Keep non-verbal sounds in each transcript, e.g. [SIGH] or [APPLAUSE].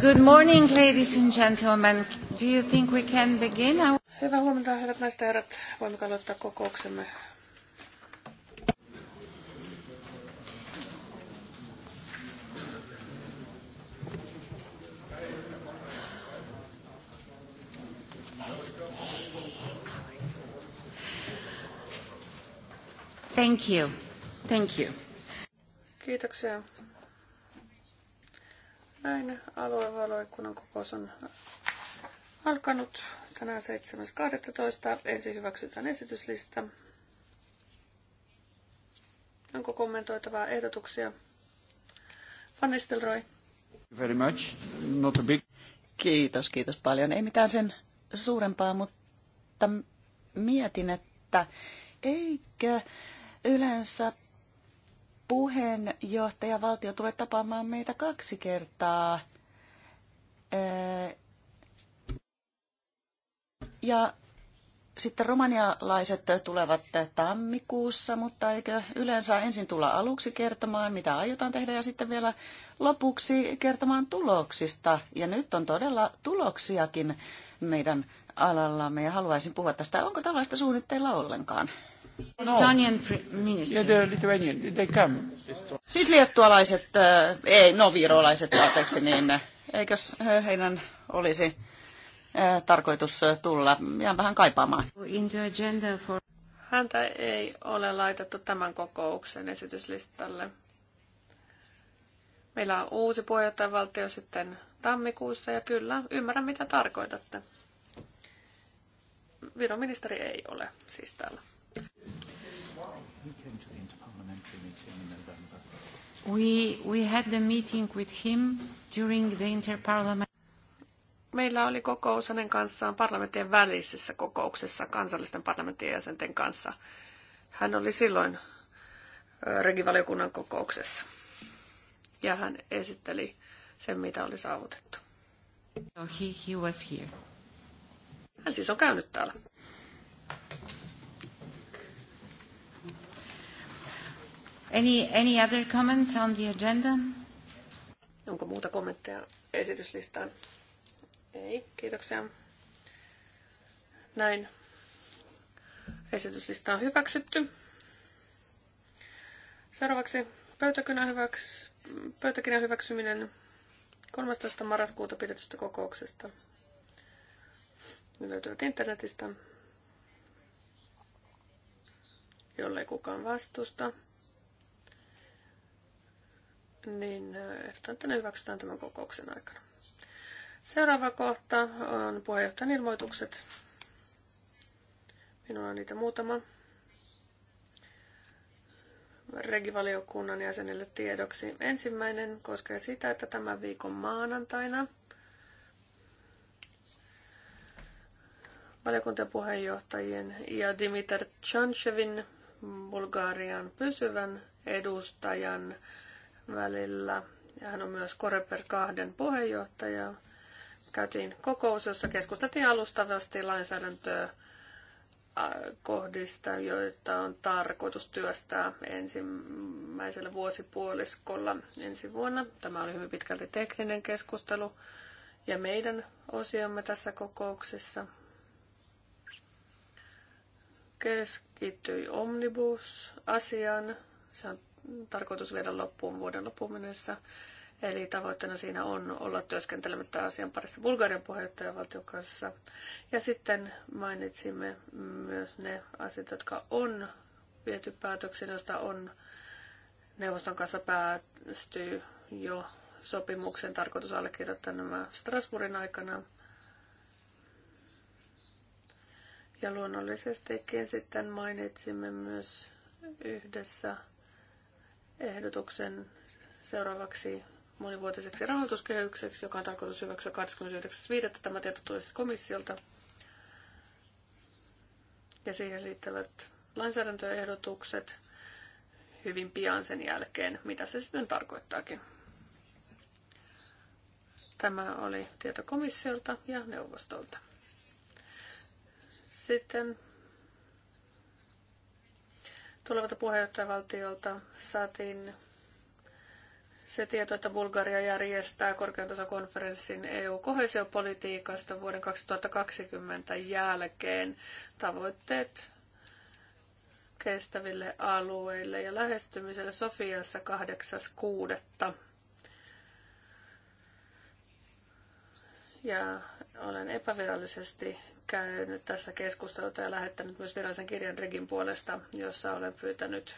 Good morning, ladies and gentlemen. Do you think we can begin? Hyvää huomenta, hyvät naiset ja herrat. Voimmeko aloittaa kokouksemme? Thank you. Thank you. Kiitoksia. Näin aluevaloikunnan kokous on alkanut tänään 7.12. Ensin hyväksytään esityslista. Onko kommentoitavaa ehdotuksia? Van Nistelrooy. Very much. Not a big... Kiitos, kiitos paljon. Ei mitään sen suurempaa, mutta mietin, että eikö yleensä puheenjohtaja valtio tulee tapaamaan meitä kaksi kertaa. Ja sitten romanialaiset tulevat tammikuussa, mutta eikö yleensä ensin tulla aluksi kertomaan, mitä aiotaan tehdä, ja sitten vielä lopuksi kertomaan tuloksista. Ja nyt on todella tuloksiakin meidän alallamme, ja haluaisin puhua tästä. Onko tällaista suunnitteilla ollenkaan? Estonian minister. Lithuanian, they come. Siis liettualaiset, eh, ei, no virolaiset, anteeksi, niin eh, eikös eh, heidän olisi tarkoitus tulla? Jään vähän kaipaamaan. Häntä ei ole laitettu tämän kokouksen esityslistalle. Meillä on uusi puheenjohtajavaltio sitten tammikuussa ja kyllä, ymmärrän mitä tarkoitatte. Viroministeri ministeri ei ole siis täällä. We, we had the meeting with him during the interparliament. Meillä oli kokous hänen kanssaan parlamenttien välisessä kokouksessa kansallisten parlamenttien jäsenten kanssa. Hän oli silloin regivaliokunnan kokouksessa. Ja hän esitteli sen, mitä oli saavutettu. he, he was here. Hän siis on käynyt täällä. Any, any other comments on the agenda? Onko muuta kommentteja esityslistaan? Ei, kiitoksia. Näin. Esityslista on hyväksytty. Seuraavaksi pöytäkirjan, hyväks... pöytäkirjan hyväksyminen 13. marraskuuta pidetystä kokouksesta. Ne löytyvät internetistä, jollei kukaan vastusta niin ehdotan, että ne hyväksytään tämän kokouksen aikana. Seuraava kohta on puheenjohtajan ilmoitukset. Minulla on niitä muutama. Regivaliokunnan jäsenille tiedoksi. Ensimmäinen koskee sitä, että tämän viikon maanantaina puheenjohtajien ja Dimitar Chanchevin Bulgarian pysyvän edustajan välillä. Ja hän on myös Koreper kahden puheenjohtaja. Käytiin kokous, jossa keskusteltiin alustavasti lainsäädäntöä äh, kohdista, joita on tarkoitus työstää ensimmäisellä vuosipuoliskolla ensi vuonna. Tämä oli hyvin pitkälti tekninen keskustelu ja meidän osiomme tässä kokouksessa keskittyi omnibus-asiaan. Se on tarkoitus viedä loppuun vuoden loppuun mennessä. Eli tavoitteena siinä on olla työskentelemättä asian parissa Bulgarian puheenjohtajavaltion kanssa. Ja sitten mainitsimme myös ne asiat, jotka on viety päätöksiin, joista on neuvoston kanssa päästy jo sopimuksen tarkoitus allekirjoittaa nämä Strasbourgin aikana. Ja luonnollisestikin sitten mainitsimme myös yhdessä ehdotuksen seuraavaksi monivuotiseksi rahoituskehykseksi, joka on tarkoitus hyväksyä 29.5. Tämä tieto tulee siis komissiolta. Ja siihen liittyvät lainsäädäntöehdotukset hyvin pian sen jälkeen, mitä se sitten tarkoittaakin. Tämä oli tieto komissiolta ja neuvostolta. Sitten tulevalta puheenjohtajavaltiolta saatiin se tieto, että Bulgaria järjestää korkean tasokonferenssin EU-kohesiopolitiikasta vuoden 2020 jälkeen tavoitteet kestäville alueille ja lähestymiselle Sofiassa 8.6. Ja olen epävirallisesti käynyt tässä keskustelua ja lähettänyt myös virallisen kirjan Regin puolesta, jossa olen pyytänyt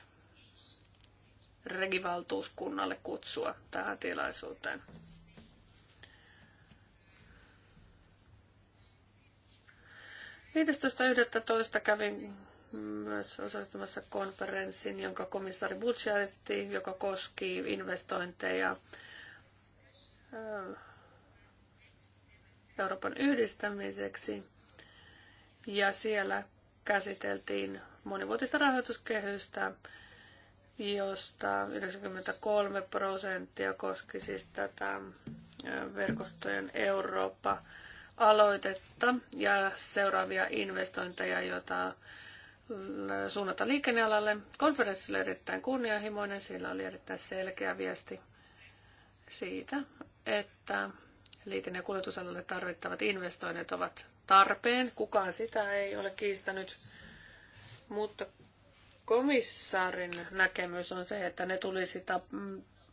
Regivaltuuskunnalle kutsua tähän tilaisuuteen. toista kävin myös osallistumassa konferenssin, jonka komissaari Butch joka koski investointeja Euroopan yhdistämiseksi. Ja siellä käsiteltiin monivuotista rahoituskehystä, josta 93 prosenttia koski siis tätä verkostojen Eurooppa-aloitetta ja seuraavia investointeja, joita suunnata liikennealalle. Konferenssi oli erittäin kunnianhimoinen, sillä oli erittäin selkeä viesti siitä, että liikenne- ja kuljetusalalle tarvittavat investoinnit ovat tarpeen. Kukaan sitä ei ole kiistänyt, mutta komissaarin näkemys on se, että ne tulisi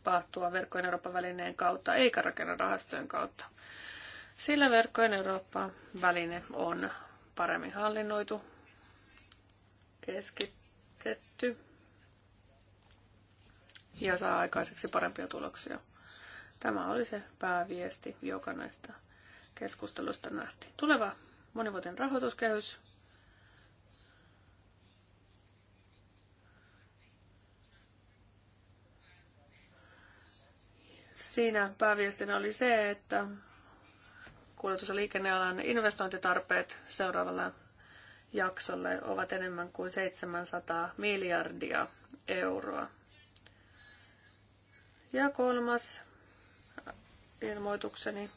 tapahtua verkkojen Euroopan välineen kautta eikä rakennerahastojen kautta. Sillä verkkojen Euroopan väline on paremmin hallinnoitu, keskitetty ja saa aikaiseksi parempia tuloksia. Tämä oli se pääviesti, joka näistä keskustelusta nähtiin. Tuleva monivuotinen rahoituskehys. Siinä pääviestinä oli se, että kuljetus- ja liikennealan investointitarpeet seuraavalla jaksolle ovat enemmän kuin 700 miljardia euroa. Ja kolmas ilmoitukseni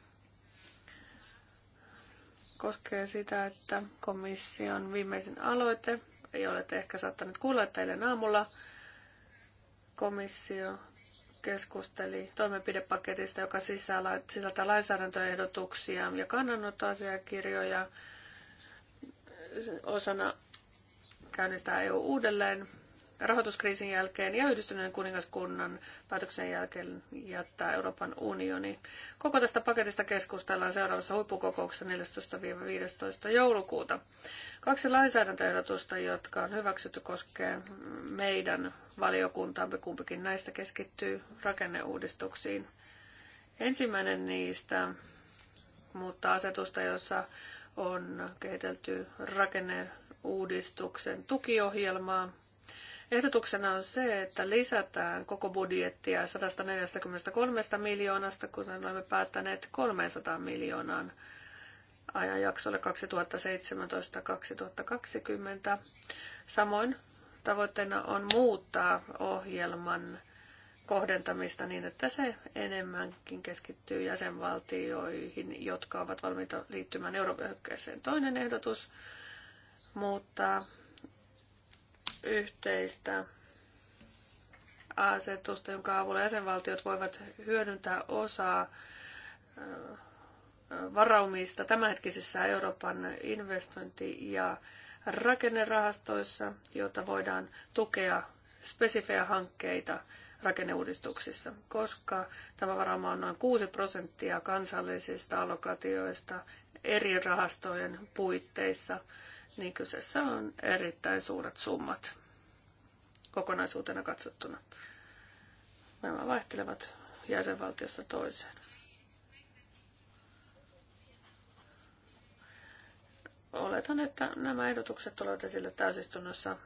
koskee sitä, että komission viimeisin aloite, ei ole ehkä saattanut kuulla, että eilen aamulla komissio keskusteli toimenpidepaketista, joka sisältää lainsäädäntöehdotuksia ja kannanottoasiakirjoja osana käynnistää EU uudelleen rahoituskriisin jälkeen ja yhdistyneen kuningaskunnan päätöksen jälkeen jättää Euroopan unioni. Koko tästä paketista keskustellaan seuraavassa huippukokouksessa 14-15 joulukuuta. Kaksi lainsäädäntöehdotusta, jotka on hyväksytty, koskee meidän valiokuntaamme. Kumpikin näistä keskittyy rakenneuudistuksiin. Ensimmäinen niistä muuttaa asetusta, jossa on kehitelty rakenneuudistuksen tukiohjelmaa Ehdotuksena on se, että lisätään koko budjettia 143 miljoonasta, kuten olemme päättäneet 300 miljoonaan ajanjaksolle 2017-2020. Samoin tavoitteena on muuttaa ohjelman kohdentamista niin, että se enemmänkin keskittyy jäsenvaltioihin, jotka ovat valmiita liittymään eurovyöhykkeeseen. Toinen ehdotus muuttaa yhteistä asetusta, jonka avulla jäsenvaltiot voivat hyödyntää osaa varaumista tämänhetkisissä Euroopan investointi- ja rakennerahastoissa, joita voidaan tukea spesifejä hankkeita rakenneuudistuksissa, koska tämä varauma on noin 6 prosenttia kansallisista allokatioista eri rahastojen puitteissa – niin kyseessä on erittäin suuret summat kokonaisuutena katsottuna. Nämä vaihtelevat jäsenvaltiosta toiseen. Oletan, että nämä ehdotukset tulevat esille täysistunnossa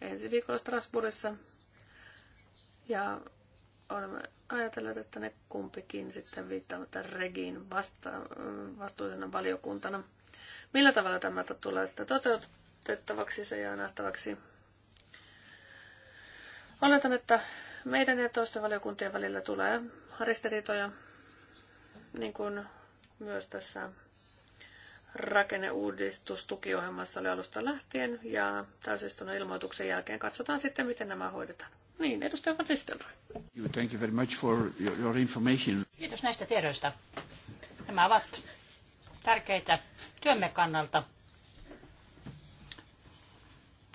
ensi viikolla Strasbourgissa. Ja olemme ajatelleet, että ne kumpikin sitten viittaavat Regin vasta- vastuullisena valiokuntana – Millä tavalla tämä tulee sitä toteutettavaksi, se jää nähtäväksi. Oletan, että meidän ja toisten valiokuntien välillä tulee ristiriitoja, niin kuin myös tässä rakenneuudistustukiohjelmassa oli alusta lähtien ja täysistunnon ilmoituksen jälkeen katsotaan sitten, miten nämä hoidetaan. Niin, edustaja Van Thank you very much for your, your information. Kiitos näistä tiedoista. Nämä ovat tärkeitä työmme kannalta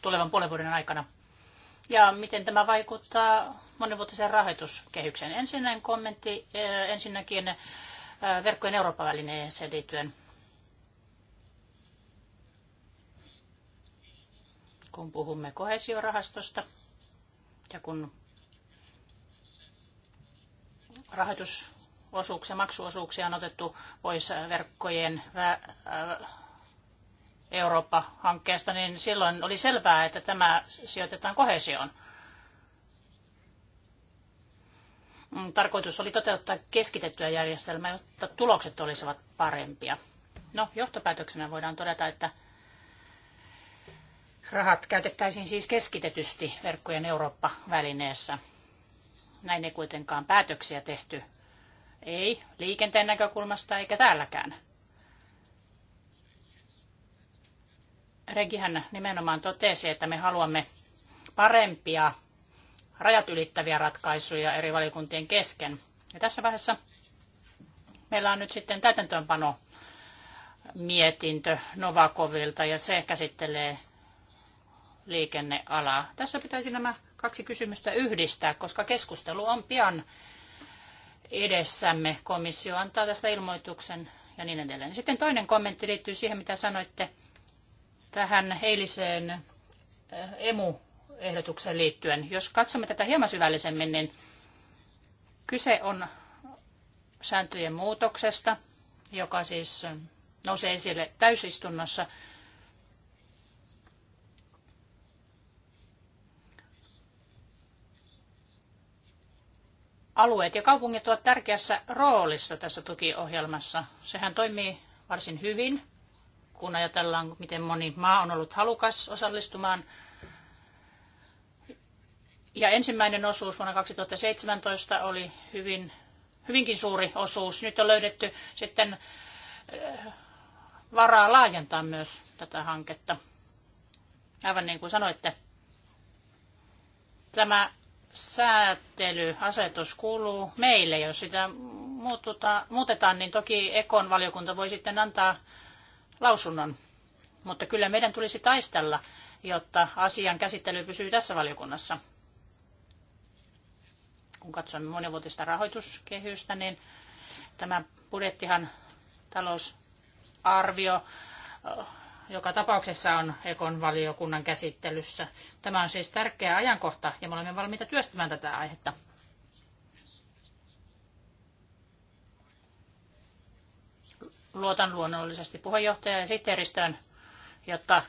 tulevan puolen vuoden aikana. Ja miten tämä vaikuttaa monivuotiseen rahoituskehykseen? ensinnäkin kommentti eh, ensinnäkin eh, verkkojen Euroopan välineeseen liittyen. Kun puhumme kohesiorahastosta ja kun rahoitus osuuksia, maksuosuuksia on otettu pois verkkojen äh, Eurooppa-hankkeesta, niin silloin oli selvää, että tämä sijoitetaan kohesioon. Mm, tarkoitus oli toteuttaa keskitettyä järjestelmää, jotta tulokset olisivat parempia. No, johtopäätöksenä voidaan todeta, että rahat käytettäisiin siis keskitetysti verkkojen Eurooppa-välineessä. Näin ei kuitenkaan päätöksiä tehty ei, liikenteen näkökulmasta eikä täälläkään. Regihän nimenomaan totesi, että me haluamme parempia rajat ylittäviä ratkaisuja eri valiokuntien kesken. Ja tässä vaiheessa meillä on nyt sitten täytäntöönpano mietintö Novakovilta ja se käsittelee liikennealaa. Tässä pitäisi nämä kaksi kysymystä yhdistää, koska keskustelu on pian edessämme. Komissio antaa tästä ilmoituksen ja niin edelleen. Sitten toinen kommentti liittyy siihen, mitä sanoitte tähän eiliseen äh, emu-ehdotukseen liittyen. Jos katsomme tätä hieman syvällisemmin, niin kyse on sääntöjen muutoksesta, joka siis nousee esille täysistunnossa – alueet ja kaupungit ovat tärkeässä roolissa tässä tukiohjelmassa. Sehän toimii varsin hyvin, kun ajatellaan, miten moni maa on ollut halukas osallistumaan. Ja ensimmäinen osuus vuonna 2017 oli hyvin, hyvinkin suuri osuus. Nyt on löydetty sitten eh, varaa laajentaa myös tätä hanketta. Aivan niin kuin sanoitte, tämä säätely, asetus kuuluu meille. Jos sitä muututa, muutetaan, niin toki Ekon valiokunta voi sitten antaa lausunnon. Mutta kyllä meidän tulisi taistella, jotta asian käsittely pysyy tässä valiokunnassa. Kun katsomme monivuotista rahoituskehystä, niin tämä budjettihan talousarvio joka tapauksessa on Ekon valiokunnan käsittelyssä. Tämä on siis tärkeä ajankohta ja me olemme valmiita työstämään tätä aihetta. Luotan luonnollisesti puheenjohtajan ja sihteeristöön, jotta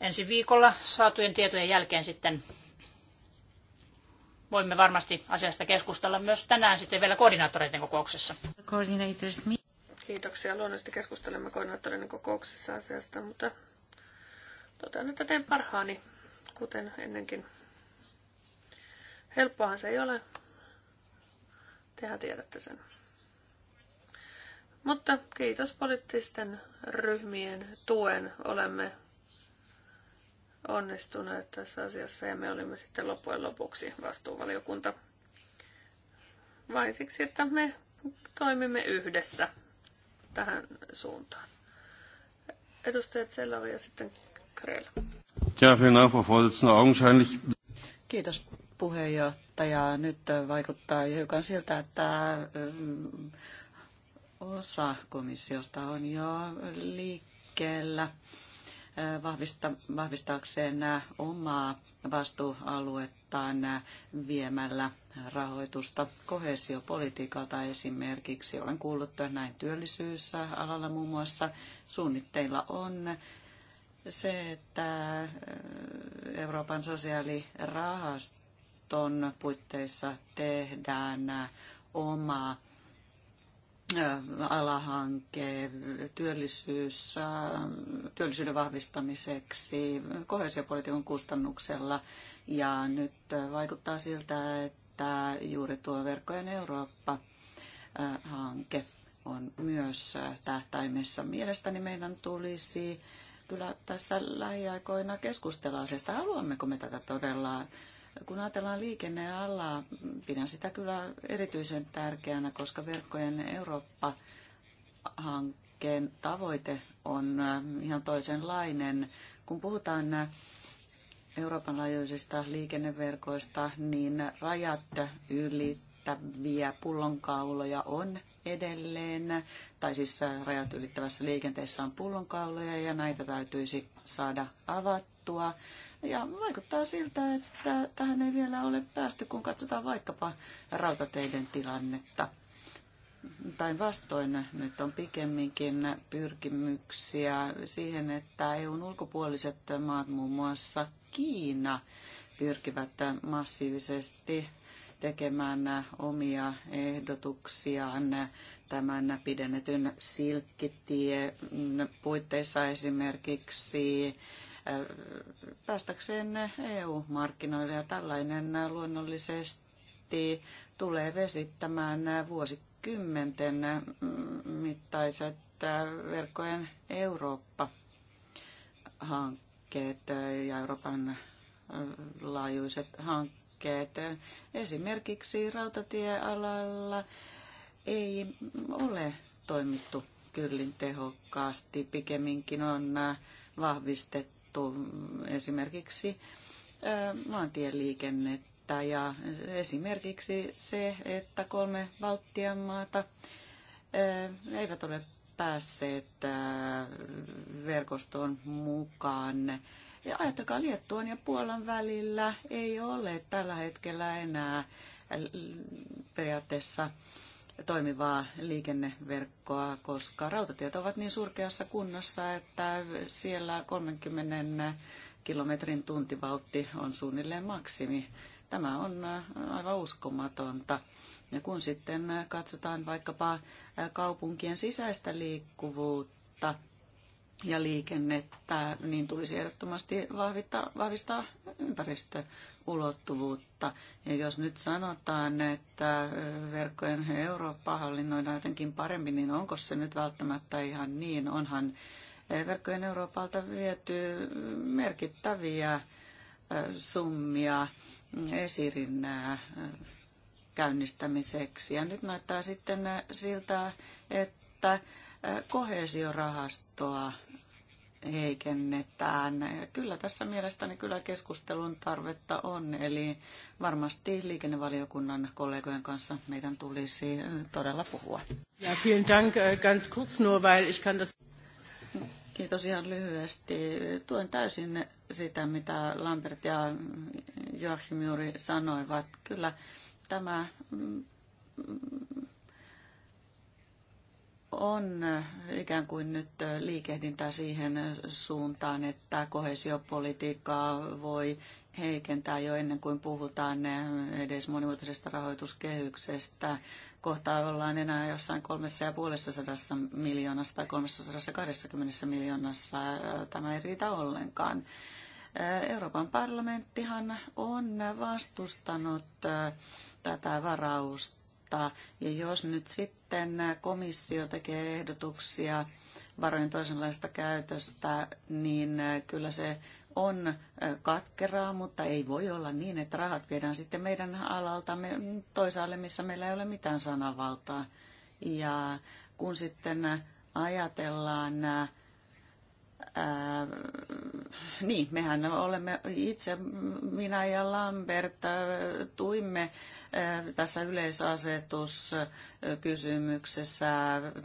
ensi viikolla saatujen tietojen jälkeen sitten voimme varmasti asiasta keskustella myös tänään sitten vielä koordinaattoreiden kokouksessa. Kiitoksia. Luonnollisesti keskustelemme koordinaattorin kokouksessa asiasta, mutta totean, että teen parhaani, kuten ennenkin. Helppohan se ei ole. Tehän tiedätte sen. Mutta kiitos poliittisten ryhmien tuen. Olemme onnistuneet tässä asiassa ja me olimme sitten loppujen lopuksi vastuuvaliokunta. Vain siksi, että me toimimme yhdessä tähän suuntaan. Edustajat Sellar ja sitten Krell. Kiitos puheenjohtaja. Nyt vaikuttaa hiukan siltä, että mm, osa komissiosta on jo liikkeellä vahvista, vahvistaakseen omaa vastuualuettaan viemällä rahoitusta kohesiopolitiikalta esimerkiksi. Olen kuullut näin työllisyysalalla muun muassa suunnitteilla on se, että äh, Euroopan sosiaalirahaston puitteissa tehdään äh, omaa alahanke, työllisyys, työllisyyden vahvistamiseksi kohesiopolitiikan kustannuksella. Ja nyt vaikuttaa siltä, että juuri tuo Verkkojen Eurooppa-hanke on myös tähtäimessä. Mielestäni meidän tulisi kyllä tässä lähiaikoina keskustella asiasta. Haluammeko me tätä todella kun ajatellaan liikennealaa, pidän sitä kyllä erityisen tärkeänä, koska verkkojen Eurooppa-hankkeen tavoite on äh, ihan toisenlainen. Kun puhutaan äh, Euroopan laajuisista liikenneverkoista, niin rajat ylittäviä pullonkauloja on edelleen, tai siis äh, rajat ylittävässä liikenteessä on pullonkauloja ja näitä täytyisi saada avattua haluttua. Ja vaikuttaa siltä, että tähän ei vielä ole päästy, kun katsotaan vaikkapa rautateiden tilannetta. Päinvastoin nyt on pikemminkin pyrkimyksiä siihen, että EUn ulkopuoliset maat, muun muassa Kiina, pyrkivät massiivisesti tekemään omia ehdotuksiaan tämän pidennetyn silkkitien puitteissa esimerkiksi päästäkseen EU-markkinoille ja tällainen luonnollisesti tulee vesittämään vuosikymmenten mittaiset verkkojen Eurooppa-hankkeet ja Euroopan laajuiset hankkeet. Esimerkiksi rautatiealalla ei ole toimittu kyllin tehokkaasti, pikemminkin on vahvistettu muutettu esimerkiksi maantieliikennettä ja esimerkiksi se, että kolme Baltian maata eivät ole päässeet verkostoon mukaan. Ja ajatelkaa, Liettuan ja Puolan välillä ei ole tällä hetkellä enää periaatteessa toimivaa liikenneverkkoa, koska rautatiet ovat niin surkeassa kunnossa, että siellä 30 kilometrin tuntivauhti on suunnilleen maksimi. Tämä on äh, aivan uskomatonta. Ja kun sitten äh, katsotaan vaikkapa äh, kaupunkien sisäistä liikkuvuutta ja liikennettä, niin tulisi ehdottomasti vahvistaa, ympäristö ulottuvuutta. Ja jos nyt sanotaan, että verkkojen Eurooppa hallinnoidaan jotenkin paremmin, niin onko se nyt välttämättä ihan niin? Onhan verkkojen Euroopalta viety merkittäviä summia esirin käynnistämiseksi. Ja nyt näyttää sitten siltä, että kohesiorahastoa heikennetään. Kyllä tässä mielestäni kyllä keskustelun tarvetta on, eli varmasti liikennevaliokunnan kollegojen kanssa meidän tulisi todella puhua. Ja, vielen dank, äh, ganz kurz nur, weil ich kann das... Kiitos ihan lyhyesti. Tuen täysin sitä, mitä Lambert ja Joachim juuri sanoivat. Kyllä tämä mm, on äh, ikään kuin nyt äh, liikehdintä siihen äh, suuntaan, että kohesiopolitiikkaa voi heikentää jo ennen kuin puhutaan edes monimuotoisesta rahoituskehyksestä. Kohta ollaan enää jossain kolmessa ja puolessa sadassa miljoonassa tai 320 miljoonassa. Tämä ei riitä ollenkaan. Euroopan parlamenttihan on vastustanut tätä varausta ottaa. Ja jos nyt sitten komissio tekee ehdotuksia varojen toisenlaista käytöstä, niin kyllä se on katkeraa, mutta ei voi olla niin, että rahat viedään sitten meidän alaltamme toisaalle, missä meillä ei ole mitään sananvaltaa. Ja kun sitten ajatellaan ää, niin, mehän olemme itse, minä ja Lambert, äh, tuimme äh, tässä yleisasetuskysymyksessä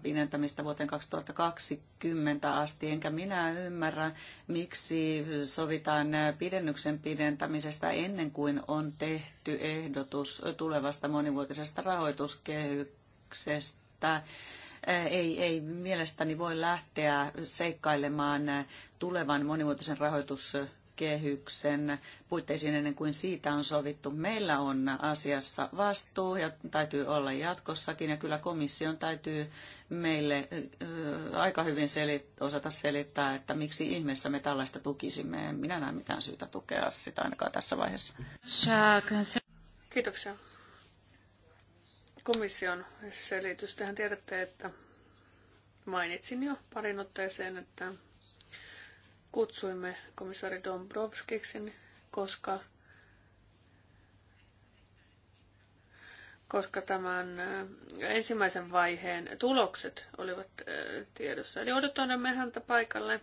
pidentämistä vuoteen 2020 asti, enkä minä ymmärrä, miksi sovitaan pidennyksen pidentämisestä ennen kuin on tehty ehdotus tulevasta monivuotisesta rahoituskehyksestä ei, ei mielestäni voi lähteä seikkailemaan tulevan monimuotoisen rahoituskehyksen puitteisiin ennen kuin siitä on sovittu. Meillä on asiassa vastuu ja täytyy olla jatkossakin ja kyllä komission täytyy meille aika hyvin selit, osata selittää, että miksi ihmeessä me tällaista tukisimme. minä näen mitään syytä tukea sitä ainakaan tässä vaiheessa. Kiitoksia komission Tehän tiedätte, että mainitsin jo parin otteeseen, että kutsuimme komissaari Dombrovskiksin, koska, koska tämän äh, ensimmäisen vaiheen tulokset olivat äh, tiedossa. Eli odotamme häntä paikalle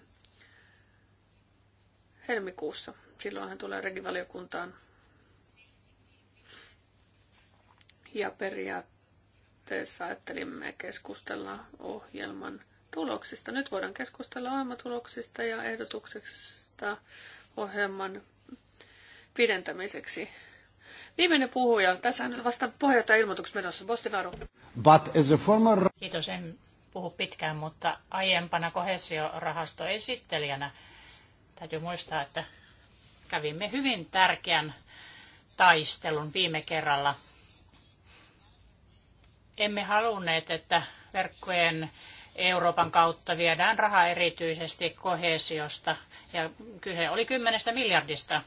helmikuussa. Silloin hän tulee regivaliokuntaan Ja periaatteessa ajattelimme keskustella ohjelman tuloksista. Nyt voidaan keskustella ohjelmatuloksista ja ehdotuksesta ohjelman pidentämiseksi. Viimeinen puhuja. Tässä on vasta pohjata ilmoituksen menossa. Bostinaru. But as a former... Kiitos, en puhu pitkään, mutta aiempana kohesiorahastoesittelijänä täytyy muistaa, että kävimme hyvin tärkeän taistelun viime kerralla emme halunneet, että verkkojen Euroopan kautta viedään rahaa erityisesti kohesiosta. Ja kyse oli kymmenestä miljardista.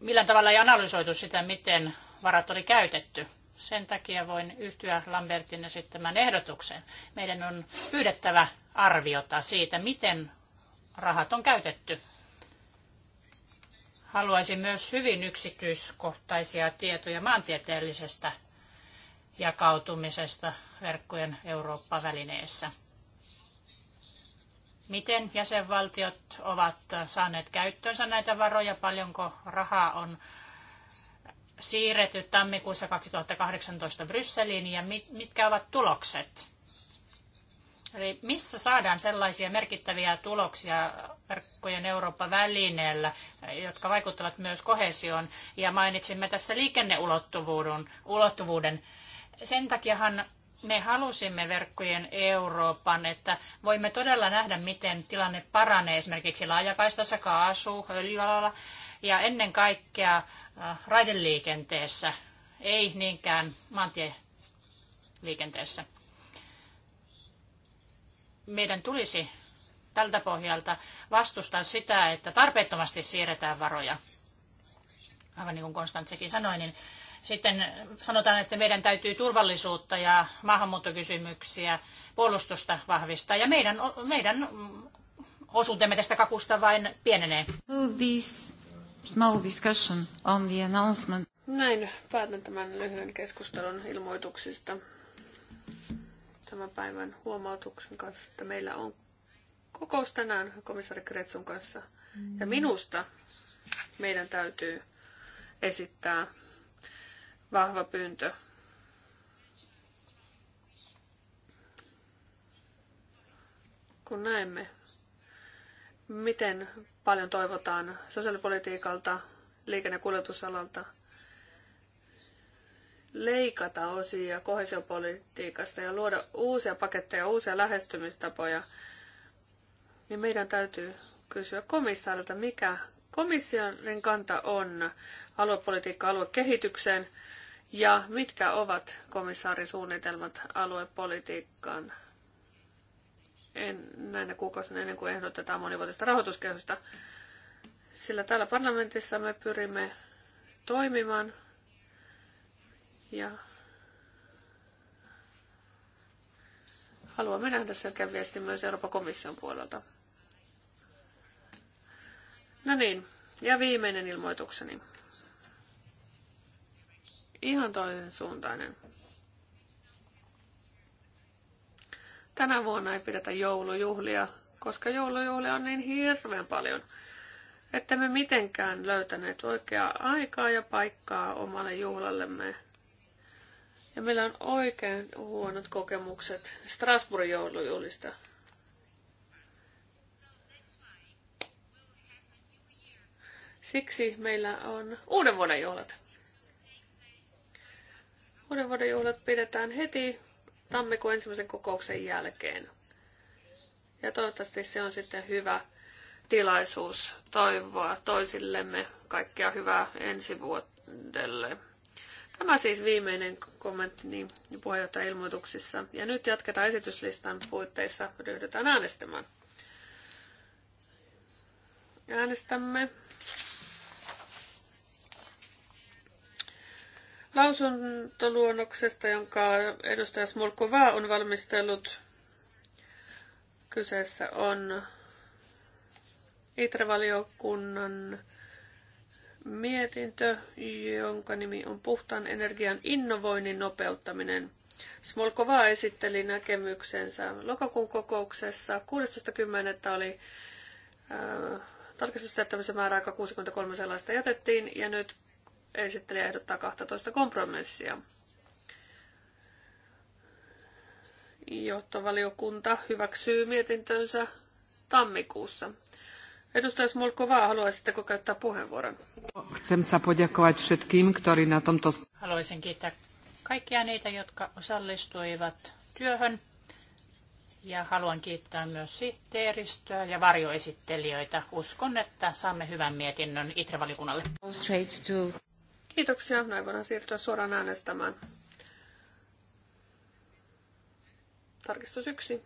Millään tavalla ei analysoitu sitä, miten varat oli käytetty. Sen takia voin yhtyä Lambertin esittämään ehdotukseen. Meidän on pyydettävä arviota siitä, miten rahat on käytetty Haluaisin myös hyvin yksityiskohtaisia tietoja maantieteellisestä jakautumisesta verkkojen Eurooppa-välineessä. Miten jäsenvaltiot ovat saaneet käyttöönsä näitä varoja? Paljonko rahaa on siirretty tammikuussa 2018 Brysseliin ja mitkä ovat tulokset? Eli missä saadaan sellaisia merkittäviä tuloksia verkkojen Eurooppa-välineellä, jotka vaikuttavat myös kohesioon? Ja mainitsimme tässä liikenneulottuvuuden. Ulottuvuuden. Sen takiahan me halusimme verkkojen Euroopan, että voimme todella nähdä, miten tilanne paranee esimerkiksi laajakaistassa, kaasu, öljyalalla ja ennen kaikkea äh, raideliikenteessä, ei niinkään maantieliikenteessä meidän tulisi tältä pohjalta vastustaa sitä, että tarpeettomasti siirretään varoja. Aivan niin kuin Konstantsekin sanoi, niin sitten sanotaan, että meidän täytyy turvallisuutta ja maahanmuuttokysymyksiä, puolustusta vahvistaa ja meidän, meidän osuutemme tästä kakusta vain pienenee. This small discussion on the announcement. Näin päätän tämän lyhyen keskustelun ilmoituksista tämän päivän huomautuksen kanssa, että meillä on kokous tänään komissaari Kretsun kanssa. Ja mm. minusta meidän täytyy esittää vahva pyyntö kun näemme, miten paljon toivotaan sosiaalipolitiikalta, liikenne- ja kuljetusalalta – leikata osia kohesiopolitiikasta ja luoda uusia paketteja, uusia lähestymistapoja, niin meidän täytyy kysyä komissaarilta, mikä komission kanta on aluepolitiikka aluekehitykseen ja mitkä ovat komissaarin suunnitelmat aluepolitiikkaan en, näinä kuukausina ennen kuin ehdotetaan monivuotista rahoituskehystä. Sillä täällä parlamentissa me pyrimme toimimaan ja haluamme nähdä selkeän viestin myös Euroopan komission puolelta. No niin, ja viimeinen ilmoitukseni. Ihan toisen suuntainen. Tänä vuonna ei pidetä joulujuhlia, koska joulujuhlia on niin hirveän paljon, että me mitenkään löytäneet oikeaa aikaa ja paikkaa omalle juhlallemme ja meillä on oikein huonot kokemukset Strasbourgin joulujuhlista. Siksi meillä on uuden vuoden juhlat. Uuden vuoden juhlat pidetään heti tammikuun ensimmäisen kokouksen jälkeen. Ja toivottavasti se on sitten hyvä tilaisuus toivoa toisillemme kaikkea hyvää ensi vuodelle. Tämä siis viimeinen kommentti niin puheenjohtajan ilmoituksissa. Ja nyt jatketaan esityslistan puitteissa. Ryhdytään äänestämään. Äänestämme. Lausuntoluonnoksesta, jonka edustaja Smolkova on valmistellut. Kyseessä on Itrevaliokunnan valiokunnan mietintö, jonka nimi on Puhtaan energian innovoinnin nopeuttaminen. Smolkova esitteli näkemyksensä lokakuun kokouksessa. 16.10. oli äh, tarkistustehtävässä määräaika 63 sellaista jätettiin ja nyt esittelijä ehdottaa 12 kompromissia. Johtovaliokunta hyväksyy mietintönsä tammikuussa. Edustaja Smolkovaa, haluaisitteko käyttää puheenvuoron? Haluaisin kiittää kaikkia niitä, jotka osallistuivat työhön. Ja haluan kiittää myös sihteeristöä ja varjoesittelijöitä. Uskon, että saamme hyvän mietinnön ITRE-valikunnalle. Kiitoksia. Näin voidaan siirtyä suoraan äänestämään. Tarkistus yksi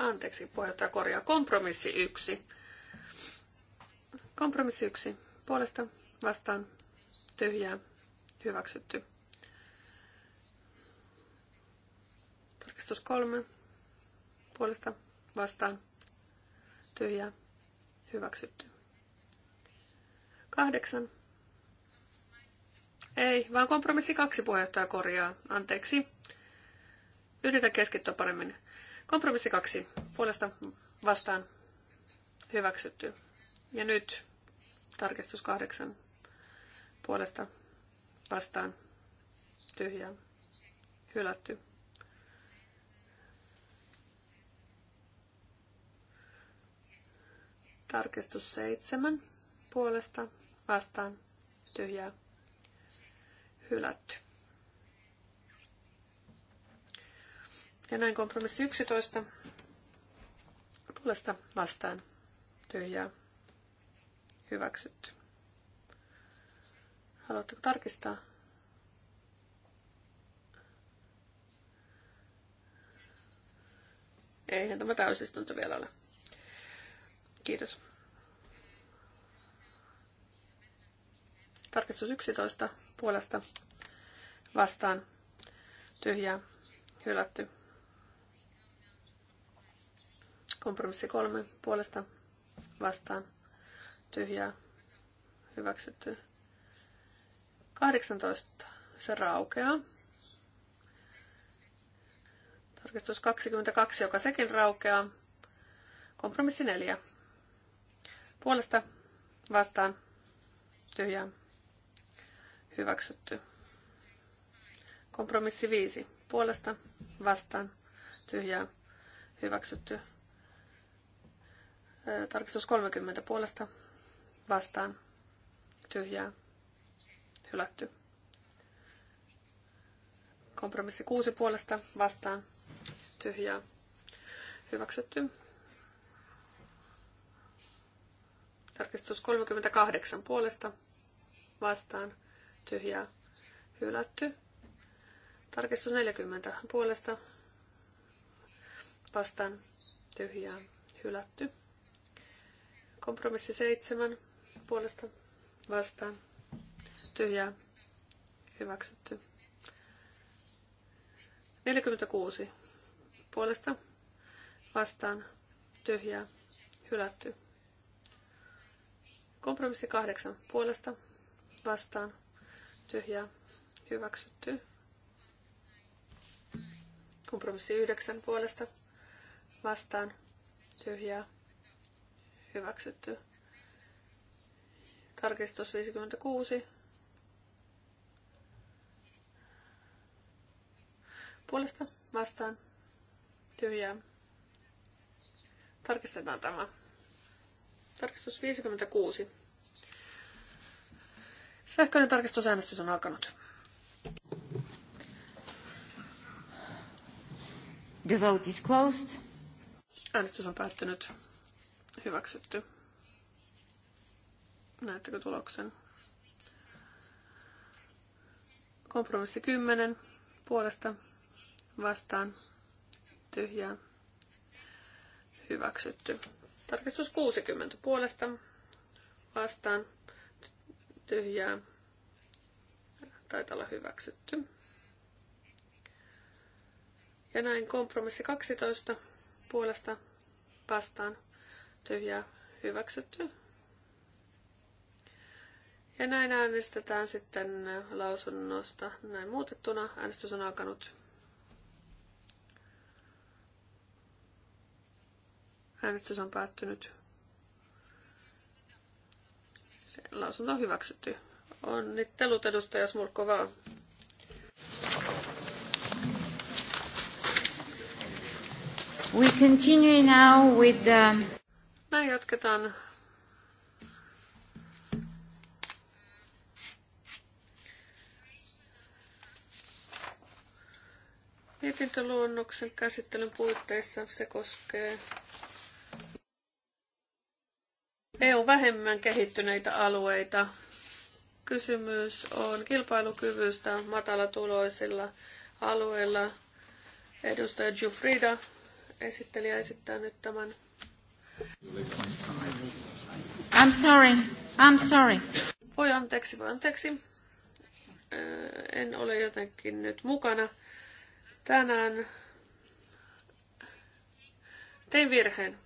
Anteeksi, puheenjohtaja korjaa. Kompromissi yksi. Kompromissi yksi. Puolesta vastaan tyhjää hyväksytty. Tarkistus kolme. Puolesta vastaan tyhjää hyväksytty. Kahdeksan. Ei, vaan kompromissi kaksi puheenjohtaja korjaa. Anteeksi. Yritä keskittyä paremmin. Kompromissi kaksi. Puolesta vastaan hyväksytty. Ja nyt tarkistus kahdeksan. Puolesta vastaan tyhjä hylätty. Tarkistus seitsemän puolesta vastaan tyhjää hylätty. Ja näin kompromissi 11 puolesta vastaan tyhjää hyväksytty. Haluatteko tarkistaa? Eihän tämä täysistunto vielä ole. Kiitos. Tarkistus 11 puolesta vastaan tyhjää hylätty. Kompromissi kolme puolesta vastaan tyhjää hyväksytty. 18 se raukeaa. Tarkistus 22, joka sekin raukeaa. Kompromissi 4. Puolesta vastaan tyhjää hyväksytty. Kompromissi 5. Puolesta vastaan tyhjää hyväksytty. Tarkistus 30 puolesta vastaan. Tyhjää. Hylätty. Kompromissi 6 puolesta vastaan. Tyhjää. Hyväksytty. Tarkistus 38 puolesta vastaan. Tyhjää. Hylätty. Tarkistus 40 puolesta vastaan. Tyhjää. Hylätty. Kompromissi seitsemän puolesta vastaan. Tyhjää. Hyväksytty. 46 puolesta vastaan. Tyhjää. Hylätty. Kompromissi kahdeksan puolesta vastaan. Tyhjää. Hyväksytty. Kompromissi yhdeksän puolesta vastaan. Tyhjää hyväksytty. Tarkistus 56. Puolesta vastaan tyhjää. Tarkistetaan tämä. Tarkistus 56. Sähköinen tarkistusäänestys on alkanut. The vote is closed. Äänestys on päättynyt. Hyväksytty. Näettekö tuloksen? Kompromissi 10 puolesta vastaan tyhjää. Hyväksytty. Tarkistus 60 puolesta vastaan tyhjää. Taitaa olla hyväksytty. Ja näin kompromissi 12 puolesta vastaan tyhjää hyväksytty. Ja näin äänestetään sitten lausunnosta näin muutettuna. Äänestys on alkanut. Äänestys on päättynyt. Se lausunto on hyväksytty. Onnittelut edustaja Smurkovaa. We continue now with the... Näin jatketaan. Mietintöluonnoksen käsittelyn puitteissa se koskee EU-vähemmän kehittyneitä alueita. Kysymys on kilpailukyvystä matalatuloisilla alueilla. Edustaja Jufrida esittelijä esittää nyt tämän I'm sorry, I'm sorry. Voi anteeksi, voi anteeksi. En ole jotenkin nyt mukana. Tänään tein virheen.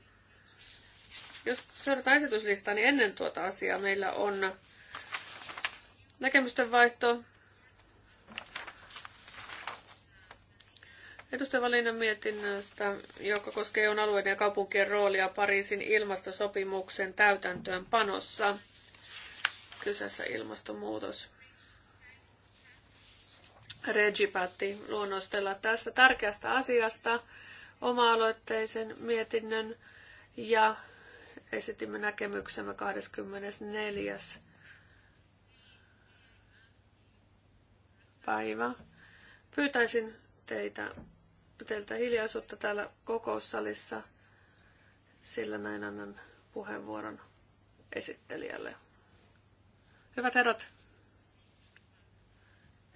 Jos seurataan esityslistaa, niin ennen tuota asiaa meillä on näkemysten vaihto Edustajavalinen mietinnöstä, joka koskee on alueiden ja kaupunkien roolia Pariisin ilmastosopimuksen täytäntöönpanossa. Kyseessä ilmastonmuutos. Regi päätti luonnostella tästä tärkeästä asiasta oma-aloitteisen mietinnön ja esitimme näkemyksemme 24. päivä. Pyytäisin teitä teiltä hiljaisuutta täällä kokoussalissa, sillä näin annan puheenvuoron esittelijälle. Hyvät herrat,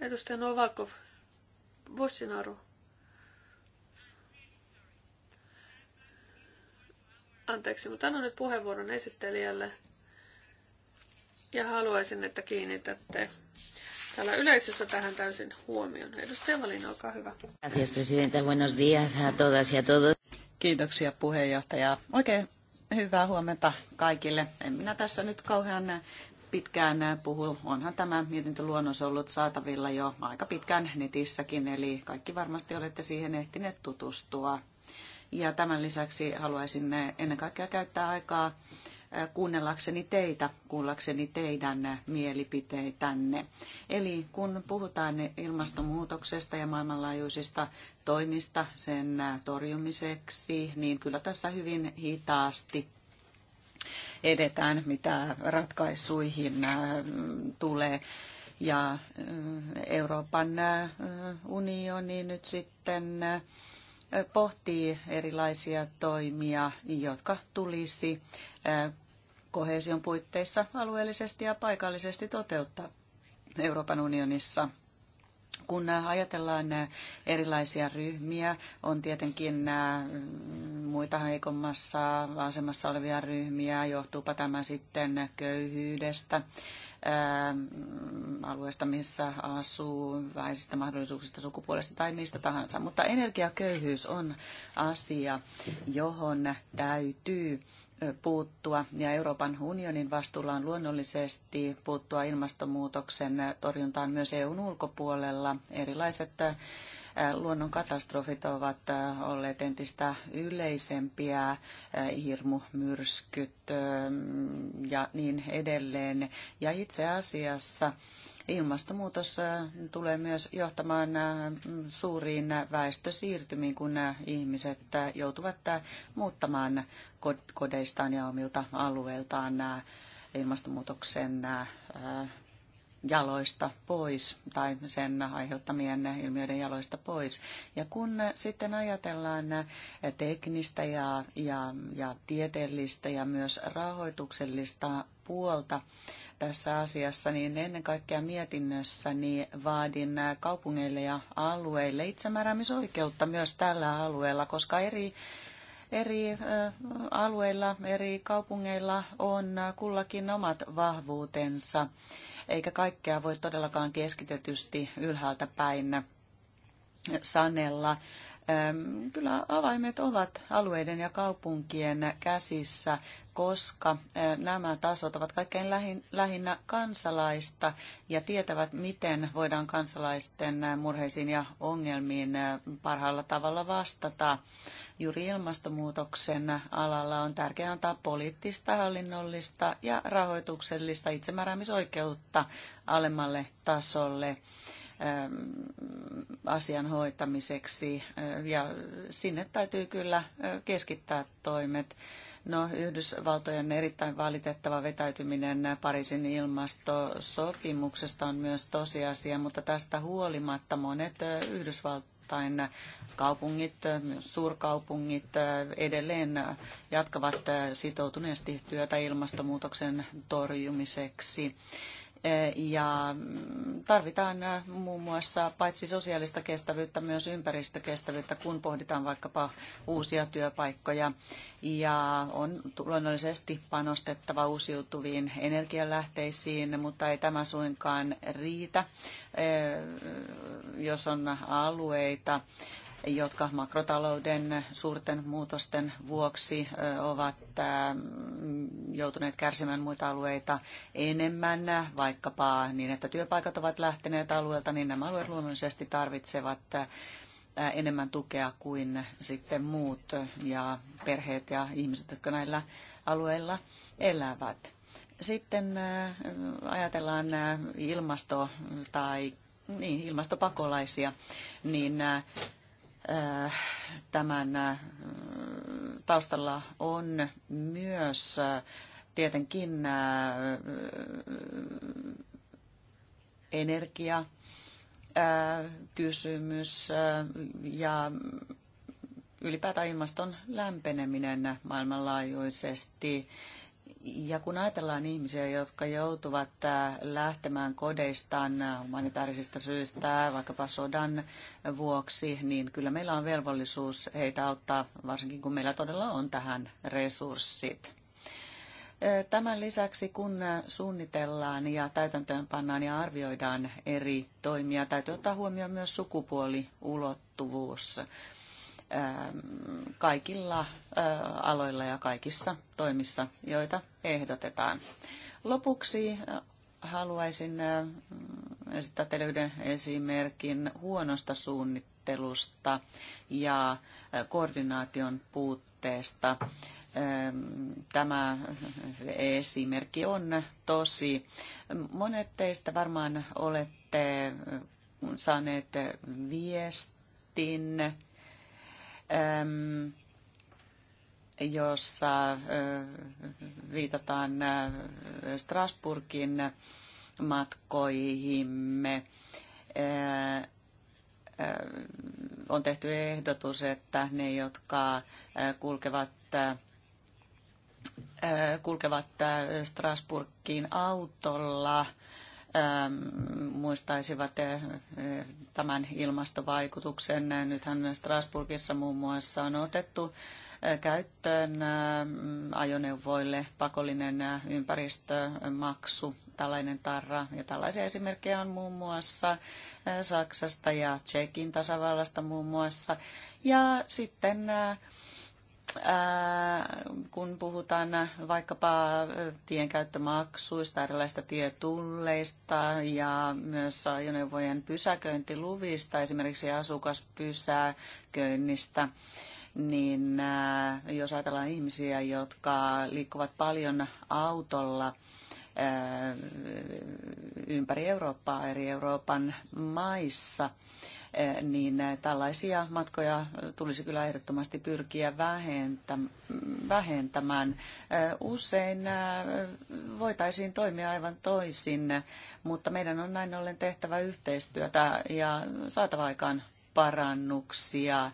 edustaja Novakov, Bossinaru. Anteeksi, mutta annan nyt puheenvuoron esittelijälle ja haluaisin, että kiinnitätte täällä yleisössä tähän täysin huomioon. Edustaja Valin, olkaa hyvä. Gracias, presidenta. Buenos días a todas y a todos. Kiitoksia puheenjohtaja. Oikein hyvää huomenta kaikille. En minä tässä nyt kauhean pitkään puhu. Onhan tämä mietintöluonnos ollut saatavilla jo aika pitkään netissäkin, eli kaikki varmasti olette siihen ehtineet tutustua. Ja tämän lisäksi haluaisin ennen kaikkea käyttää aikaa kuunnellakseni teitä, kuullakseni teidän mielipiteitänne. Eli kun puhutaan ilmastonmuutoksesta ja maailmanlaajuisista toimista sen torjumiseksi, niin kyllä tässä hyvin hitaasti edetään, mitä ratkaisuihin äh, tulee. Ja äh, Euroopan äh, unioni nyt sitten pohtii erilaisia toimia, jotka tulisi kohesion puitteissa alueellisesti ja paikallisesti toteuttaa Euroopan unionissa. Kun ajatellaan erilaisia ryhmiä, on tietenkin muita heikommassa asemassa olevia ryhmiä, johtuupa tämä sitten köyhyydestä Ähm, alueesta, missä asuu, väisistä mahdollisuuksista, sukupuolesta tai mistä tahansa. Mutta energiaköyhyys on asia, johon täytyy puuttua ja Euroopan unionin vastuulla on luonnollisesti puuttua ilmastonmuutoksen torjuntaan myös EUn ulkopuolella. Erilaiset Luonnonkatastrofit ovat äh, olleet entistä yleisempiä, äh, hirmumyrskyt ähm, ja niin edelleen. Ja itse asiassa Ilmastonmuutos äh, tulee myös johtamaan suuriin väestösiirtymiin, kun ihmiset joutuvat muuttamaan kodeistaan ja omilta alueiltaan ilmastonmuutoksen jaloista pois tai sen aiheuttamien ilmiöiden jaloista pois. Ja kun sitten ajatellaan teknistä ja, ja, ja tieteellistä ja myös rahoituksellista puolta tässä asiassa, niin ennen kaikkea mietinnössä niin vaadin kaupungeille ja alueille itsemääräämisoikeutta myös tällä alueella, koska eri eri alueilla, eri kaupungeilla on kullakin omat vahvuutensa eikä kaikkea voi todellakaan keskitetysti ylhäältä päin sanella. Kyllä avaimet ovat alueiden ja kaupunkien käsissä, koska nämä tasot ovat kaikkein lähinnä kansalaista ja tietävät, miten voidaan kansalaisten murheisiin ja ongelmiin parhaalla tavalla vastata. Juuri ilmastonmuutoksen alalla on tärkeää antaa poliittista, hallinnollista ja rahoituksellista itsemääräämisoikeutta alemmalle tasolle Ähm, asian hoitamiseksi äh, ja sinne täytyy kyllä äh, keskittää toimet. No, Yhdysvaltojen erittäin valitettava vetäytyminen Pariisin ilmastosopimuksesta on myös tosiasia, mutta tästä huolimatta monet äh, Yhdysvaltain kaupungit, myös suurkaupungit edelleen jatkavat sitoutuneesti työtä ilmastonmuutoksen torjumiseksi. E, ja mm, tarvitaan muun muassa paitsi sosiaalista kestävyyttä myös ympäristökestävyyttä, kun pohditaan vaikkapa uusia työpaikkoja ja on luonnollisesti panostettava uusiutuviin energialähteisiin, mutta ei tämä suinkaan riitä, e, jos on alueita, jotka makrotalouden suurten muutosten vuoksi ovat joutuneet kärsimään muita alueita enemmän, vaikkapa niin, että työpaikat ovat lähteneet alueelta, niin nämä alueet luonnollisesti tarvitsevat enemmän tukea kuin sitten muut ja perheet ja ihmiset, jotka näillä alueilla elävät. Sitten ajatellaan ilmasto- tai niin, ilmastopakolaisia, niin Äh, tämän äh, taustalla on myös äh, tietenkin energia kysymys ja ylipäätään ilmaston lämpeneminen maailmanlaajuisesti ja kun ajatellaan ihmisiä, jotka joutuvat äh, lähtemään kodeistaan äh, humanitaarisista syistä, vaikkapa sodan vuoksi, niin kyllä meillä on velvollisuus heitä auttaa, varsinkin kun meillä todella on tähän resurssit. Äh, tämän lisäksi, kun suunnitellaan ja täytäntöönpannaan ja arvioidaan eri toimia, täytyy ottaa huomioon myös sukupuoliulottuvuus. Ähm, kaikilla äh, aloilla ja kaikissa toimissa, joita ehdotetaan. Lopuksi äh, haluaisin äh, esittää teille yhden esimerkin huonosta suunnittelusta ja koordinaation puutteesta. Ähm, tämä esimerkki on tosi. Monet teistä varmaan olette saaneet viestin jossa viitataan Strasburgin matkoihimme. On tehty ehdotus, että ne, jotka kulkevat kulkevat Strasburgin autolla, Ähm, muistaisivat äh, tämän ilmastovaikutuksen. Nythän Strasbourgissa muun muassa on otettu äh, käyttöön äh, ajoneuvoille pakollinen ympäristömaksu, tällainen tarra. Ja tällaisia esimerkkejä on muun muassa Saksasta ja Tsekin tasavallasta muun muassa. Ja sitten kun puhutaan vaikkapa tienkäyttömaksuista, erilaisista tietulleista ja myös ajoneuvojen pysäköintiluvista, esimerkiksi asukaspysäköinnistä, niin jos ajatellaan ihmisiä, jotka liikkuvat paljon autolla ympäri Eurooppaa eri Euroopan maissa, Eh, niin eh, tällaisia matkoja tulisi kyllä ehdottomasti pyrkiä vähentämään. Eh, usein voitaisiin toimia aivan toisin, mutta meidän on näin ollen tehtävä yhteistyötä ja saatava aikaan parannuksia.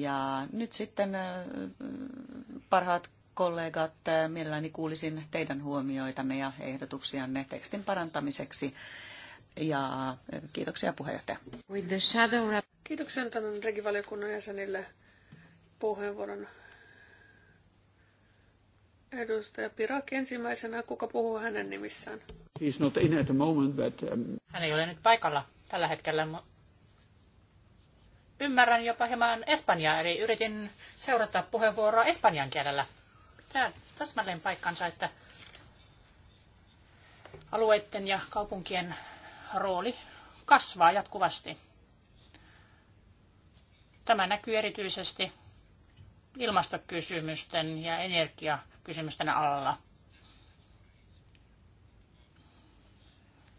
Ja nyt sitten parhaat kollegat, mielelläni kuulisin teidän huomioitanne ja ehdotuksianne tekstin parantamiseksi ja eh, kiitoksia puheenjohtaja. With the shadow Kiitoksia tämän regivaliokunnan jäsenille puheenvuoron. Edustaja Pirak ensimmäisenä, kuka puhuu hänen nimissään? He's not in at the moment, but, um... Hän ei ole nyt paikalla tällä hetkellä, mutta ymmärrän jopa hieman espanjaa, eli yritin seurata puheenvuoroa espanjan kielellä. Tämä täsmälleen paikkansa, että alueiden ja kaupunkien rooli kasvaa jatkuvasti. Tämä näkyy erityisesti ilmastokysymysten ja energiakysymysten alla.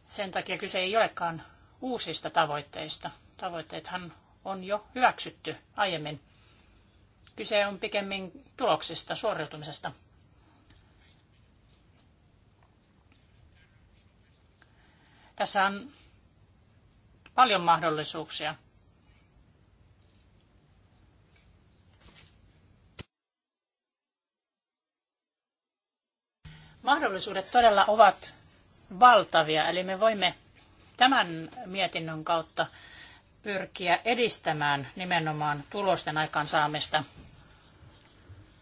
Sen takia kyse ei olekaan uusista tavoitteista. Tavoitteethan on jo hyväksytty aiemmin. Kyse on pikemmin tuloksista, suoriutumisesta. Tässä on paljon mahdollisuuksia. Mahdollisuudet todella ovat valtavia, eli me voimme tämän mietinnön kautta pyrkiä edistämään nimenomaan tulosten aikaansaamista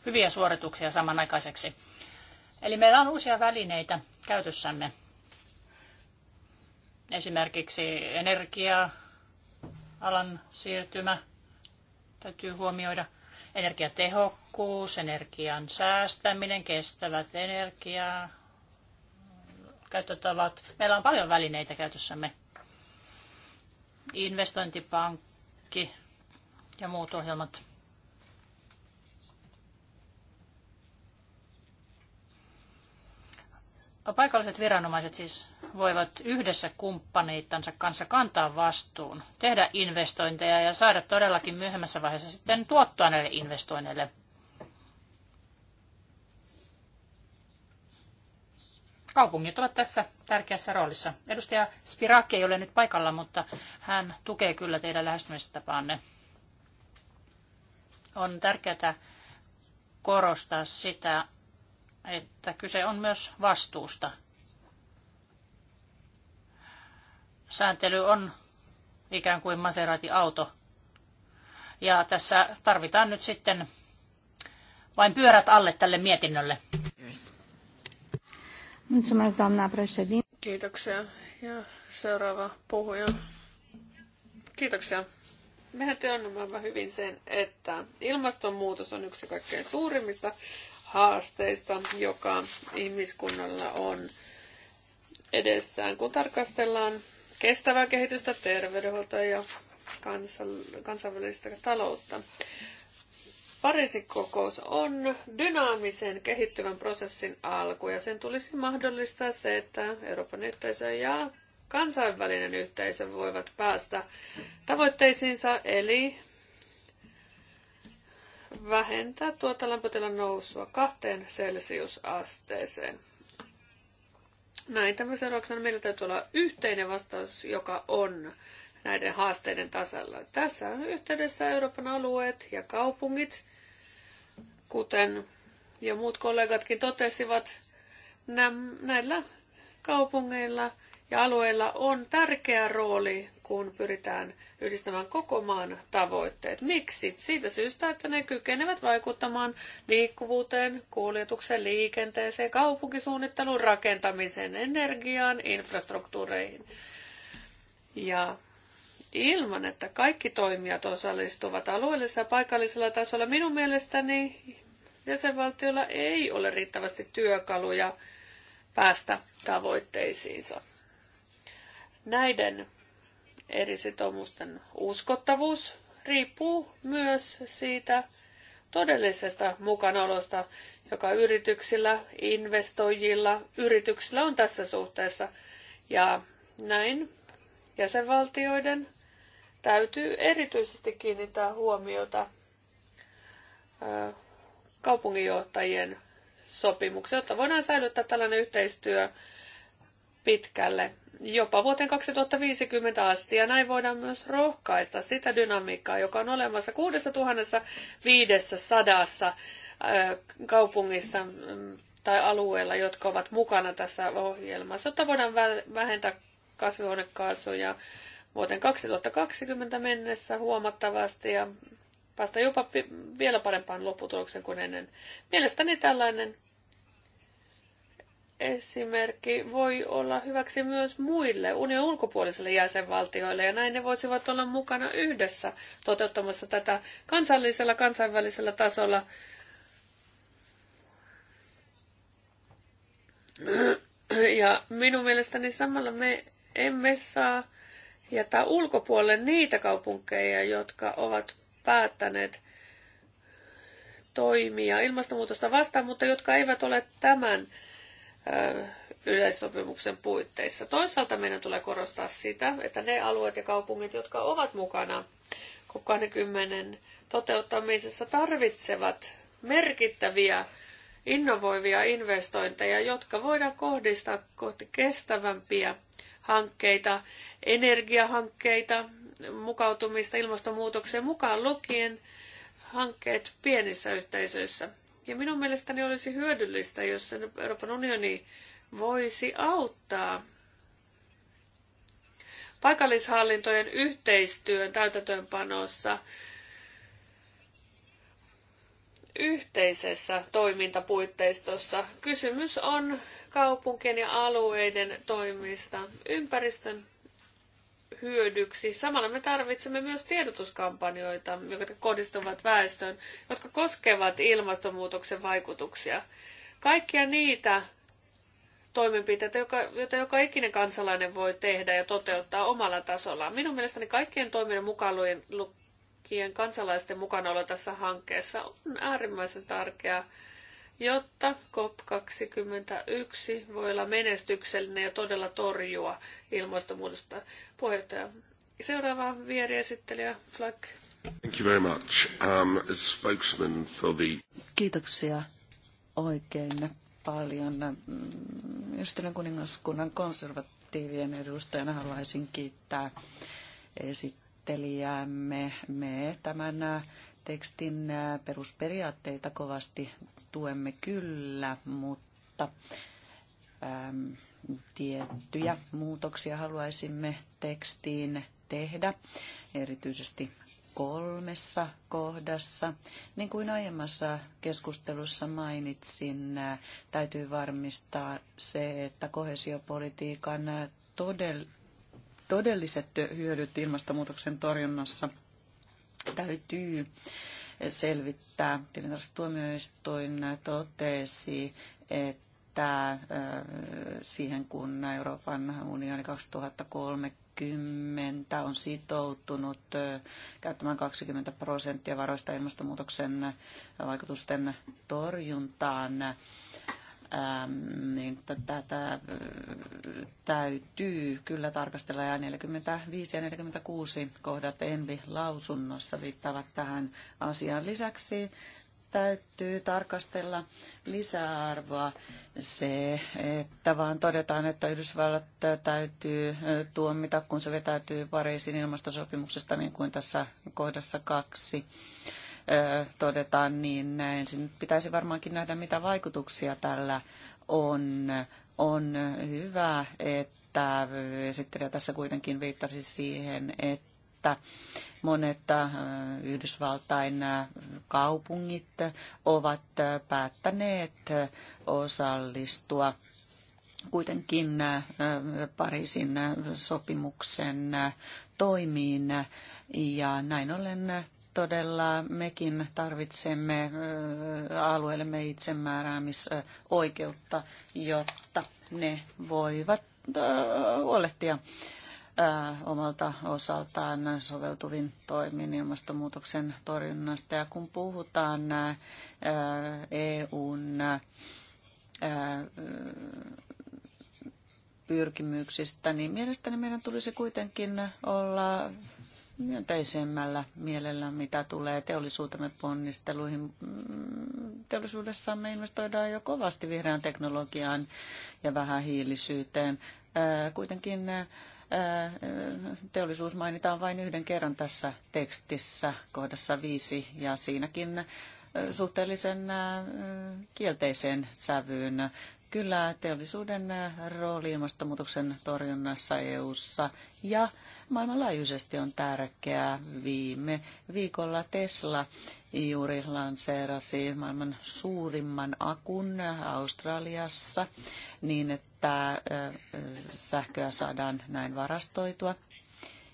hyviä suorituksia samanaikaiseksi. Eli meillä on uusia välineitä käytössämme Esimerkiksi energia-alan siirtymä täytyy huomioida. Energiatehokkuus, energian säästäminen, kestävät energia, käyttötavat. Meillä on paljon välineitä käytössämme. Investointipankki ja muut ohjelmat. Paikalliset viranomaiset siis voivat yhdessä kumppaneittansa kanssa kantaa vastuun, tehdä investointeja ja saada todellakin myöhemmässä vaiheessa sitten tuottoa näille investoinneille. Kaupungit ovat tässä tärkeässä roolissa. Edustaja Spiraki ei ole nyt paikalla, mutta hän tukee kyllä teidän lähestymistapaanne. On tärkeää korostaa sitä, että kyse on myös vastuusta. Sääntely on ikään kuin Maserati-auto. Ja tässä tarvitaan nyt sitten vain pyörät alle tälle mietinnölle. Kiitoksia. Ja seuraava puhuja. Kiitoksia. Mehän työnnämme hyvin sen, että ilmastonmuutos on yksi kaikkein suurimmista haasteista, joka ihmiskunnalla on edessään, kun tarkastellaan kestävää kehitystä, terveydenhuoltoa ja kansainvälistä taloutta. Pariisin kokous on dynaamisen kehittyvän prosessin alku ja sen tulisi mahdollistaa se, että Euroopan yhteisö ja kansainvälinen yhteisö voivat päästä tavoitteisiinsa eli vähentää tuota lämpötilan nousua kahteen celsiusasteeseen. Näin tämän seurauksena meillä täytyy olla yhteinen vastaus, joka on näiden haasteiden tasalla. Tässä on yhteydessä Euroopan alueet ja kaupungit, kuten jo muut kollegatkin totesivat, näillä kaupungeilla ja alueilla on tärkeä rooli kun pyritään yhdistämään koko maan tavoitteet. Miksi? Siitä syystä, että ne kykenevät vaikuttamaan liikkuvuuteen, kuljetukseen, liikenteeseen, kaupunkisuunnitteluun, rakentamiseen, energiaan, infrastruktuureihin. Ja ilman, että kaikki toimijat osallistuvat alueellisella ja paikallisella tasolla, minun mielestäni jäsenvaltiolla ei ole riittävästi työkaluja päästä tavoitteisiinsa. Näiden eri sitoumusten uskottavuus riippuu myös siitä todellisesta mukanaolosta, joka yrityksillä, investoijilla, yrityksillä on tässä suhteessa. Ja näin jäsenvaltioiden täytyy erityisesti kiinnittää huomiota kaupunginjohtajien sopimukseen, jotta voidaan säilyttää tällainen yhteistyö pitkälle jopa vuoteen 2050 asti. Ja näin voidaan myös rohkaista sitä dynamiikkaa, joka on olemassa 6500 kaupungissa mm, tai alueella, jotka ovat mukana tässä ohjelmassa, jotta voidaan vähentää kasvihuonekaasuja vuoteen 2020 mennessä huomattavasti ja päästä jopa vielä parempaan lopputulokseen kuin ennen. Mielestäni tällainen esimerkki voi olla hyväksi myös muille unionin ulkopuolisille jäsenvaltioille, ja näin ne voisivat olla mukana yhdessä toteuttamassa tätä kansallisella, kansainvälisellä tasolla. Ja minun mielestäni samalla me emme saa jättää ulkopuolelle niitä kaupunkeja, jotka ovat päättäneet toimia ilmastonmuutosta vastaan, mutta jotka eivät ole tämän yleissopimuksen puitteissa. Toisaalta meidän tulee korostaa sitä, että ne alueet ja kaupungit, jotka ovat mukana COP20 toteuttamisessa, tarvitsevat merkittäviä innovoivia investointeja, jotka voidaan kohdistaa kohti kestävämpiä hankkeita, energiahankkeita, mukautumista ilmastonmuutokseen mukaan lukien hankkeet pienissä yhteisöissä. Ja minun mielestäni olisi hyödyllistä, jos Euroopan unioni voisi auttaa paikallishallintojen yhteistyön täytäntöönpanossa yhteisessä toimintapuitteistossa. Kysymys on kaupunkien ja alueiden toimista ympäristön hyödyksi. Samalla me tarvitsemme myös tiedotuskampanjoita, jotka kohdistuvat väestöön, jotka koskevat ilmastonmuutoksen vaikutuksia. Kaikkia niitä toimenpiteitä, joka, joita joka ikinen kansalainen voi tehdä ja toteuttaa omalla tasollaan. Minun mielestäni kaikkien toiminnan mukaan lukien kansalaisten mukanaolo tässä hankkeessa on äärimmäisen tärkeää jotta COP21 voi olla menestyksellinen ja todella torjua ilmastonmuutosta. Puheenjohtaja, seuraava vieriesittelijä Flack. Thank you very much. Um, as spokesman for the... Kiitoksia oikein paljon. Mm, ystävän kuningaskunnan konservatiivien edustajana haluaisin kiittää esittelijäämme. Me tämän äh, tekstin äh, perusperiaatteita kovasti tuemme kyllä, mutta äm, tiettyjä muutoksia haluaisimme tekstiin tehdä, erityisesti kolmessa kohdassa. Niin kuin aiemmassa keskustelussa mainitsin, täytyy varmistaa se, että kohesiopolitiikan todell- todelliset hyödyt ilmastonmuutoksen torjunnassa täytyy selvittää. Tilintarkastustuomioistuin totesi, että siihen kun Euroopan unioni 2030 on sitoutunut käyttämään 20 prosenttia varoista ilmastonmuutoksen vaikutusten torjuntaan, Ähm, niin tätä täytyy kyllä tarkastella. Ja 45 ja 46 kohdat Envi-lausunnossa viittaavat tähän asiaan. Lisäksi täytyy tarkastella lisäarvoa se, että vaan todetaan, että Yhdysvallat täytyy tuomita, kun se vetäytyy Pariisin ilmastosopimuksesta, niin kuin tässä kohdassa kaksi todetaan, niin ensin pitäisi varmaankin nähdä, mitä vaikutuksia tällä on. On hyvä, että esittelijä tässä kuitenkin viittasi siihen, että monet Yhdysvaltain kaupungit ovat päättäneet osallistua kuitenkin Pariisin sopimuksen toimiin. Ja näin ollen todella mekin tarvitsemme alueellemme itsemääräämisoikeutta, jotta ne voivat huolehtia omalta osaltaan soveltuvin toimin ilmastonmuutoksen torjunnasta. Ja kun puhutaan EUn pyrkimyksistä, niin mielestäni meidän tulisi kuitenkin olla myönteisemmällä mielellä, mitä tulee teollisuutemme ponnisteluihin. me investoidaan jo kovasti vihreään teknologiaan ja vähän hiilisyyteen, Kuitenkin teollisuus mainitaan vain yhden kerran tässä tekstissä, kohdassa viisi, ja siinäkin suhteellisen kielteiseen sävyyn kyllä teollisuuden äh, rooli ilmastonmuutoksen torjunnassa EU:ssa ja maailmanlaajuisesti on tärkeää. Viime viikolla Tesla juuri lanseerasi maailman suurimman akun äh, Australiassa niin, että äh, sähköä saadaan näin varastoitua.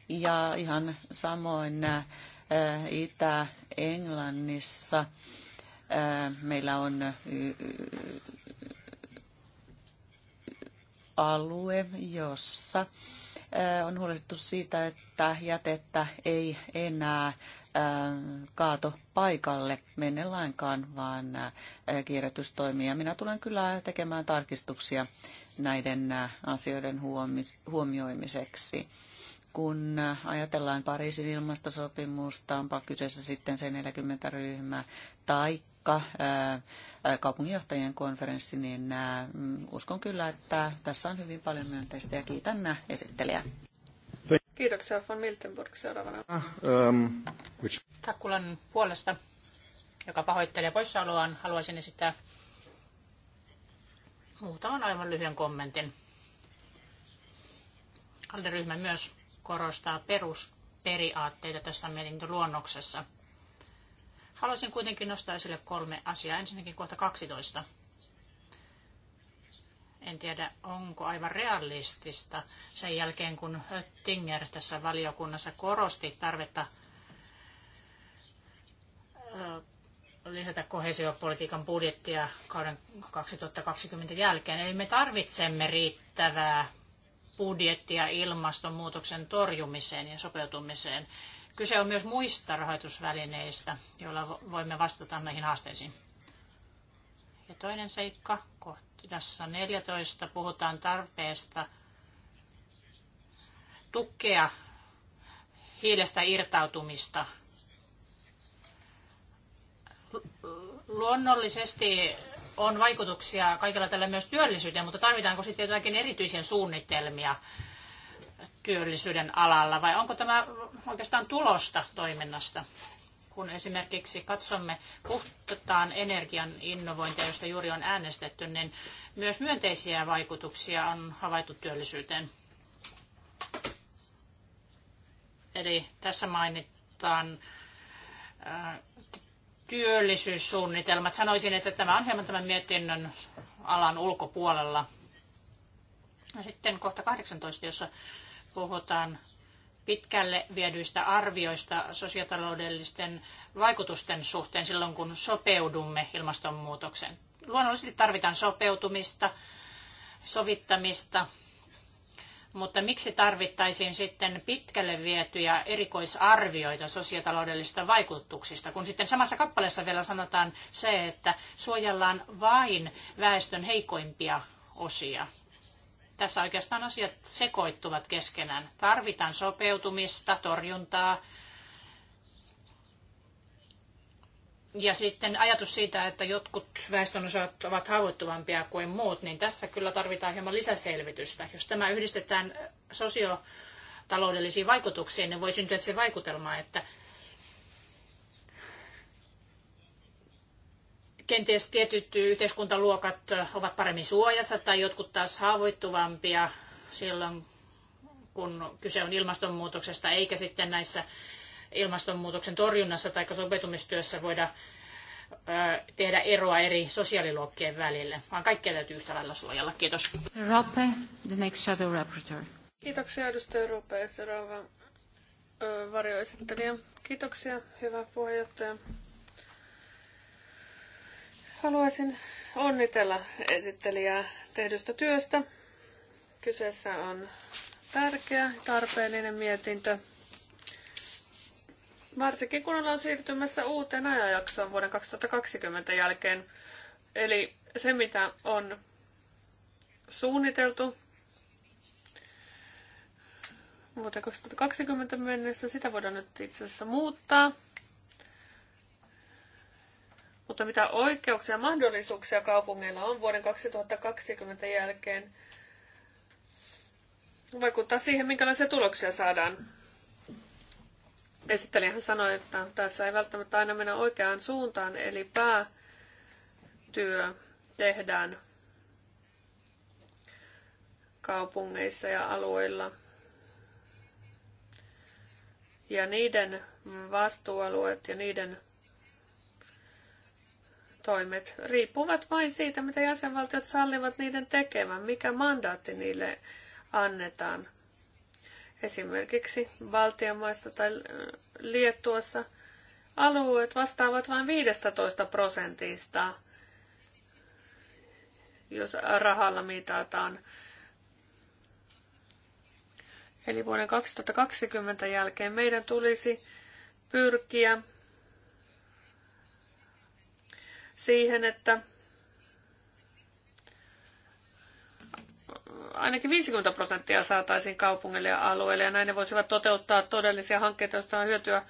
Ja ihan samoin Itä-Englannissa meillä on alue, jossa äh, on huolehdittu siitä, että jätettä ei enää äh, kaato paikalle mene lainkaan, vaan äh, kierrätystoimia. Minä tulen kyllä tekemään tarkistuksia näiden asioiden huomioimiseksi. Kun ajatellaan Pariisin ilmastosopimusta, onpa kyseessä sitten se 40 ryhmä tai taikka kaupunginjohtajien konferenssi, niin mm, uskon kyllä, että tässä on hyvin paljon myönteistä ja kiitän esittelijää. Kiitoksia von Miltenburg seuraavana. Uh, um, which... Takkulan puolesta, joka pahoittelee poissaoloaan, haluaisin esittää muutaman aivan lyhyen kommentin. Alderyhmä myös korostaa perusperiaatteita tässä mietintöluonnoksessa. luonnoksessa Haluaisin kuitenkin nostaa esille kolme asiaa. Ensinnäkin kohta 12. En tiedä, onko aivan realistista sen jälkeen, kun Höttinger tässä valiokunnassa korosti tarvetta lisätä kohesiopolitiikan budjettia kauden 2020 jälkeen. Eli me tarvitsemme riittävää budjettia ilmastonmuutoksen torjumiseen ja sopeutumiseen. Kyse on myös muista rahoitusvälineistä, joilla voimme vastata näihin haasteisiin. Ja toinen seikka, kohdassa 14 puhutaan tarpeesta tukea hiilestä irtautumista. Luonnollisesti on vaikutuksia kaikilla tällä myös työllisyyteen, mutta tarvitaanko sitten jotakin erityisiä suunnitelmia työllisyyden alalla vai onko tämä oikeastaan tulosta toiminnasta? Kun esimerkiksi katsomme puhtaan energian innovointia, josta juuri on äänestetty, niin myös myönteisiä vaikutuksia on havaittu työllisyyteen. Eli tässä mainitaan äh, työllisyyssuunnitelmat. Sanoisin, että tämä on hieman tämän mietinnön alan ulkopuolella. sitten kohta 18, jossa puhutaan pitkälle viedyistä arvioista sosiotaloudellisten vaikutusten suhteen silloin, kun sopeudumme ilmastonmuutokseen. Luonnollisesti tarvitaan sopeutumista, sovittamista, mutta miksi tarvittaisiin sitten pitkälle vietyjä erikoisarvioita sosiotaloudellisista vaikutuksista, kun sitten samassa kappaleessa vielä sanotaan se, että suojellaan vain väestön heikoimpia osia. Tässä oikeastaan asiat sekoittuvat keskenään. Tarvitaan sopeutumista, torjuntaa, Ja sitten ajatus siitä, että jotkut väestönosat ovat haavoittuvampia kuin muut, niin tässä kyllä tarvitaan hieman lisäselvitystä. Jos tämä yhdistetään sosiotaloudellisiin vaikutuksiin, niin voi syntyä se vaikutelma, että kenties tietyt yhteiskuntaluokat ovat paremmin suojassa tai jotkut taas haavoittuvampia silloin, kun kyse on ilmastonmuutoksesta, eikä sitten näissä ilmastonmuutoksen torjunnassa tai sopeutumistyössä voida tehdä eroa eri sosiaaliluokkien välille, vaan kaikkia täytyy yhtä lailla suojella. Kiitos. Rope, the next shadow rapporteur. Kiitoksia edustaja Rope, seuraava varjoesittelijä. Kiitoksia, hyvä puheenjohtaja. Haluaisin onnitella esittelijää tehdystä työstä. Kyseessä on tärkeä ja tarpeellinen mietintö. Varsinkin kun ollaan siirtymässä uuteen ajanjaksoon vuoden 2020 jälkeen. Eli se, mitä on suunniteltu vuoteen 2020 mennessä, sitä voidaan nyt itse asiassa muuttaa. Mutta mitä oikeuksia ja mahdollisuuksia kaupungeilla on vuoden 2020 jälkeen, vaikuttaa siihen, minkälaisia tuloksia saadaan. Esittelijähän sanoi, että tässä ei välttämättä aina mennä oikeaan suuntaan, eli päätyö tehdään kaupungeissa ja alueilla. Ja niiden vastuualueet ja niiden toimet riippuvat vain siitä, mitä jäsenvaltiot sallivat niiden tekevän, mikä mandaatti niille annetaan. Esimerkiksi valtionmaista tai Liettuassa alueet vastaavat vain 15 prosentista, jos rahalla mitataan. Eli vuoden 2020 jälkeen meidän tulisi pyrkiä siihen, että ainakin 50 prosenttia saataisiin kaupungille ja alueille ja näin ne voisivat toteuttaa todellisia hankkeita, joista on hyötyä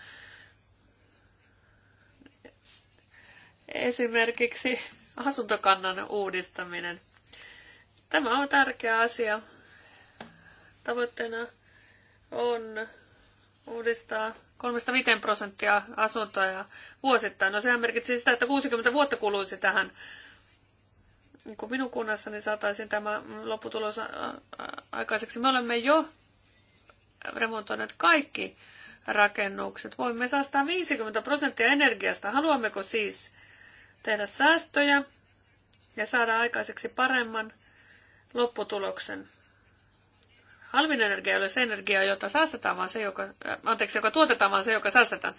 esimerkiksi asuntokannan uudistaminen. Tämä on tärkeä asia. Tavoitteena on uudistaa 3-5 prosenttia asuntoja vuosittain. No sehän merkitsi sitä, että 60 vuotta kuluisi tähän. Niin kun minun kunnassani niin saataisiin tämä lopputulos aikaiseksi. Me olemme jo remontoineet kaikki rakennukset. Voimme säästää 50 prosenttia energiasta. Haluammeko siis tehdä säästöjä ja saada aikaiseksi paremman lopputuloksen? Halvin energia ei ole se energia, jota säästetään, vaan se, joka, äh, anteeksi, joka tuotetaan, vaan se, joka säästetään.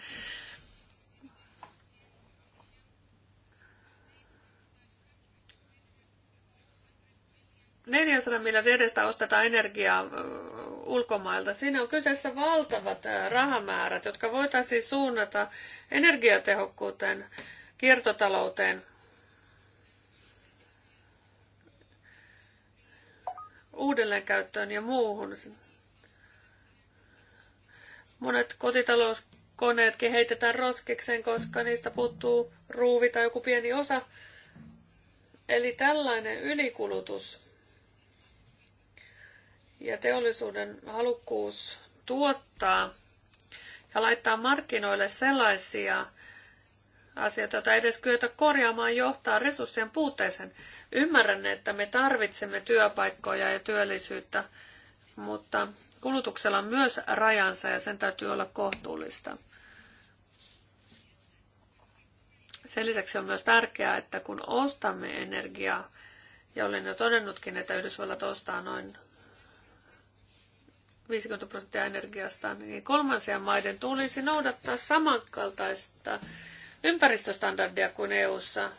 Neljänsadan miljardin edestä ostetaan energiaa äh, ulkomailta. Siinä on kyseessä valtavat äh, rahamäärät, jotka voitaisiin suunnata energiatehokkuuteen, kiertotalouteen – uudelleenkäyttöön ja muuhun. Monet kotitalouskoneetkin heitetään roskikseen, koska niistä puuttuu ruuvi tai joku pieni osa. Eli tällainen ylikulutus ja teollisuuden halukkuus tuottaa ja laittaa markkinoille sellaisia asiat, joita edes kyetä korjaamaan, johtaa resurssien puutteeseen. Ymmärrän, että me tarvitsemme työpaikkoja ja työllisyyttä, mutta kulutuksella on myös rajansa ja sen täytyy olla kohtuullista. Sen lisäksi on myös tärkeää, että kun ostamme energiaa, ja olen jo todennutkin, että Yhdysvallat ostaa noin 50 prosenttia energiasta, niin kolmansien maiden tulisi noudattaa samankaltaista ympäristöstandardia kuin EU:ssa.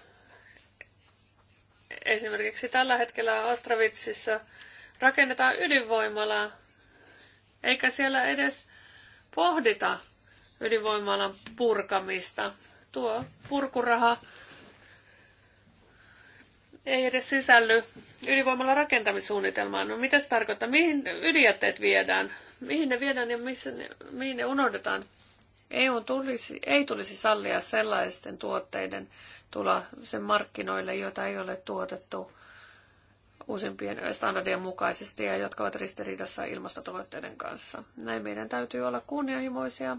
Esimerkiksi tällä hetkellä Astravitsissa rakennetaan ydinvoimalaa, eikä siellä edes pohdita ydinvoimalan purkamista. Tuo purkuraha ei edes sisälly ydinvoimalan rakentamissuunnitelmaan. No mitä se tarkoittaa? Mihin ydinjätteet viedään? Mihin ne viedään ja missä ne, mihin ne unohdetaan? EU tulisi, ei tulisi sallia sellaisten tuotteiden tulla sen markkinoille, joita ei ole tuotettu uusimpien standardien mukaisesti ja jotka ovat ristiriidassa ilmastotavoitteiden kanssa. Näin meidän täytyy olla kunnianhimoisia.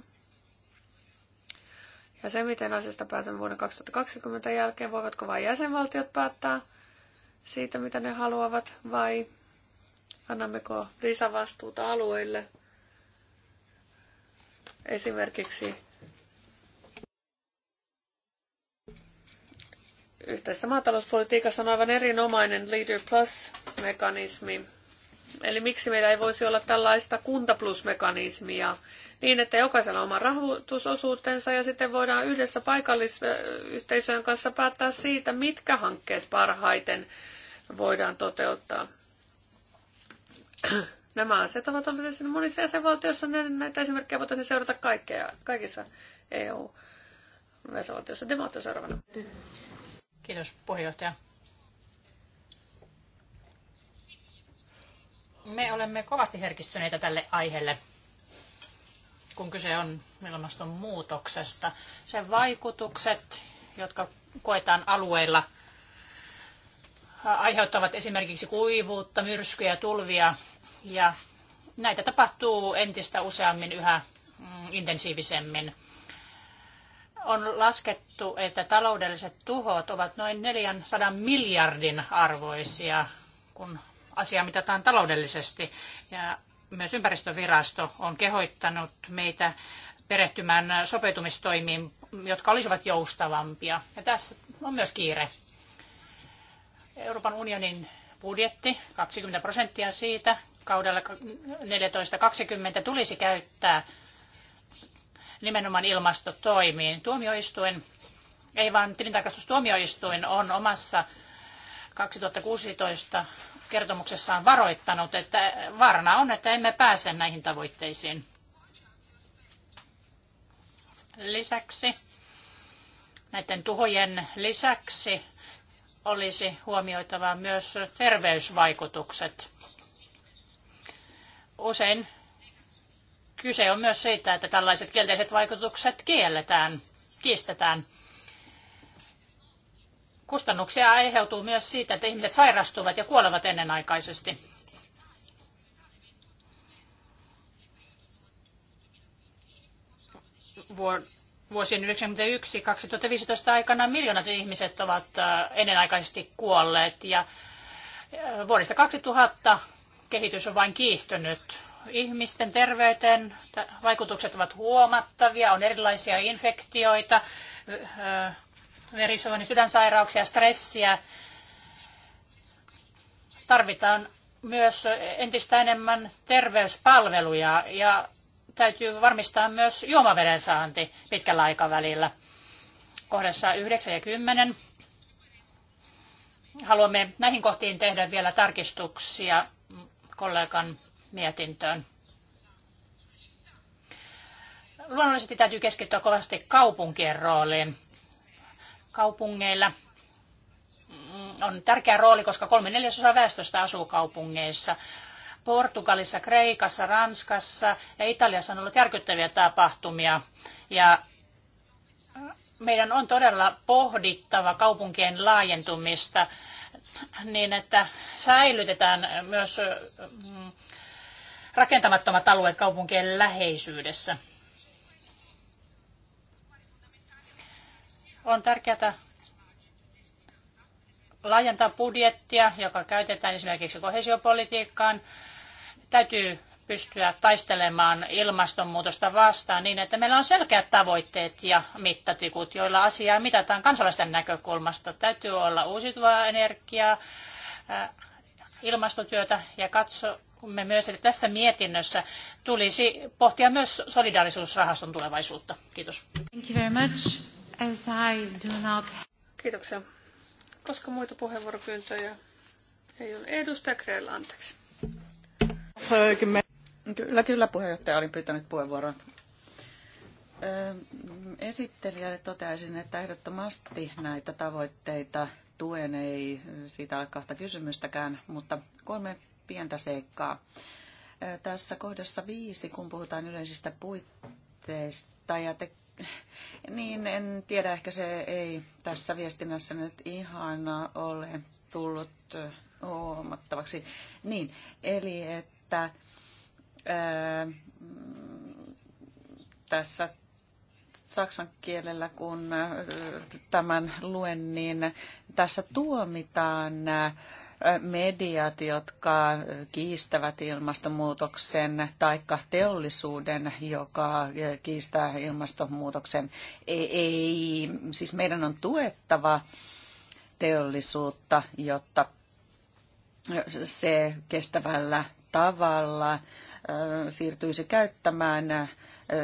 Ja se, miten asiasta päätämme vuoden 2020 jälkeen, voivatko vain jäsenvaltiot päättää siitä, mitä ne haluavat, vai annammeko lisävastuuta alueille – Esimerkiksi yhteisessä maatalouspolitiikassa on aivan erinomainen Leader Plus-mekanismi. Eli miksi meillä ei voisi olla tällaista kunta plus-mekanismia niin, että jokaisella on oma rahoitusosuutensa ja sitten voidaan yhdessä paikallisyhteisöjen kanssa päättää siitä, mitkä hankkeet parhaiten voidaan toteuttaa. Nämä asiat ovat olleet esillä monissa jäsenvaltioissa, niin näitä esimerkkejä voitaisiin seurata kaikkea, kaikissa EU-jäsenvaltioissa. Demaatio seuraavana. Kiitos puheenjohtaja. Me olemme kovasti herkistyneitä tälle aiheelle, kun kyse on ilmastonmuutoksesta. Sen vaikutukset, jotka koetaan alueilla, aiheuttavat esimerkiksi kuivuutta, myrskyjä, tulvia, ja näitä tapahtuu entistä useammin yhä mm, intensiivisemmin. On laskettu, että taloudelliset tuhot ovat noin 400 miljardin arvoisia, kun asia mitataan taloudellisesti. Ja myös ympäristövirasto on kehottanut meitä perehtymään sopeutumistoimiin, jotka olisivat joustavampia. Ja tässä on myös kiire. Euroopan unionin budjetti, 20 prosenttia siitä kaudella 14.20 tulisi käyttää nimenomaan ilmastotoimiin. Tuomioistuin, ei vaan tilintarkastustuomioistuin on omassa 2016 kertomuksessaan varoittanut, että vaarana on, että emme pääse näihin tavoitteisiin. Lisäksi näiden tuhojen lisäksi olisi huomioitava myös terveysvaikutukset. Usein kyse on myös siitä, että tällaiset kielteiset vaikutukset kielletään, kiistetään. Kustannuksia aiheutuu myös siitä, että ihmiset sairastuvat ja kuolevat ennenaikaisesti. Vuosien 1991-2015 aikana miljoonat ihmiset ovat äh, ennenaikaisesti kuolleet ja äh, vuodesta 2000 kehitys on vain kiihtynyt. Ihmisten terveyteen vaikutukset ovat huomattavia, on erilaisia infektioita, verisuonin sydänsairauksia, stressiä. Tarvitaan myös entistä enemmän terveyspalveluja ja täytyy varmistaa myös juomaveden saanti pitkällä aikavälillä. Kohdassa 9 ja 10 haluamme näihin kohtiin tehdä vielä tarkistuksia kollegan mietintöön. Luonnollisesti täytyy keskittyä kovasti kaupunkien rooliin. Kaupungeilla on tärkeä rooli, koska kolme neljäsosa väestöstä asuu kaupungeissa. Portugalissa, Kreikassa, Ranskassa ja Italiassa on ollut järkyttäviä tapahtumia. Ja meidän on todella pohdittava kaupunkien laajentumista niin, että säilytetään myös mm, rakentamattomat alueet kaupunkien läheisyydessä. On tärkeää laajentaa budjettia, joka käytetään esimerkiksi kohesiopolitiikkaan. Täytyy pystyä taistelemaan ilmastonmuutosta vastaan niin, että meillä on selkeät tavoitteet ja mittatikut, joilla asiaa mitataan kansalaisten näkökulmasta. Täytyy olla uusiutuvaa energiaa, äh, ilmastotyötä ja katsomme myös, että tässä mietinnössä tulisi pohtia myös solidaarisuusrahaston tulevaisuutta. Kiitos. Thank you very much. As I do not... Kiitoksia. Koska muita puheenvuoropyyntöjä ei ole. Edustaja Krell, anteeksi. Kyllä, kyllä puheenjohtaja olin pyytänyt puheenvuoron. Esittelijälle toteaisin, että ehdottomasti näitä tavoitteita tuen ei siitä ole kahta kysymystäkään, mutta kolme pientä seikkaa. Tässä kohdassa viisi, kun puhutaan yleisistä puitteista ja te, niin en tiedä, ehkä se ei tässä viestinnässä nyt ihan ole tullut huomattavaksi. Niin, eli että tässä saksan kielellä, kun tämän luen, niin tässä tuomitaan mediat, jotka kiistävät ilmastonmuutoksen, taikka teollisuuden, joka kiistää ilmastonmuutoksen. Ei, ei, siis meidän on tuettava teollisuutta, jotta se kestävällä tavalla siirtyisi käyttämään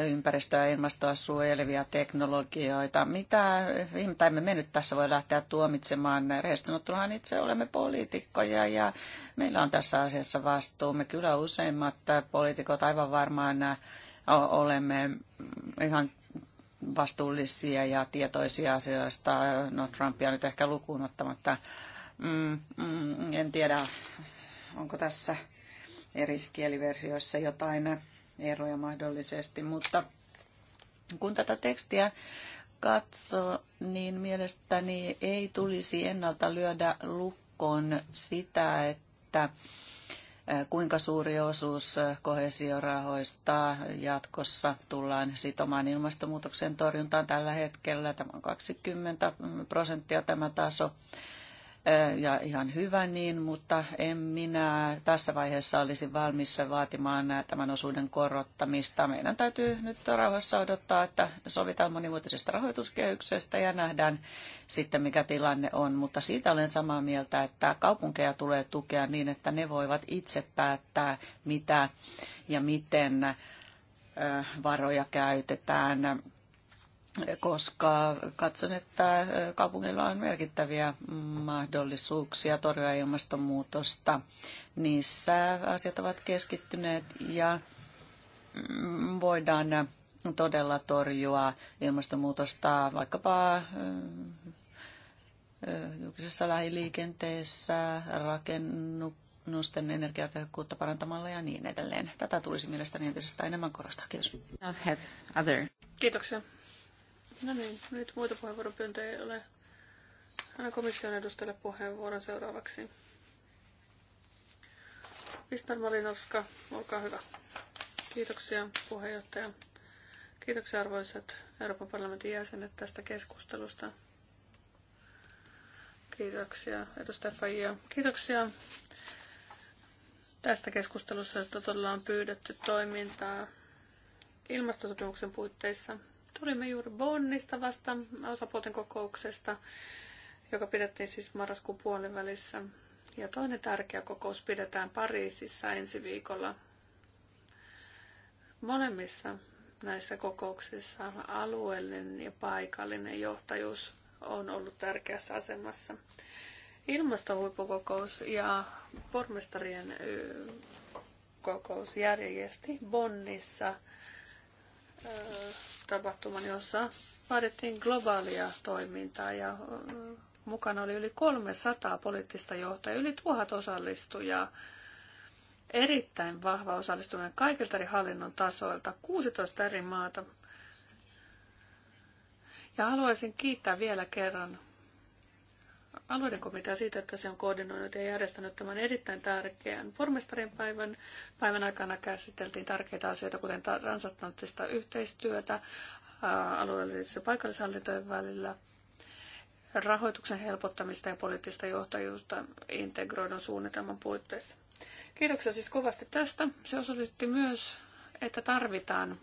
ympäristöä ja ilmastoa suojelevia teknologioita. Mitä ihmettä emme me nyt tässä voi lähteä tuomitsemaan? Rehellisesti itse olemme poliitikkoja ja meillä on tässä asiassa vastuu. Me kyllä useimmat poliitikot aivan varmaan olemme ihan vastuullisia ja tietoisia asioista, no Trumpia nyt ehkä lukuun ottamatta. Mm, mm, en tiedä, onko tässä eri kieliversioissa jotain eroja mahdollisesti, mutta kun tätä tekstiä katsoo, niin mielestäni ei tulisi ennalta lyödä lukkoon sitä, että kuinka suuri osuus kohesiorahoista jatkossa tullaan sitomaan ilmastonmuutoksen torjuntaan tällä hetkellä. Tämä on 20 prosenttia tämä taso ja ihan hyvä niin, mutta en minä tässä vaiheessa olisi valmis vaatimaan tämän osuuden korottamista. Meidän täytyy nyt rauhassa odottaa, että sovitaan monivuotisesta rahoituskehyksestä ja nähdään sitten mikä tilanne on. Mutta siitä olen samaa mieltä, että kaupunkeja tulee tukea niin, että ne voivat itse päättää, mitä ja miten varoja käytetään koska katson, että äh, kaupungilla on merkittäviä mahdollisuuksia torjua ilmastonmuutosta. Niissä asiat ovat keskittyneet ja mm, voidaan todella torjua ilmastonmuutosta vaikkapa äh, äh, julkisessa lähiliikenteessä, rakennusten energiatehokkuutta parantamalla ja niin edelleen. Tätä tulisi mielestäni entisestään enemmän korostaa. Kiitos. Kiitoksia. No niin, nyt muita puheenvuoropyyntöjä ei ole. Anna komission edustajalle puheenvuoron seuraavaksi. Pistan Malinowska, olkaa hyvä. Kiitoksia puheenjohtaja. Kiitoksia arvoisat Euroopan parlamentin jäsenet tästä keskustelusta. Kiitoksia edustaja Fajia. Kiitoksia tästä keskustelussa, että todella on pyydetty toimintaa ilmastosopimuksen puitteissa Tulimme juuri Bonnista vasta osapuolten kokouksesta, joka pidettiin siis marraskuun puolivälissä. Ja toinen tärkeä kokous pidetään Pariisissa ensi viikolla. Molemmissa näissä kokouksissa alueellinen ja paikallinen johtajuus on ollut tärkeässä asemassa. Ilmastohuippukokous ja pormestarien kokous järjesti Bonnissa tapahtuman, jossa vaadittiin globaalia toimintaa ja mukana oli yli 300 poliittista johtajaa, yli tuhat osallistujaa, erittäin vahva osallistuminen kaikilta eri hallinnon tasoilta, 16 eri maata. Ja haluaisin kiittää vielä kerran alueiden komitea siitä, että se on koordinoinut ja järjestänyt tämän erittäin tärkeän pormestarin päivän. Päivän aikana käsiteltiin tärkeitä asioita, kuten transatlanttista yhteistyötä alueellisessa ja paikallishallintojen välillä, rahoituksen helpottamista ja poliittista johtajuutta integroidun suunnitelman puitteissa. Kiitoksia siis kovasti tästä. Se osoitti myös, että tarvitaan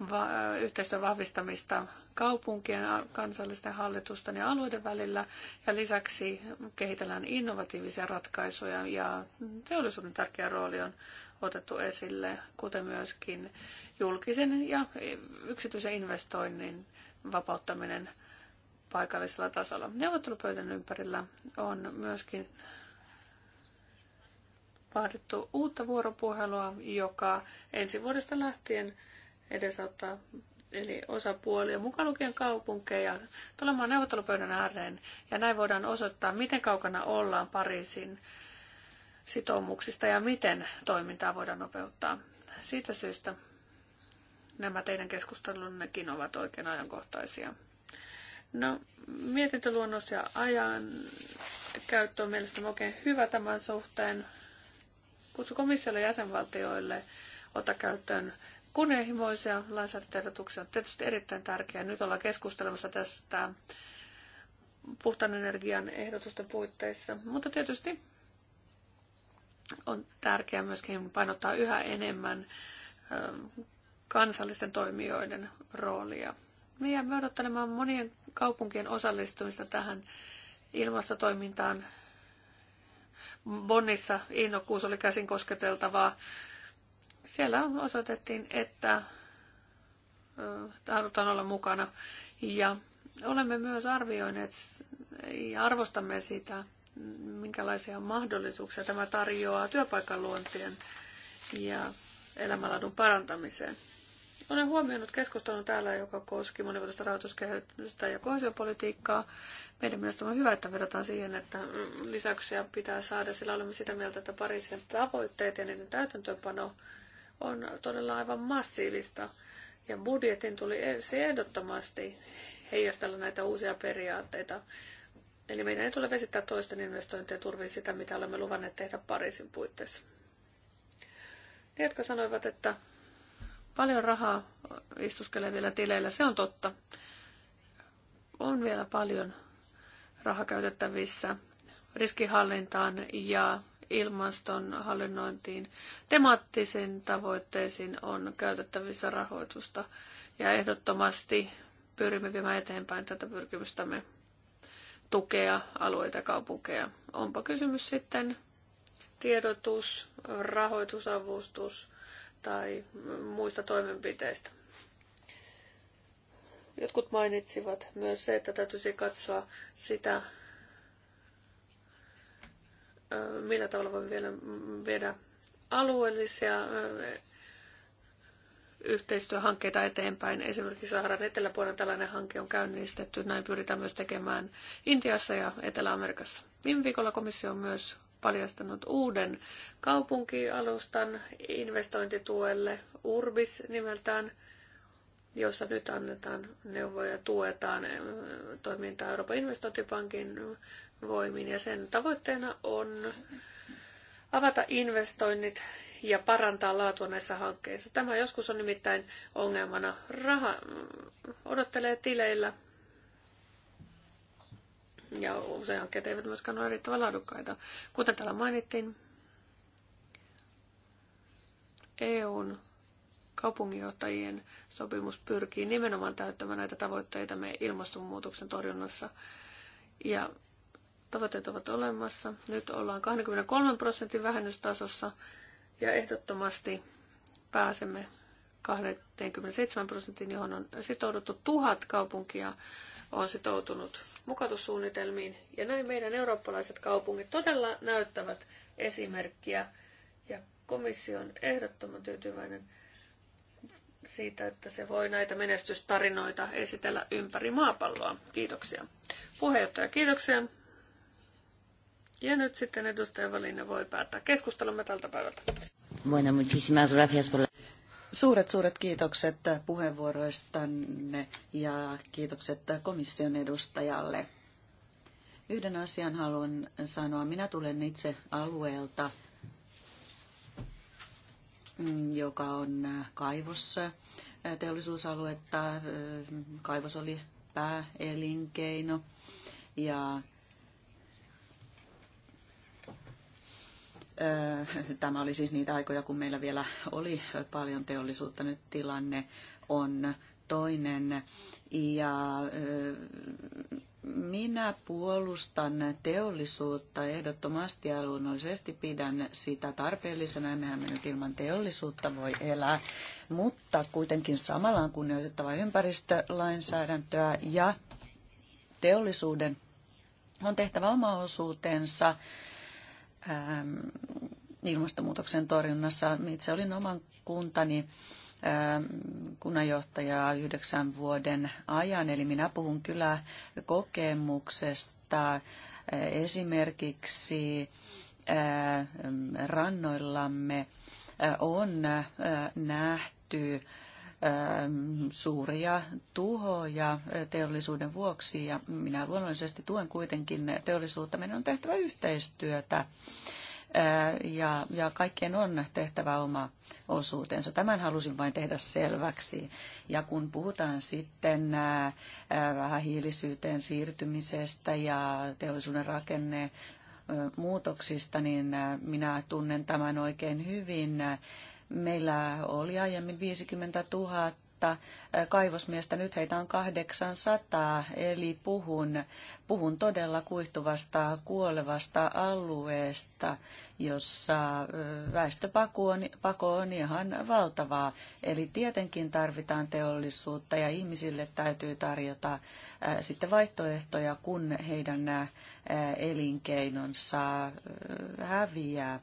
va- yhteistyön vahvistamista kaupunkien, kansallisten hallitusten ja alueiden välillä. Ja lisäksi kehitellään innovatiivisia ratkaisuja ja teollisuuden tärkeä rooli on otettu esille, kuten myöskin julkisen ja yksityisen investoinnin vapauttaminen paikallisella tasolla. Neuvottelupöydän ympärillä on myöskin vaadittu uutta vuoropuhelua, joka ensi vuodesta lähtien – edesauttaa eli osapuolia, mukaan lukien kaupunkeja, tulemaan neuvottelupöydän ääreen. Ja näin voidaan osoittaa, miten kaukana ollaan Pariisin sitoumuksista ja miten toimintaa voidaan nopeuttaa. Siitä syystä nämä teidän keskustelunnekin ovat oikein ajankohtaisia. No, mietintöluonnos ja ajan käyttö on mielestäni oikein hyvä tämän suhteen. Kutsu komissiolle jäsenvaltioille ottaa käyttöön kunnianhimoisia lainsäädäntöehdotuksia on tietysti erittäin tärkeää. Nyt ollaan keskustelemassa tästä puhtaan energian ehdotusten puitteissa, mutta tietysti on tärkeää myöskin painottaa yhä enemmän kansallisten toimijoiden roolia. Me jäämme odottelemaan monien kaupunkien osallistumista tähän ilmastotoimintaan. Bonnissa innokkuus oli käsin kosketeltavaa siellä osoitettiin, että halutaan olla mukana. Ja olemme myös arvioineet ja arvostamme sitä, minkälaisia mahdollisuuksia tämä tarjoaa työpaikan luontien ja elämänlaadun parantamiseen. Olen huomioinut keskustelun täällä, joka koski monivuotista rahoituskehitystä ja kohesiopolitiikkaa. Meidän mielestä on hyvä, että vedotaan siihen, että mm, lisäyksiä pitää saada, sillä olemme sitä mieltä, että Pariisin tavoitteet ja niiden täytäntöönpano on todella aivan massiivista. Ja budjetin tuli e- se ehdottomasti heijastella näitä uusia periaatteita. Eli meidän ei tule vesittää toisten investointeja turviin sitä, mitä olemme luvanneet tehdä Pariisin puitteissa. Ne, jotka sanoivat, että paljon rahaa istuskelee vielä tileillä, se on totta. On vielä paljon rahaa käytettävissä riskihallintaan ja ilmaston hallinnointiin, temaattisiin tavoitteisiin on käytettävissä rahoitusta ja ehdottomasti pyrimme viemään eteenpäin tätä pyrkimystämme tukea alueita ja kaupunkeja. Onpa kysymys sitten tiedotus, rahoitusavustus tai muista toimenpiteistä. Jotkut mainitsivat myös se, että täytyisi katsoa sitä, millä tavalla voimme vielä viedä alueellisia yhteistyöhankkeita eteenpäin. Esimerkiksi Saharan eteläpuolella tällainen hanke on käynnistetty. Näin pyritään myös tekemään Intiassa ja Etelä-Amerikassa. Viime viikolla komissio on myös paljastanut uuden kaupunkialustan investointituelle, Urbis nimeltään – jossa nyt annetaan neuvoja ja tuetaan toimintaa Euroopan investointipankin voimin. Ja sen tavoitteena on avata investoinnit ja parantaa laatua näissä hankkeissa. Tämä joskus on nimittäin ongelmana. Raha mm, odottelee tileillä ja usein hankkeet eivät myöskään ole riittävän laadukkaita. Kuten täällä mainittiin, EUn kaupunginjohtajien sopimus pyrkii nimenomaan täyttämään näitä tavoitteita me ilmastonmuutoksen torjunnassa. Ja tavoitteet ovat olemassa. Nyt ollaan 23 prosentin vähennystasossa ja ehdottomasti pääsemme 27 prosenttiin, johon on sitouduttu tuhat kaupunkia on sitoutunut mukautussuunnitelmiin. Ja näin meidän eurooppalaiset kaupungit todella näyttävät esimerkkiä ja komissio on ehdottoman tyytyväinen siitä, että se voi näitä menestystarinoita esitellä ympäri maapalloa. Kiitoksia. Puheenjohtaja, kiitoksia. Ja nyt sitten edustaja Valinne voi päättää keskustelumme tältä päivältä. Bueno, muchísimas gracias por la... Suuret, suuret kiitokset puheenvuoroistanne ja kiitokset komission edustajalle. Yhden asian haluan sanoa. Minä tulen itse alueelta, joka on äh, kaivossa äh, teollisuusaluetta. Äh, kaivos oli pääelinkeino ja Tämä oli siis niitä aikoja, kun meillä vielä oli paljon teollisuutta. Nyt tilanne on toinen. Ja minä puolustan teollisuutta ehdottomasti ja luonnollisesti pidän sitä tarpeellisena. Mehän me nyt ilman teollisuutta voi elää, mutta kuitenkin samalla on kunnioitettava ympäristölainsäädäntöä ja teollisuuden on tehtävä oma osuutensa ähm, ilmastonmuutoksen torjunnassa. Itse olin oman kuntani kunnanjohtajaa yhdeksän vuoden ajan, eli minä puhun kyllä kokemuksesta esimerkiksi rannoillamme on nähty suuria tuhoja teollisuuden vuoksi ja minä luonnollisesti tuen kuitenkin teollisuutta. Meidän on tehtävä yhteistyötä ja, ja kaikkien on tehtävä oma osuutensa. Tämän halusin vain tehdä selväksi. Ja kun puhutaan sitten vähähiilisyyteen siirtymisestä ja teollisuuden rakenne muutoksista, niin minä tunnen tämän oikein hyvin. Meillä oli aiemmin 50 000 tuhatta kaivosmiestä, nyt heitä on 800, eli puhun, puhun todella kuihtuvasta kuolevasta alueesta, jossa väestöpako on, pako on ihan valtavaa. Eli tietenkin tarvitaan teollisuutta ja ihmisille täytyy tarjota sitten vaihtoehtoja, kun heidän elinkeinonsa häviää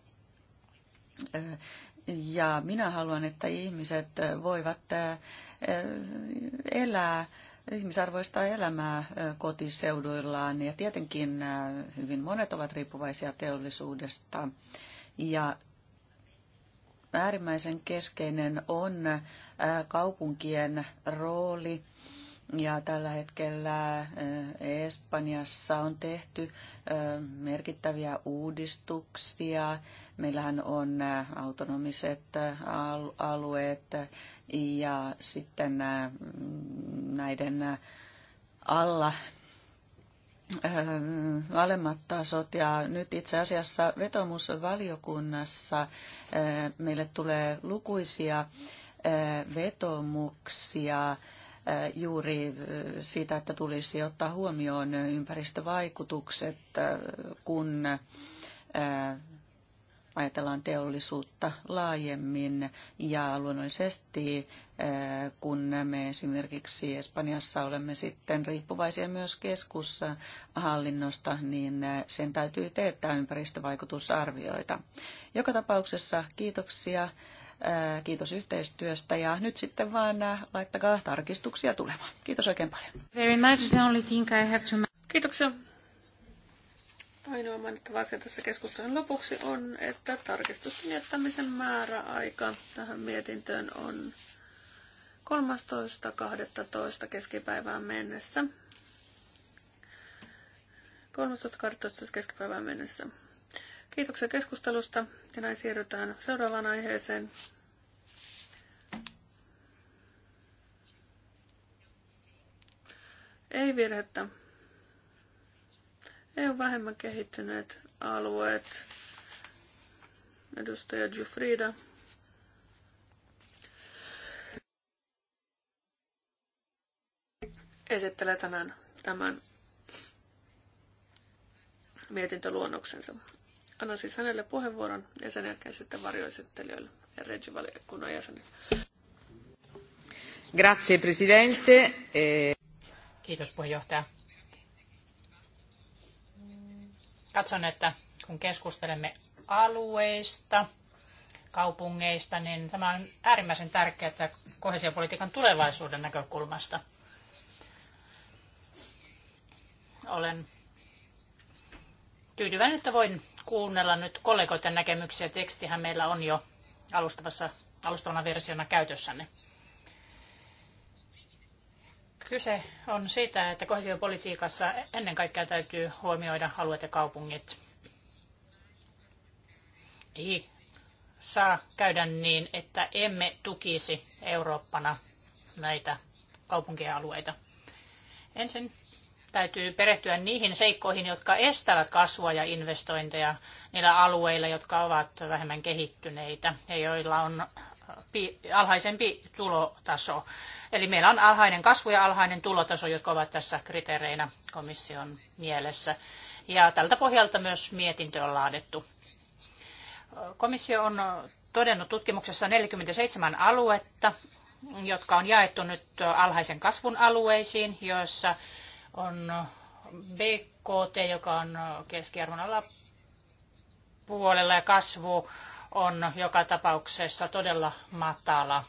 ja minä haluan, että ihmiset voivat elää ihmisarvoista elämää kotiseuduillaan ja tietenkin hyvin monet ovat riippuvaisia teollisuudesta ja äärimmäisen keskeinen on kaupunkien rooli ja tällä hetkellä Espanjassa on tehty merkittäviä uudistuksia Meillähän on äh, autonomiset äh, alueet ja sitten äh, näiden alla alemmat tasot. Ja nyt itse asiassa vetomusvaliokunnassa meille tulee lukuisia vetomuksia juuri siitä, että tulisi ottaa huomioon ympäristövaikutukset, kun ajatellaan teollisuutta laajemmin ja luonnollisesti eh, kun me esimerkiksi Espanjassa olemme sitten riippuvaisia myös keskushallinnosta, niin eh, sen täytyy teettää ympäristövaikutusarvioita. Joka tapauksessa kiitoksia, eh, kiitos yhteistyöstä ja nyt sitten vaan laittakaa tarkistuksia tulemaan. Kiitos oikein paljon. Kiitoksia. Ainoa mainittava asia tässä keskustelun lopuksi on, että tarkistusten jättämisen määräaika tähän mietintöön on 13.12. keskipäivään mennessä. 13.12. keskipäivään mennessä. Kiitoksia keskustelusta ja näin siirrytään seuraavaan aiheeseen. Ei virhettä. EU-vähemmän kehittyneet alueet. Edustaja Jufrida. esittelee tänään tämän mietintöluonnoksensa. Annan siis hänelle puheenvuoron ja sen jälkeen sitten varjoesittelijöille ja regivaliokunnan jäsenille. Grazie, presidente. Eh, Kiitos puheenjohtaja. Katson, että kun keskustelemme alueista, kaupungeista, niin tämä on äärimmäisen tärkeää kohesiopolitiikan tulevaisuuden näkökulmasta. Olen tyytyväinen, että voin kuunnella nyt kollegoiden näkemyksiä. Tekstihän meillä on jo alustavassa, alustavana versiona käytössänne. Kyse on siitä, että kohesiopolitiikassa ennen kaikkea täytyy huomioida alueet ja kaupungit. Ei saa käydä niin, että emme tukisi Eurooppana näitä kaupunkialueita. Ensin täytyy perehtyä niihin seikkoihin, jotka estävät kasvua ja investointeja niillä alueilla, jotka ovat vähemmän kehittyneitä ja joilla on alhaisempi tulotaso. Eli meillä on alhainen kasvu ja alhainen tulotaso, jotka ovat tässä kriteereinä komission mielessä. Ja tältä pohjalta myös mietintö on laadittu. Komissio on todennut tutkimuksessa 47 aluetta, jotka on jaettu nyt alhaisen kasvun alueisiin, joissa on BKT, joka on keskiarvon alapuolella ja kasvu on joka tapauksessa todella matala.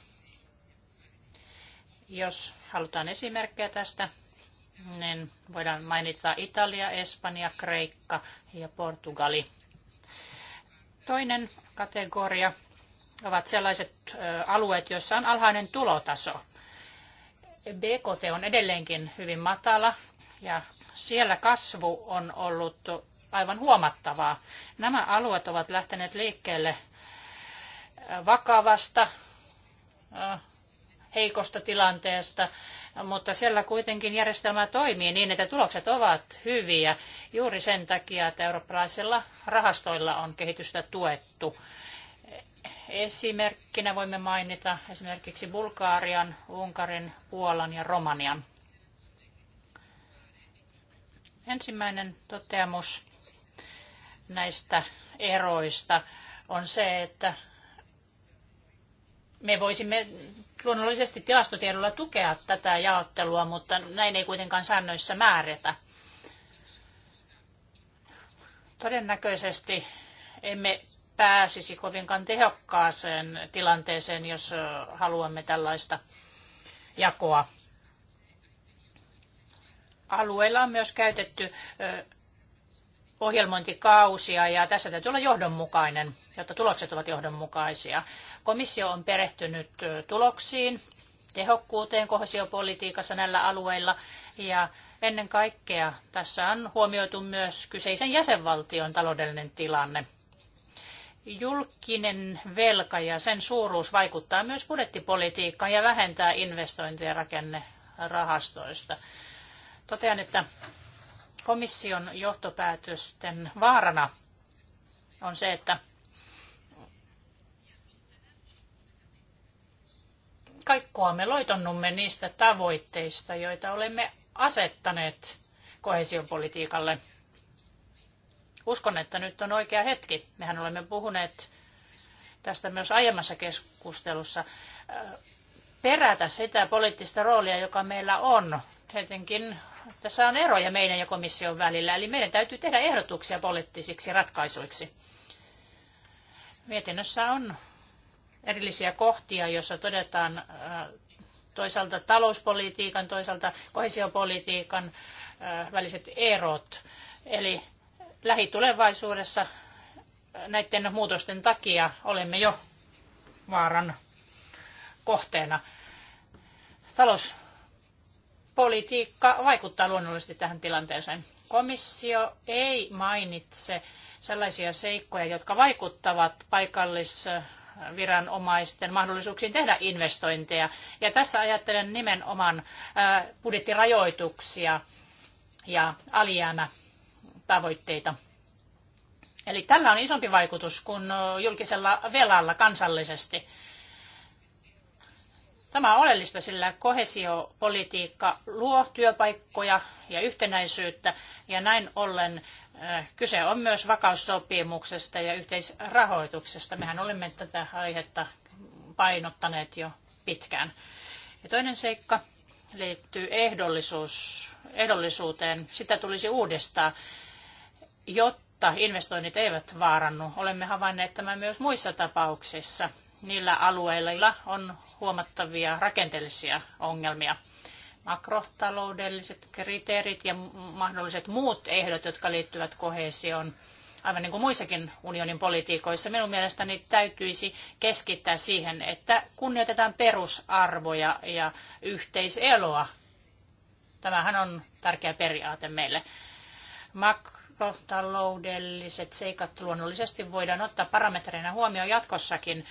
Jos halutaan esimerkkejä tästä, niin voidaan mainita Italia, Espanja, Kreikka ja Portugali. Toinen kategoria ovat sellaiset alueet, joissa on alhainen tulotaso. BKT on edelleenkin hyvin matala ja siellä kasvu on ollut aivan huomattavaa. Nämä alueet ovat lähteneet liikkeelle vakavasta, äh, heikosta tilanteesta, mutta siellä kuitenkin järjestelmä toimii niin, että tulokset ovat hyviä juuri sen takia, että eurooppalaisilla rahastoilla on kehitystä tuettu. Esimerkkinä voimme mainita esimerkiksi Bulgaarian, Unkarin, Puolan ja Romanian. Ensimmäinen toteamus näistä eroista on se, että me voisimme luonnollisesti tilastotiedolla tukea tätä jaottelua, mutta näin ei kuitenkaan säännöissä määrätä. Todennäköisesti emme pääsisi kovinkaan tehokkaaseen tilanteeseen, jos haluamme tällaista jakoa. Alueilla on myös käytetty ohjelmointikausia ja tässä täytyy olla johdonmukainen, jotta tulokset ovat johdonmukaisia. Komissio on perehtynyt tuloksiin, tehokkuuteen kohesiopolitiikassa näillä alueilla ja ennen kaikkea tässä on huomioitu myös kyseisen jäsenvaltion taloudellinen tilanne. Julkinen velka ja sen suuruus vaikuttaa myös budjettipolitiikkaan ja vähentää investointeja rakennerahastoista. Totean, että komission johtopäätösten vaarana on se, että kaikkoamme loitonnumme niistä tavoitteista, joita olemme asettaneet kohesiopolitiikalle. Uskon, että nyt on oikea hetki. Mehän olemme puhuneet tästä myös aiemmassa keskustelussa äh, perätä sitä poliittista roolia, joka meillä on. Tietenkin tässä on eroja meidän ja komission välillä, eli meidän täytyy tehdä ehdotuksia poliittisiksi ratkaisuiksi. Mietinnössä on erillisiä kohtia, joissa todetaan äh, toisaalta talouspolitiikan, toisaalta kohesiopolitiikan äh, väliset erot. Eli lähitulevaisuudessa näiden muutosten takia olemme jo vaaran kohteena. Talous politiikka vaikuttaa luonnollisesti tähän tilanteeseen. Komissio ei mainitse sellaisia seikkoja, jotka vaikuttavat paikallisviranomaisten mahdollisuuksiin tehdä investointeja. Ja tässä ajattelen nimenomaan budjettirajoituksia ja alijäämätavoitteita. Eli tällä on isompi vaikutus kuin julkisella velalla kansallisesti. Tämä on oleellista, sillä kohesiopolitiikka luo työpaikkoja ja yhtenäisyyttä ja näin ollen äh, kyse on myös vakaussopimuksesta ja yhteisrahoituksesta. Mehän olemme tätä aihetta painottaneet jo pitkään. Ja toinen seikka liittyy ehdollisuus, ehdollisuuteen. Sitä tulisi uudistaa, jotta investoinnit eivät vaarannu. Olemme havainneet tämän myös muissa tapauksissa niillä alueilla on huomattavia rakenteellisia ongelmia. Makrotaloudelliset kriteerit ja mahdolliset muut ehdot, jotka liittyvät kohesioon, aivan niin kuin muissakin unionin politiikoissa, minun mielestäni täytyisi keskittää siihen, että kunnioitetaan perusarvoja ja yhteiseloa. Tämähän on tärkeä periaate meille. Makrotaloudelliset seikat luonnollisesti voidaan ottaa parametreina huomioon jatkossakin,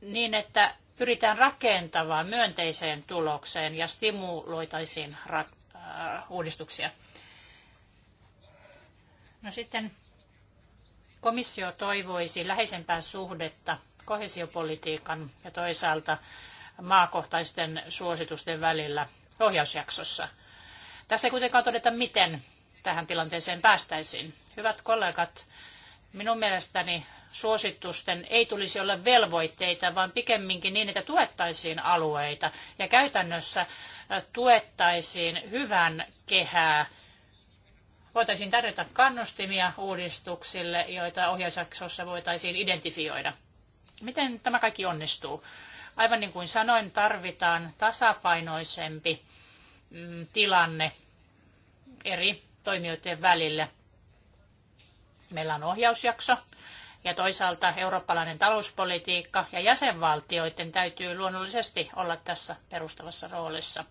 niin, että pyritään rakentavaan myönteiseen tulokseen ja stimuloitaisiin ra- äh, uudistuksia. No sitten komissio toivoisi läheisempää suhdetta kohesiopolitiikan ja toisaalta maakohtaisten suositusten välillä ohjausjaksossa. Tässä ei kuitenkaan todeta, miten tähän tilanteeseen päästäisiin. Hyvät kollegat, minun mielestäni suositusten ei tulisi olla velvoitteita, vaan pikemminkin niin, että tuettaisiin alueita ja käytännössä tuettaisiin hyvän kehää. Voitaisiin tarjota kannustimia uudistuksille, joita ohjausjaksossa voitaisiin identifioida. Miten tämä kaikki onnistuu? Aivan niin kuin sanoin, tarvitaan tasapainoisempi mm, tilanne eri toimijoiden välille. Meillä on ohjausjakso, ja toisaalta eurooppalainen talouspolitiikka ja jäsenvaltioiden täytyy luonnollisesti olla tässä perustavassa roolissa.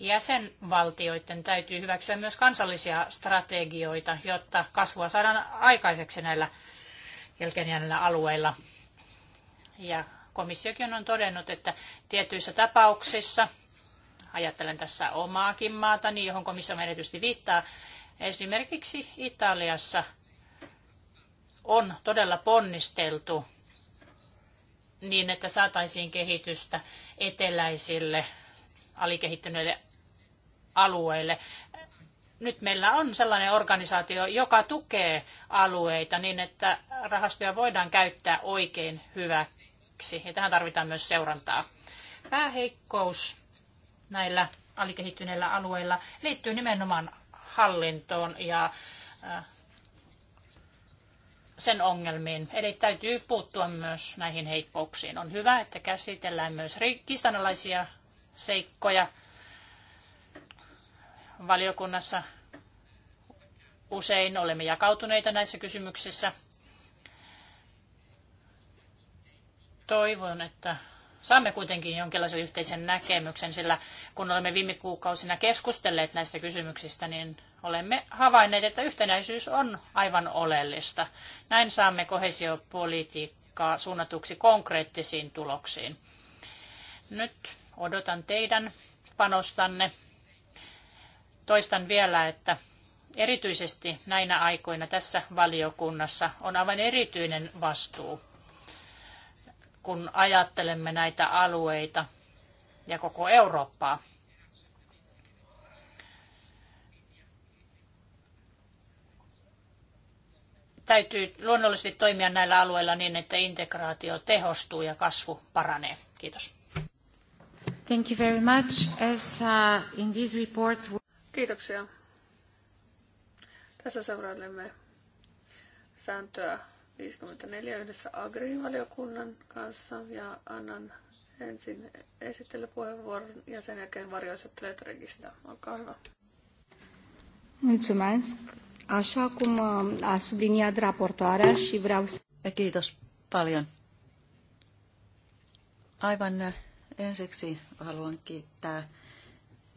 Jäsenvaltioiden täytyy hyväksyä myös kansallisia strategioita, jotta kasvua saadaan aikaiseksi näillä jälkeenjääneillä alueilla. Ja komissiokin on todennut, että tietyissä tapauksissa, ajattelen tässä omaakin maatani, johon komissio erityisesti viittaa, esimerkiksi Italiassa – on todella ponnisteltu niin, että saataisiin kehitystä eteläisille alikehittyneille alueille. Nyt meillä on sellainen organisaatio, joka tukee alueita niin, että rahastoja voidaan käyttää oikein hyväksi. Ja tähän tarvitaan myös seurantaa. Pääheikkous näillä alikehittyneillä alueilla liittyy nimenomaan hallintoon ja äh, sen ongelmiin. Eli täytyy puuttua myös näihin heikkouksiin. On hyvä, että käsitellään myös kistanalaisia seikkoja valiokunnassa. Usein olemme jakautuneita näissä kysymyksissä. Toivon, että saamme kuitenkin jonkinlaisen yhteisen näkemyksen, sillä kun olemme viime kuukausina keskustelleet näistä kysymyksistä, niin olemme havainneet, että yhtenäisyys on aivan oleellista. Näin saamme kohesiopolitiikkaa suunnatuksi konkreettisiin tuloksiin. Nyt odotan teidän panostanne. Toistan vielä, että erityisesti näinä aikoina tässä valiokunnassa on aivan erityinen vastuu, kun ajattelemme näitä alueita ja koko Eurooppaa. täytyy luonnollisesti toimia näillä alueilla niin, että integraatio tehostuu ja kasvu paranee. Kiitos. Thank you very much. As, uh, in this report... Kiitoksia. Tässä seurailemme sääntöä 54 yhdessä Agri-valiokunnan kanssa ja annan ensin esittelypuheenvuoron ja sen jälkeen varjoisettelijat registää. Olkaa hyvä. Mulțumesc. Așa cum uh, a subliniat raportoarea și vreau să... Kiitos paljon. Aivan uh, ensiksi haluan kiittää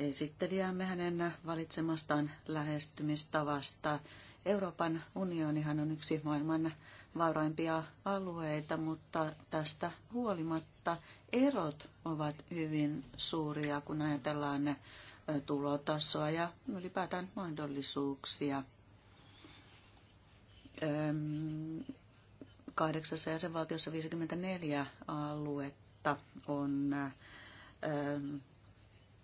esittelijäämme hänen valitsemastaan lähestymistavasta. Euroopan unionihan on yksi maailman vauraimpia alueita, mutta tästä huolimatta erot ovat hyvin suuria, kun ajatellaan uh, tulotasoa ja ylipäätään mahdollisuuksia kahdeksassa jäsenvaltiossa 54 aluetta on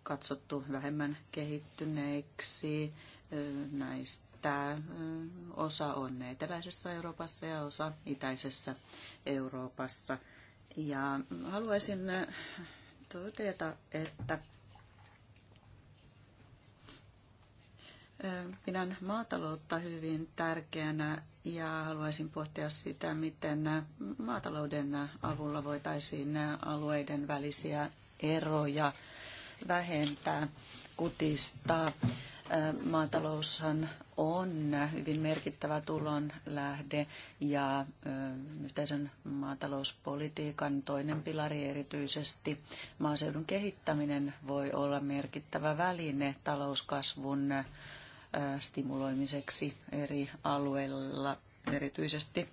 katsottu vähemmän kehittyneiksi. Näistä osa on eteläisessä Euroopassa ja osa itäisessä Euroopassa. Ja haluaisin todeta, että Pidän maataloutta hyvin tärkeänä ja haluaisin pohtia sitä, miten maatalouden avulla voitaisiin alueiden välisiä eroja vähentää, kutistaa. Maataloushan on hyvin merkittävä tulonlähde ja yhteisen maatalouspolitiikan toinen pilari erityisesti maaseudun kehittäminen voi olla merkittävä väline talouskasvun stimuloimiseksi eri alueilla, erityisesti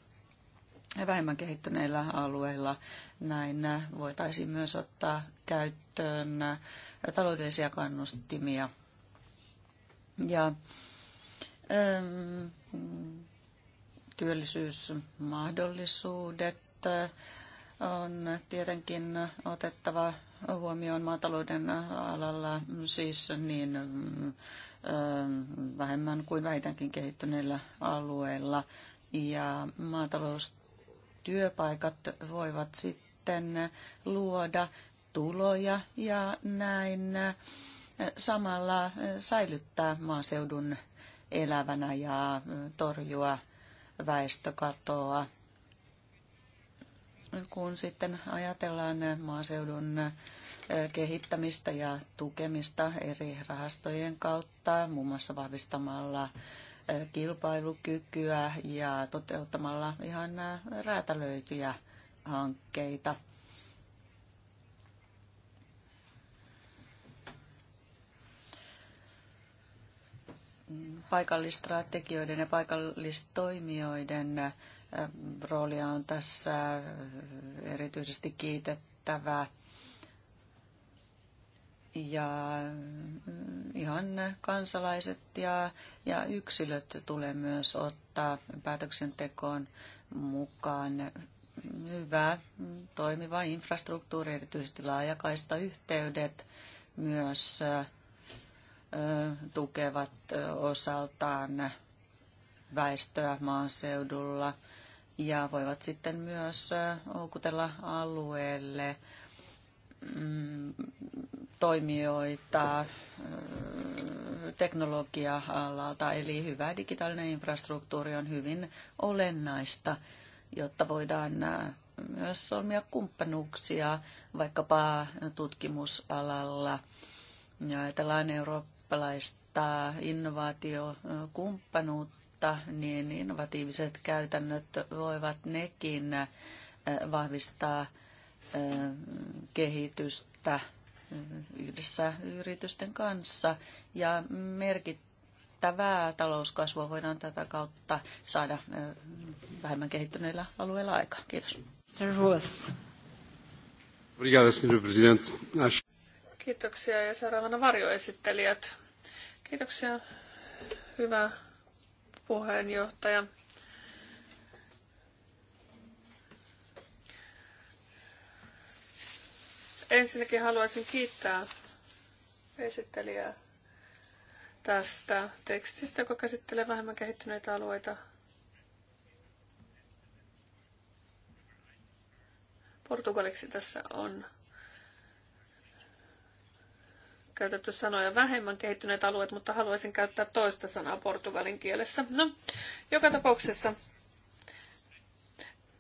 vähemmän kehittyneillä alueilla. Näin voitaisiin myös ottaa käyttöön taloudellisia kannustimia. Ja työllisyysmahdollisuudet on tietenkin otettava huomioon maatalouden alalla, siis niin ähm, vähemmän kuin vähintäänkin kehittyneillä alueilla. Ja maataloustyöpaikat voivat sitten luoda tuloja ja näin samalla säilyttää maaseudun elävänä ja torjua väestökatoa kun sitten ajatellaan maaseudun kehittämistä ja tukemista eri rahastojen kautta, muun muassa vahvistamalla kilpailukykyä ja toteuttamalla ihan räätälöityjä hankkeita. paikallistrategioiden ja paikallistoimijoiden roolia on tässä erityisesti kiitettävä. Ja ihan kansalaiset ja, ja yksilöt tulee myös ottaa päätöksentekoon mukaan. Hyvä toimiva infrastruktuuri, erityisesti laajakaista yhteydet myös tukevat osaltaan väestöä maaseudulla ja voivat sitten myös houkutella alueelle mm, toimijoita teknologia-alalta, eli hyvä digitaalinen infrastruktuuri on hyvin olennaista, jotta voidaan myös solmia kumppanuuksia vaikkapa tutkimusalalla. Ja ajatellaan eurooppalaista innovaatiokumppanuutta mutta niin innovatiiviset käytännöt voivat nekin vahvistaa kehitystä yhdessä yritysten kanssa ja merkittävää talouskasvua voidaan tätä kautta saada vähemmän kehittyneillä alueilla aikaan. Kiitos. Kiitoksia ja seuraavana varjoesittelijät. Kiitoksia. Hyvää puheenjohtaja. Ensinnäkin haluaisin kiittää esittelijää tästä tekstistä, joka käsittelee vähemmän kehittyneitä alueita. Portugaliksi tässä on käytetty sanoja vähemmän kehittyneet alueet, mutta haluaisin käyttää toista sanaa portugalin kielessä. No, joka tapauksessa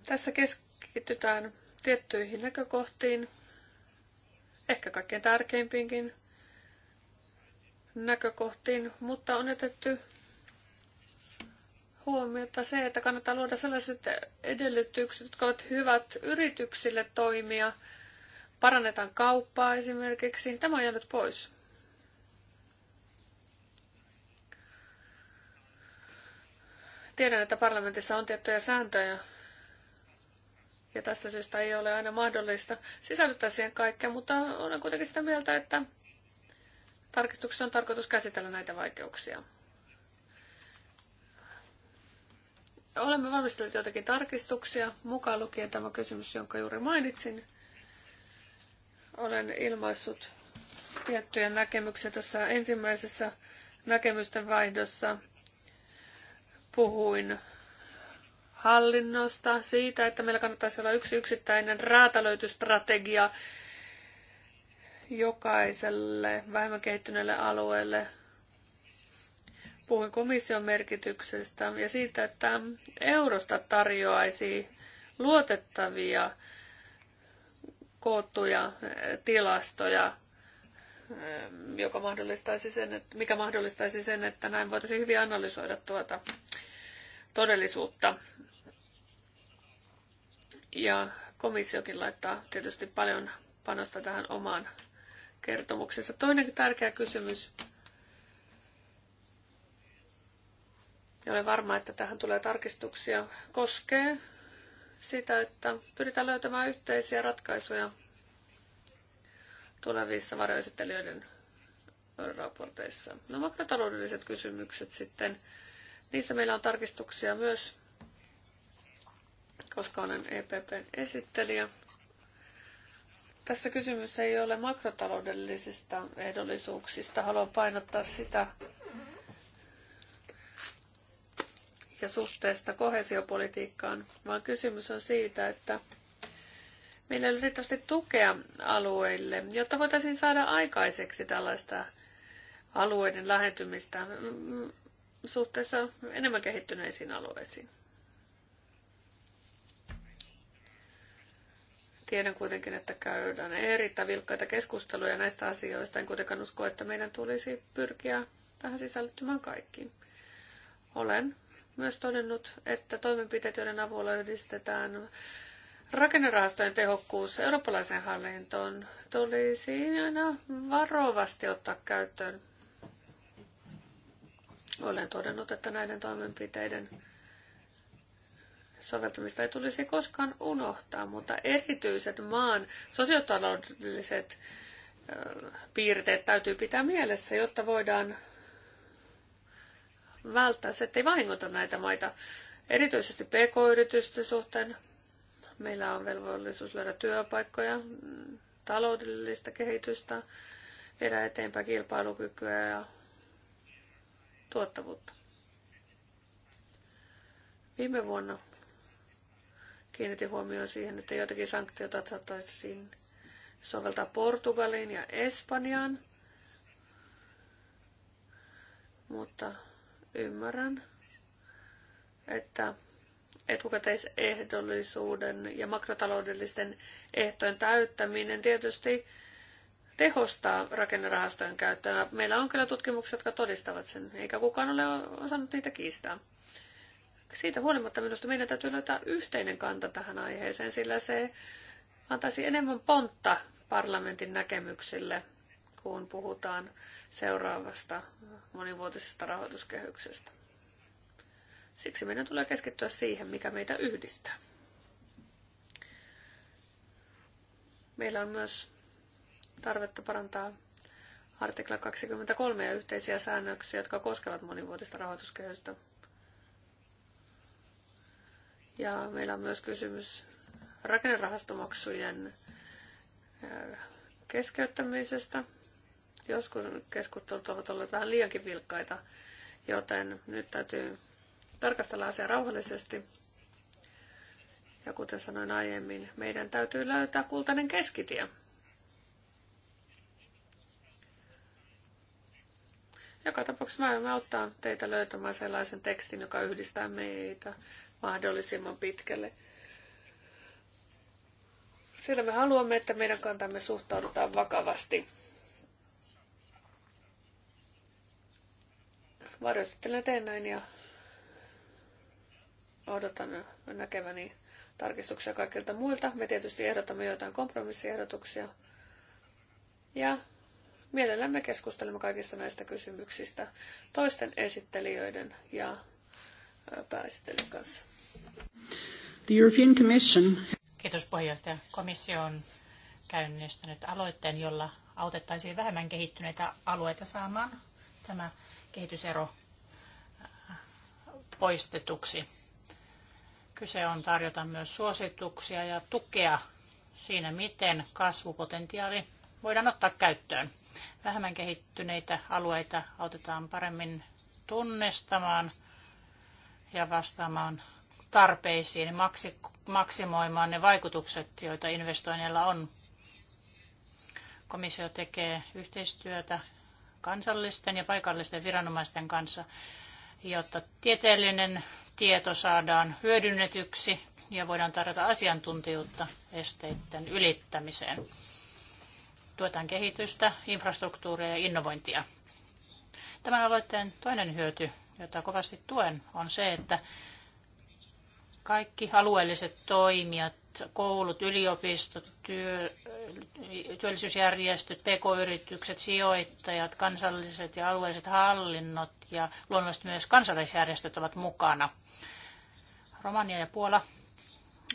tässä keskitytään tiettyihin näkökohtiin, ehkä kaikkein tärkeimpiinkin näkökohtiin, mutta on jätetty huomiota se, että kannattaa luoda sellaiset edellytykset, jotka ovat hyvät yrityksille toimia – Parannetaan kauppaa esimerkiksi. Tämä on jäänyt pois. Tiedän, että parlamentissa on tiettyjä sääntöjä, ja tästä syystä ei ole aina mahdollista sisällyttää siihen kaikkea, mutta olen kuitenkin sitä mieltä, että tarkistuksessa on tarkoitus käsitellä näitä vaikeuksia. Olemme valmistelleet jotakin tarkistuksia, mukaan lukien tämä kysymys, jonka juuri mainitsin olen ilmaissut tiettyjä näkemyksiä tässä ensimmäisessä näkemysten vaihdossa. Puhuin hallinnosta, siitä, että meillä kannattaisi olla yksi yksittäinen räätälöitystrategia jokaiselle vähemmän kehittyneelle alueelle. Puhuin komission merkityksestä ja siitä, että Eurosta tarjoaisi luotettavia koottuja eh, tilastoja, eh, joka mahdollistaisi sen, että, mikä mahdollistaisi sen, että näin voitaisiin hyvin analysoida tuota todellisuutta. Ja komissiokin laittaa tietysti paljon panosta tähän omaan kertomuksessa. Toinen tärkeä kysymys. Ja olen varma, että tähän tulee tarkistuksia. Koskee sitä, että pyritään löytämään yhteisiä ratkaisuja tulevissa varjoesittelijöiden raporteissa. No makrotaloudelliset kysymykset sitten. Niissä meillä on tarkistuksia myös, koska olen epp esittelijä. Tässä kysymys ei ole makrotaloudellisista ehdollisuuksista. Haluan painottaa sitä, ja suhteesta kohesiopolitiikkaan, vaan kysymys on siitä, että meillä on riittävästi tukea alueille, jotta voitaisiin saada aikaiseksi tällaista alueiden lähentymistä suhteessa enemmän kehittyneisiin alueisiin. Tiedän kuitenkin, että käydään erittäin vilkkaita keskusteluja näistä asioista. En kuitenkaan usko, että meidän tulisi pyrkiä tähän sisällyttämään kaikki. Olen myös todennut, että toimenpiteet, joiden avulla yhdistetään rakennerahastojen tehokkuus eurooppalaiseen hallintoon, tulisi aina varovasti ottaa käyttöön. Olen todennut, että näiden toimenpiteiden soveltamista ei tulisi koskaan unohtaa, mutta erityiset maan sosiotaloudelliset piirteet täytyy pitää mielessä, jotta voidaan välttää se, ettei vahingota näitä maita. Erityisesti PK-yritysten suhteen meillä on velvollisuus löydä työpaikkoja, taloudellista kehitystä, viedä eteenpäin kilpailukykyä ja tuottavuutta. Viime vuonna kiinnitin huomioon siihen, että joitakin sanktioita saataisiin soveltaa Portugaliin ja Espanjaan. Mutta Ymmärrän, että etukäteisehdollisuuden ja makrotaloudellisten ehtojen täyttäminen tietysti tehostaa rakennerahastojen käyttöä. Meillä on kyllä tutkimuksia, jotka todistavat sen, eikä kukaan ole osannut niitä kiistää. Siitä huolimatta minusta meidän täytyy löytää yhteinen kanta tähän aiheeseen, sillä se antaisi enemmän pontta parlamentin näkemyksille, kun puhutaan seuraavasta monivuotisesta rahoituskehyksestä. Siksi meidän tulee keskittyä siihen, mikä meitä yhdistää. Meillä on myös tarvetta parantaa artikla 23 ja yhteisiä säännöksiä, jotka koskevat monivuotista rahoituskehystä. Ja meillä on myös kysymys rakennerahastomaksujen keskeyttämisestä Joskus keskustelut ovat olleet vähän liiankin vilkkaita, joten nyt täytyy tarkastella asiaa rauhallisesti. Ja kuten sanoin aiemmin, meidän täytyy löytää kultainen keskitie. Joka tapauksessa mä voin auttaa teitä löytämään sellaisen tekstin, joka yhdistää meitä mahdollisimman pitkälle. Sillä me haluamme, että meidän kantamme suhtaudutaan vakavasti. varjostettelen teen näin ja odotan näkeväni tarkistuksia kaikilta muilta. Me tietysti ehdotamme joitain kompromissiehdotuksia. Ja mielellämme keskustelemme kaikista näistä kysymyksistä toisten esittelijöiden ja pääesittelijän kanssa. The European Commission... Kiitos puheenjohtaja. Komissio on käynnistänyt aloitteen, jolla autettaisiin vähemmän kehittyneitä alueita saamaan tämä kehitysero poistetuksi. Kyse on tarjota myös suosituksia ja tukea siinä, miten kasvupotentiaali voidaan ottaa käyttöön. Vähemmän kehittyneitä alueita autetaan paremmin tunnistamaan ja vastaamaan tarpeisiin, maksimoimaan ne vaikutukset, joita investoinneilla on. Komissio tekee yhteistyötä kansallisten ja paikallisten viranomaisten kanssa, jotta tieteellinen tieto saadaan hyödynnetyksi ja voidaan tarjota asiantuntijuutta esteiden ylittämiseen. Tuetaan kehitystä, infrastruktuuria ja innovointia. Tämän aloitteen toinen hyöty, jota kovasti tuen, on se, että kaikki alueelliset toimijat, koulut, yliopistot, työ, työllisyysjärjestöt, pk-yritykset, sijoittajat, kansalliset ja alueelliset hallinnot ja luonnollisesti myös kansalaisjärjestöt ovat mukana. Romania ja Puola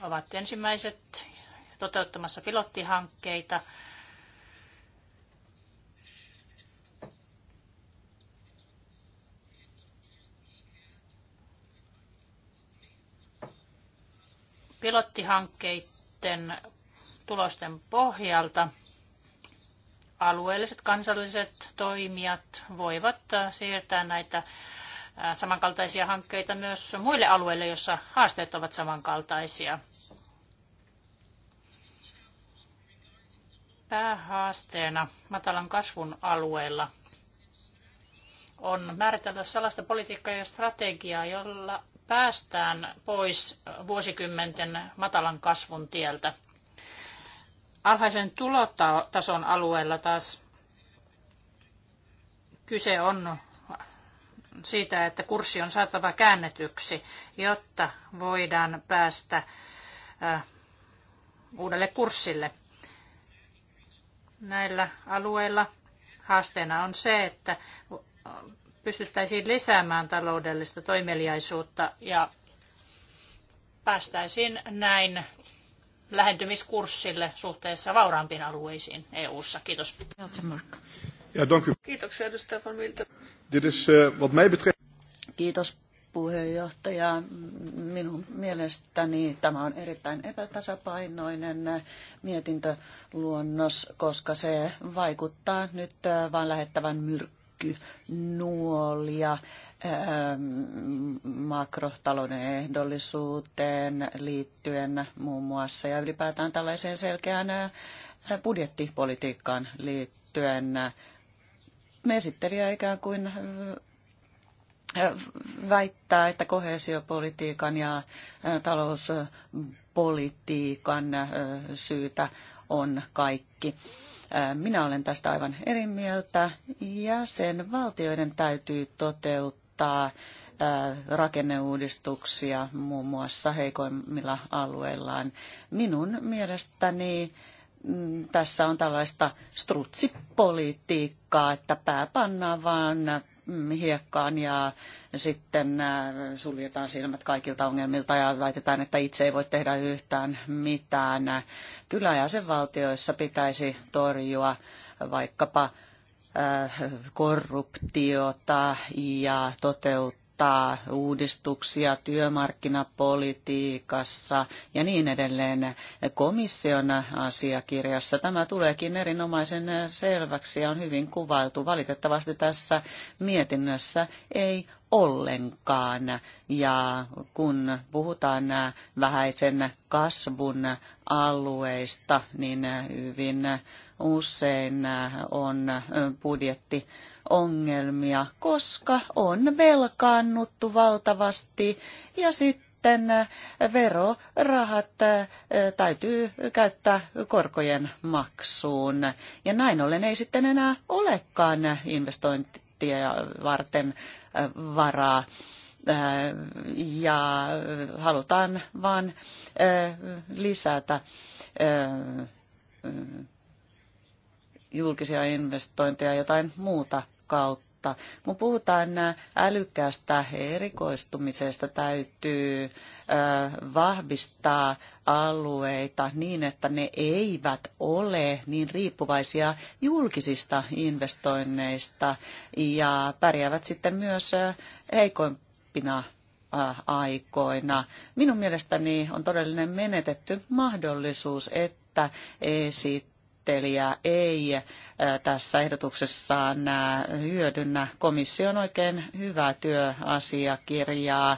ovat ensimmäiset toteuttamassa pilottihankkeita. Pilottihankkeiden tulosten pohjalta alueelliset kansalliset toimijat voivat äh, siirtää näitä äh, samankaltaisia hankkeita myös muille alueille, joissa haasteet ovat samankaltaisia. Päähaasteena matalan kasvun alueella on määritellä sellaista politiikkaa ja strategiaa, jolla päästään pois vuosikymmenten matalan kasvun tieltä. Alhaisen tulotason alueella taas kyse on siitä, että kurssi on saatava käännetyksi, jotta voidaan päästä uudelle kurssille. Näillä alueilla haasteena on se, että pystyttäisiin lisäämään taloudellista toimeliaisuutta ja päästäisiin näin lähentymiskurssille suhteessa vauraampiin alueisiin EU-ssa. Kiitos. Ja, dank u. Kiitoksia edustaja Van Milten. Dit is eh, wat mij betreft... Kiitos puheenjohtaja. Minun mielestäni tämä on erittäin epätasapainoinen eh, mietintöluonnos, koska se vaikuttaa nyt eh, vain lähettävän myrkkyyn nuolia ähm, makrotalouden ehdollisuuteen liittyen muun muassa ja ylipäätään tällaiseen selkeään äh, budjettipolitiikkaan liittyen. Me esittelijä ikään kuin äh, väittää, että kohesiopolitiikan ja äh, talouspolitiikan syytä on kaikki. Minä olen tästä aivan eri mieltä. Jäsenvaltioiden täytyy toteuttaa rakenneuudistuksia muun muassa heikoimmilla alueillaan. Minun mielestäni mm, tässä on tällaista strutsipolitiikkaa, että pää pannaan vaan hiekkaan ja sitten äh, suljetaan silmät kaikilta ongelmilta ja väitetään, että itse ei voi tehdä yhtään mitään. Kyllä jäsenvaltioissa pitäisi torjua vaikkapa äh, korruptiota ja toteuttaa ehdottaa uudistuksia työmarkkinapolitiikassa ja niin edelleen komission asiakirjassa. Tämä tuleekin erinomaisen selväksi ja on hyvin kuvailtu. Valitettavasti tässä mietinnössä ei ollenkaan. Ja kun puhutaan vähäisen kasvun alueista, niin hyvin usein on budjetti ongelmia, koska on velkaannuttu valtavasti ja sitten äh, verorahat äh, täytyy käyttää korkojen maksuun. Ja näin ollen ei sitten enää olekaan investointia varten äh, varaa ja halutaan vaan lisätä julkisia investointeja jotain muuta kautta. Kun puhutaan äh, älykkäästä erikoistumisesta, täytyy äh, vahvistaa alueita niin, että ne eivät ole niin riippuvaisia julkisista investoinneista ja pärjäävät sitten myös äh, heikoimpina aikoina. Minun mielestäni on todellinen menetetty mahdollisuus, että esit käsittelijä ei tässä ehdotuksessaan hyödynnä komission oikein hyvää työasiakirjaa.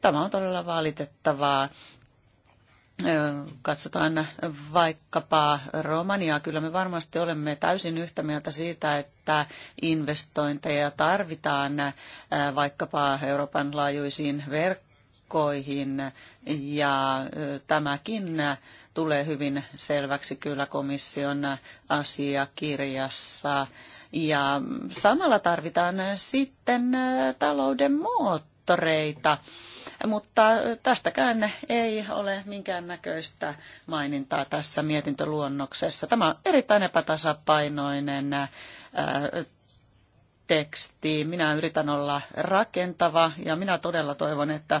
Tämä on todella valitettavaa. Katsotaan vaikkapa Romaniaa. Kyllä me varmasti olemme täysin yhtä mieltä siitä, että investointeja tarvitaan vaikkapa Euroopan laajuisiin verkkoihin palkkoihin ja tämäkin tulee hyvin selväksi kyllä komission asiakirjassa. Ja samalla tarvitaan sitten talouden moottoreita, mutta tästäkään ei ole minkäännäköistä mainintaa tässä mietintöluonnoksessa. Tämä on erittäin epätasapainoinen teksti. Minä yritän olla rakentava ja minä todella toivon, että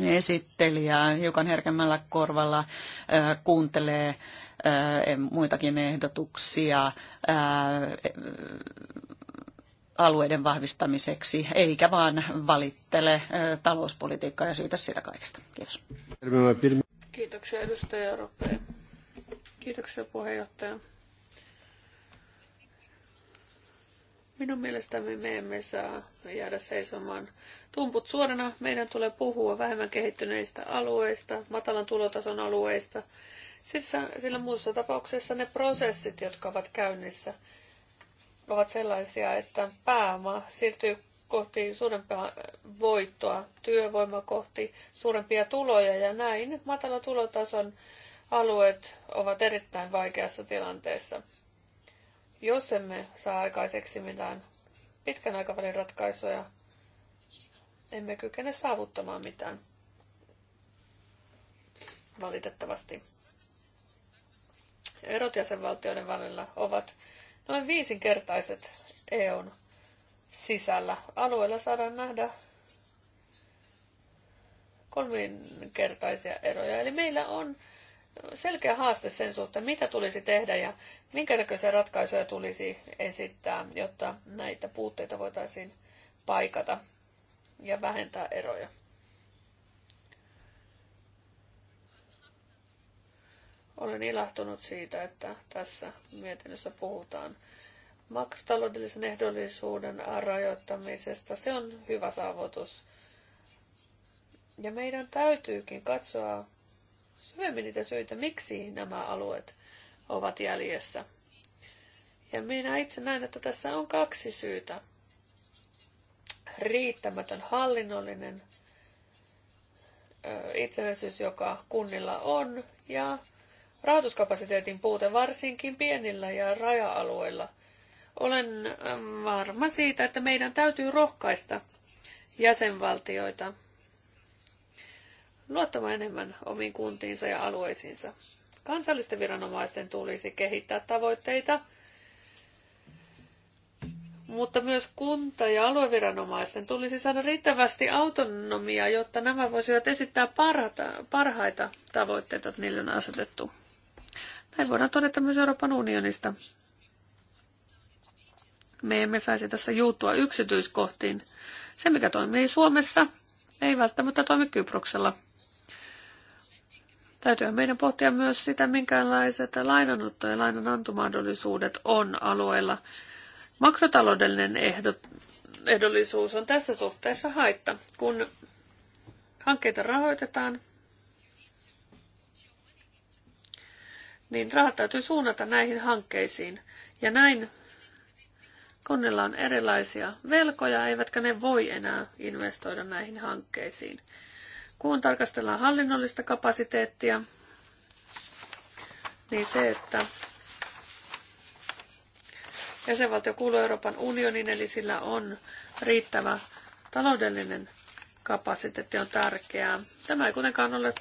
esittelijä hiukan herkemmällä korvalla kuuntelee muitakin ehdotuksia alueiden vahvistamiseksi, eikä vaan valittele talouspolitiikkaa ja syytä sitä kaikesta. Kiitos. Kiitoksia edustaja Rope. Kiitoksia puheenjohtaja. Minun mielestäni me emme saa jäädä seisomaan tumput suorana. Meidän tulee puhua vähemmän kehittyneistä alueista, matalan tulotason alueista, sillä, sillä muussa tapauksessa ne prosessit, jotka ovat käynnissä, ovat sellaisia, että pääoma siirtyy kohti suurempaa voittoa, työvoima kohti suurempia tuloja ja näin matalan tulotason alueet ovat erittäin vaikeassa tilanteessa. Jos emme saa aikaiseksi mitään pitkän aikavälin ratkaisuja, emme kykene saavuttamaan mitään. Valitettavasti. Erot jäsenvaltioiden välillä ovat noin viisinkertaiset EUn sisällä. Alueella saadaan nähdä kolminkertaisia eroja. Eli meillä on selkeä haaste sen suhteen, mitä tulisi tehdä ja minkä näköisiä ratkaisuja tulisi esittää, jotta näitä puutteita voitaisiin paikata ja vähentää eroja. Olen ilahtunut siitä, että tässä mietinnössä puhutaan makrotaloudellisen ehdollisuuden rajoittamisesta. Se on hyvä saavutus. Ja meidän täytyykin katsoa syvemmin niitä syitä, miksi nämä alueet ovat jäljessä. Ja minä itse näen, että tässä on kaksi syytä. Riittämätön hallinnollinen itsenäisyys, joka kunnilla on, ja rahoituskapasiteetin puute varsinkin pienillä ja raja-alueilla. Olen varma siitä, että meidän täytyy rohkaista jäsenvaltioita luottamaan enemmän omiin kuntiinsa ja alueisiinsa. Kansallisten viranomaisten tulisi kehittää tavoitteita, mutta myös kunta- ja alueviranomaisten tulisi saada riittävästi autonomia, jotta nämä voisivat esittää parhaita, parhaita tavoitteita, että niille on asetettu. Näin voidaan todeta myös Euroopan unionista. Me emme saisi tässä juuttua yksityiskohtiin. Se, mikä toimii Suomessa, ei välttämättä toimi Kyproksella. Täytyy meidän pohtia myös sitä, minkälaiset lainanotto- ja lainanantomahdollisuudet on alueella. Makrotaloudellinen ehdot, ehdollisuus on tässä suhteessa haitta. Kun hankkeita rahoitetaan, niin rahat täytyy suunnata näihin hankkeisiin. Ja näin kunnilla on erilaisia velkoja, eivätkä ne voi enää investoida näihin hankkeisiin. Kun tarkastellaan hallinnollista kapasiteettia, niin se, että jäsenvaltio kuuluu Euroopan unionin, eli sillä on riittävä taloudellinen kapasiteetti on tärkeää. Tämä ei kuitenkaan ole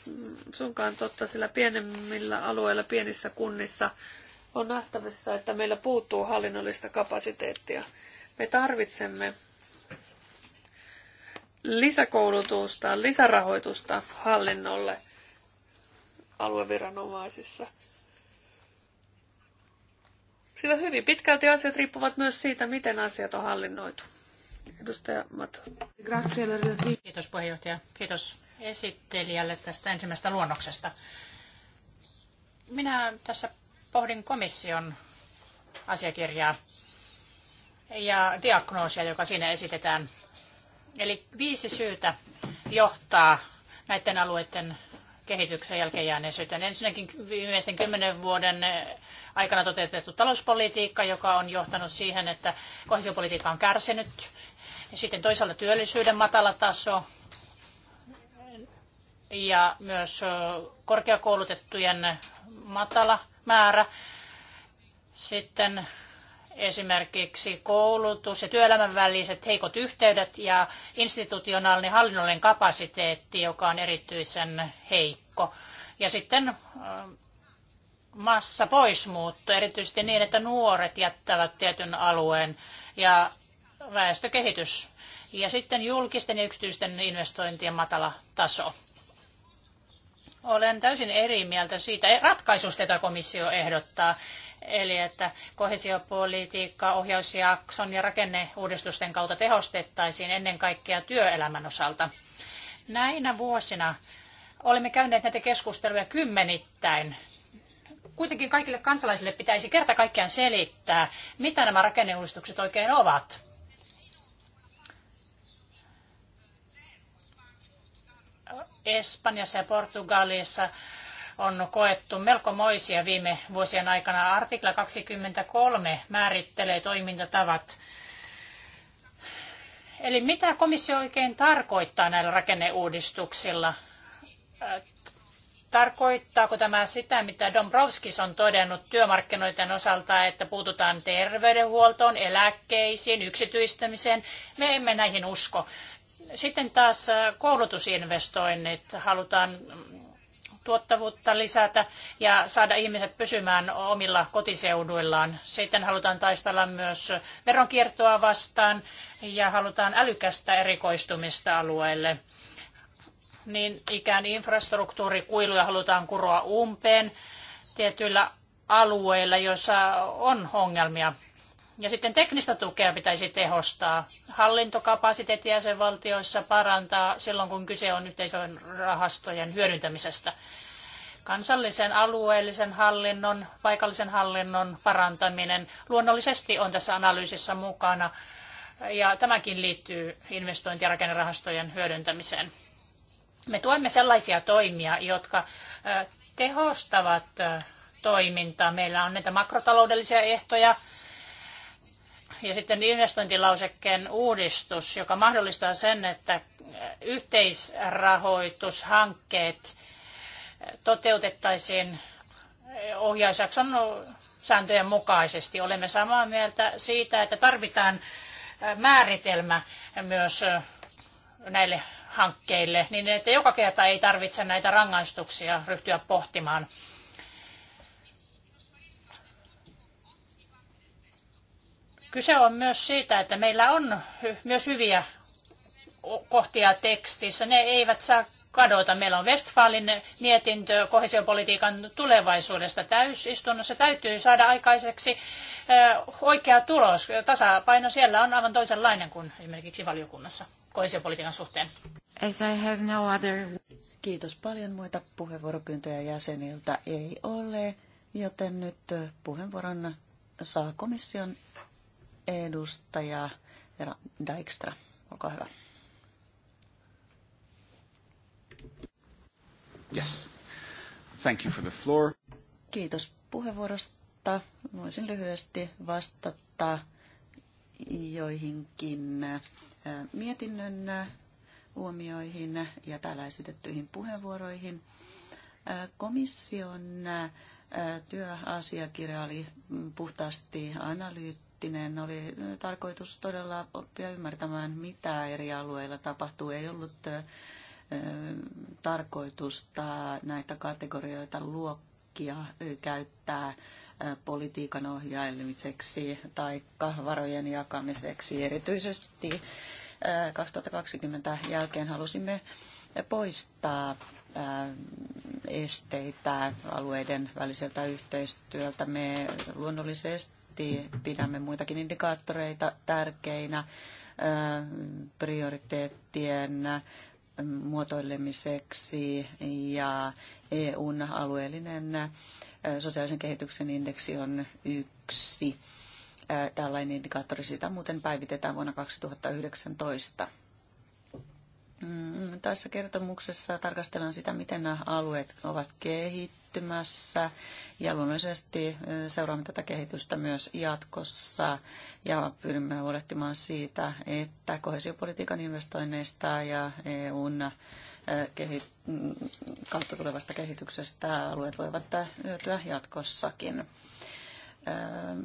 sunkaan totta, sillä pienemmillä alueilla, pienissä kunnissa on nähtävissä, että meillä puuttuu hallinnollista kapasiteettia. Me tarvitsemme lisäkoulutusta, lisärahoitusta hallinnolle alueviranomaisissa. Sillä hyvin pitkälti asiat riippuvat myös siitä, miten asiat on hallinnoitu. Edustaja Mato. Kiitos puheenjohtaja. Kiitos esittelijälle tästä ensimmäisestä luonnoksesta. Minä tässä pohdin komission asiakirjaa ja diagnoosia, joka siinä esitetään Eli viisi syytä johtaa näiden alueiden kehityksen jälkeenjääneisyyteen. Ensinnäkin viimeisten kymmenen vuoden eh, aikana toteutettu talouspolitiikka, joka on johtanut siihen, että kohesiopolitiikka on kärsinyt. Ja sitten toisaalta työllisyyden matala taso ja myös eh, korkeakoulutettujen matala määrä. Sitten esimerkiksi koulutus ja työelämän väliset heikot yhteydet ja institutionaalinen hallinnollinen kapasiteetti, joka on erityisen heikko. Ja sitten äh, massa poismuutto, erityisesti niin, että nuoret jättävät tietyn alueen ja väestökehitys. Ja sitten julkisten ja yksityisten investointien matala taso. Olen täysin eri mieltä siitä e, ratkaisusta, jota komissio ehdottaa. Eli että kohesiopolitiikka, ohjausjakson ja rakenneuudistusten kautta tehostettaisiin ennen kaikkea työelämän osalta. Näinä vuosina olemme käyneet näitä keskusteluja kymmenittäin kuitenkin kaikille kansalaisille pitäisi kerta kaikkiaan selittää, mitä nämä rakenneuudistukset oikein ovat. Espanjassa ja Portugalissa on koettu melkomoisia viime vuosien aikana. Artikla 23 määrittelee toimintatavat. Eli mitä komissio oikein tarkoittaa näillä rakenneuudistuksilla? Tarkoittaako tämä sitä, mitä Dombrovskis on todennut työmarkkinoiden osalta, että puututaan terveydenhuoltoon, eläkkeisiin, yksityistämiseen? Me emme näihin usko. Sitten taas äh, koulutusinvestoinnit halutaan mm, tuottavuutta lisätä ja saada ihmiset pysymään omilla kotiseuduillaan. Sitten halutaan taistella myös veronkiertoa vastaan ja halutaan älykästä erikoistumista alueelle. Niin ikään infrastruktuurikuiluja halutaan kuroa umpeen tietyillä alueilla, joissa on ongelmia ja sitten teknistä tukea pitäisi tehostaa. Hallintokapasiteetti jäsenvaltioissa parantaa silloin, kun kyse on yhteisön rahastojen hyödyntämisestä. Kansallisen, alueellisen hallinnon, paikallisen hallinnon parantaminen luonnollisesti on tässä analyysissä mukana. Ja tämäkin liittyy investointi- ja rakennerahastojen hyödyntämiseen. Me tuemme sellaisia toimia, jotka tehostavat toimintaa. Meillä on näitä makrotaloudellisia ehtoja, ja sitten investointilausekkeen uudistus, joka mahdollistaa sen, että yhteisrahoitushankkeet toteutettaisiin ohjausjakson sääntöjen mukaisesti. Olemme samaa mieltä siitä, että tarvitaan määritelmä myös näille hankkeille, niin että joka kerta ei tarvitse näitä rangaistuksia ryhtyä pohtimaan. Kyse on myös siitä, että meillä on myös hyviä kohtia tekstissä. Ne eivät saa kadota. Meillä on Westfalin mietintö kohesiopolitiikan tulevaisuudesta täysistunnossa. Täytyy saada aikaiseksi oikea tulos. Tasapaino siellä on aivan toisenlainen kuin esimerkiksi valiokunnassa kohesiopolitiikan suhteen. As I have no other... Kiitos paljon. Muita puheenvuoropyyntöjä jäseniltä ei ole, joten nyt puheenvuoron saa komission edustaja Vera Dijkstra. Olkaa hyvä. Yes. Thank you for the floor. Kiitos puheenvuorosta. Voisin lyhyesti vastata joihinkin mietinnön huomioihin ja täällä esitettyihin puheenvuoroihin. Komission työasiakirja oli puhtaasti analyyttinen kriittinen. Oli tarkoitus todella oppia ymmärtämään, mitä eri alueilla tapahtuu. Ei ollut tarkoitusta näitä kategorioita luokkia käyttää politiikan ohjailmiseksi tai varojen jakamiseksi. Erityisesti 2020 jälkeen halusimme poistaa esteitä alueiden väliseltä yhteistyöltä. Me luonnollisesti luonnollisesti pidämme muitakin indikaattoreita tärkeinä prioriteettien muotoilemiseksi ja EUn alueellinen sosiaalisen kehityksen indeksi on yksi tällainen indikaattori. Sitä muuten päivitetään vuonna 2019. Mm, tässä kertomuksessa tarkastellaan sitä, miten nämä alueet ovat kehittymässä ja luonnollisesti eh, seuraamme tätä kehitystä myös jatkossa ja pyrimme huolehtimaan siitä, että kohesiopolitiikan investoinneista ja EUn eh, mm, kautta tulevasta kehityksestä alueet voivat eh, hyötyä jatkossakin. Ehm,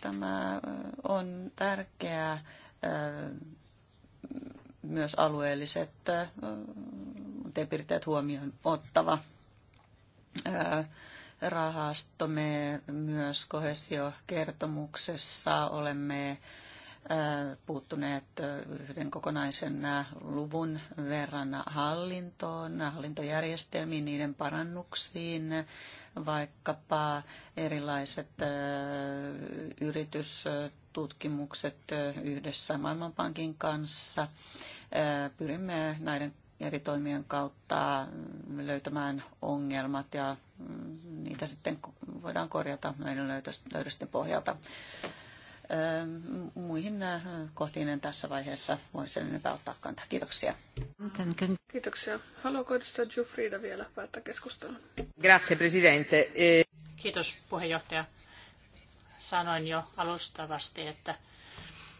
tämä on tärkeää myös alueelliset teepirteet huomioon ottava rahasto. Me myös kohesiokertomuksessa olemme puuttuneet yhden kokonaisen luvun verran hallintoon, hallintojärjestelmiin, niiden parannuksiin, vaikkapa erilaiset yritys tutkimukset yhdessä Maailmanpankin kanssa. Pyrimme näiden eri toimien kautta mm, löytämään ongelmat ja mm, niitä sitten voidaan korjata näiden löydösten pohjalta. Muihin kohtiin en tässä vaiheessa voi sen enempää ottaa kantaa. Kiitoksia. Kiitoksia. Haluaako edustaja Jufrida vielä päättää keskustelun? Grazie, presidente. E- Kiitos, puheenjohtaja sanoin jo alustavasti, että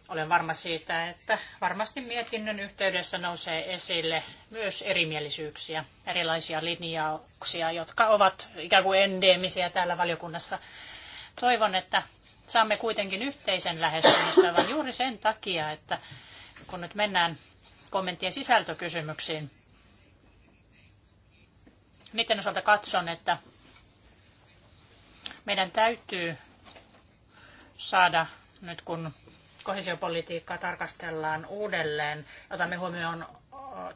olen varma siitä, että varmasti mietinnön yhteydessä nousee esille myös erimielisyyksiä, erilaisia linjauksia, jotka ovat ikään kuin endeemisiä täällä valiokunnassa. Toivon, että saamme kuitenkin yhteisen lähestymistavan juuri sen takia, että kun nyt mennään kommenttien sisältökysymyksiin, niiden osalta katson, että meidän täytyy saada nyt kun kohesiopolitiikkaa tarkastellaan uudelleen, otamme huomioon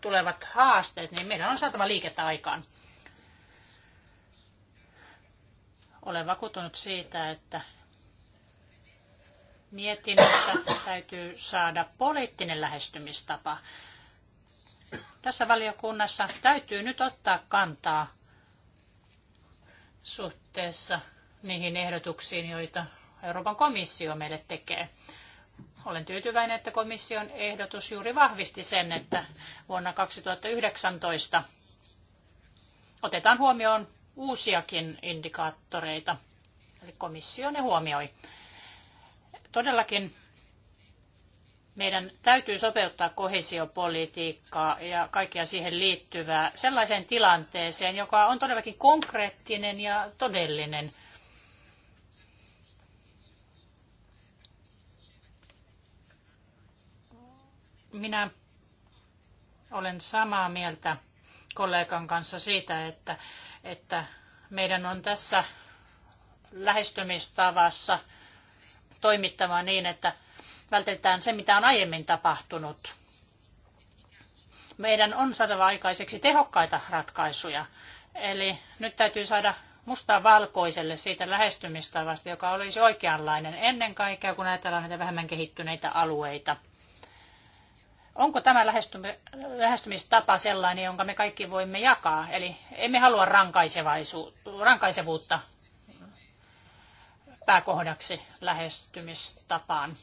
tulevat haasteet, niin meidän on saatava liikettä aikaan. Olen vakuuttunut siitä, että mietinnössä täytyy saada poliittinen lähestymistapa. Tässä valiokunnassa täytyy nyt ottaa kantaa suhteessa niihin ehdotuksiin, joita Euroopan komissio meille tekee. Olen tyytyväinen, että komission ehdotus juuri vahvisti sen, että vuonna 2019 otetaan huomioon uusiakin indikaattoreita. Eli komissio ne huomioi. Todellakin meidän täytyy sopeuttaa kohesiopolitiikkaa ja kaikkea siihen liittyvää sellaiseen tilanteeseen, joka on todellakin konkreettinen ja todellinen – Minä olen samaa mieltä kollegan kanssa siitä, että, että meidän on tässä lähestymistavassa toimittava niin, että vältetään se, mitä on aiemmin tapahtunut. Meidän on saatava aikaiseksi tehokkaita ratkaisuja. Eli nyt täytyy saada mustaa valkoiselle siitä lähestymistavasta, joka olisi oikeanlainen ennen kaikkea, kun ajatellaan näitä vähemmän kehittyneitä alueita – Onko tämä lähestymistapa sellainen, jonka me kaikki voimme jakaa? Eli emme halua rankaisevuutta pääkohdaksi lähestymistapaan.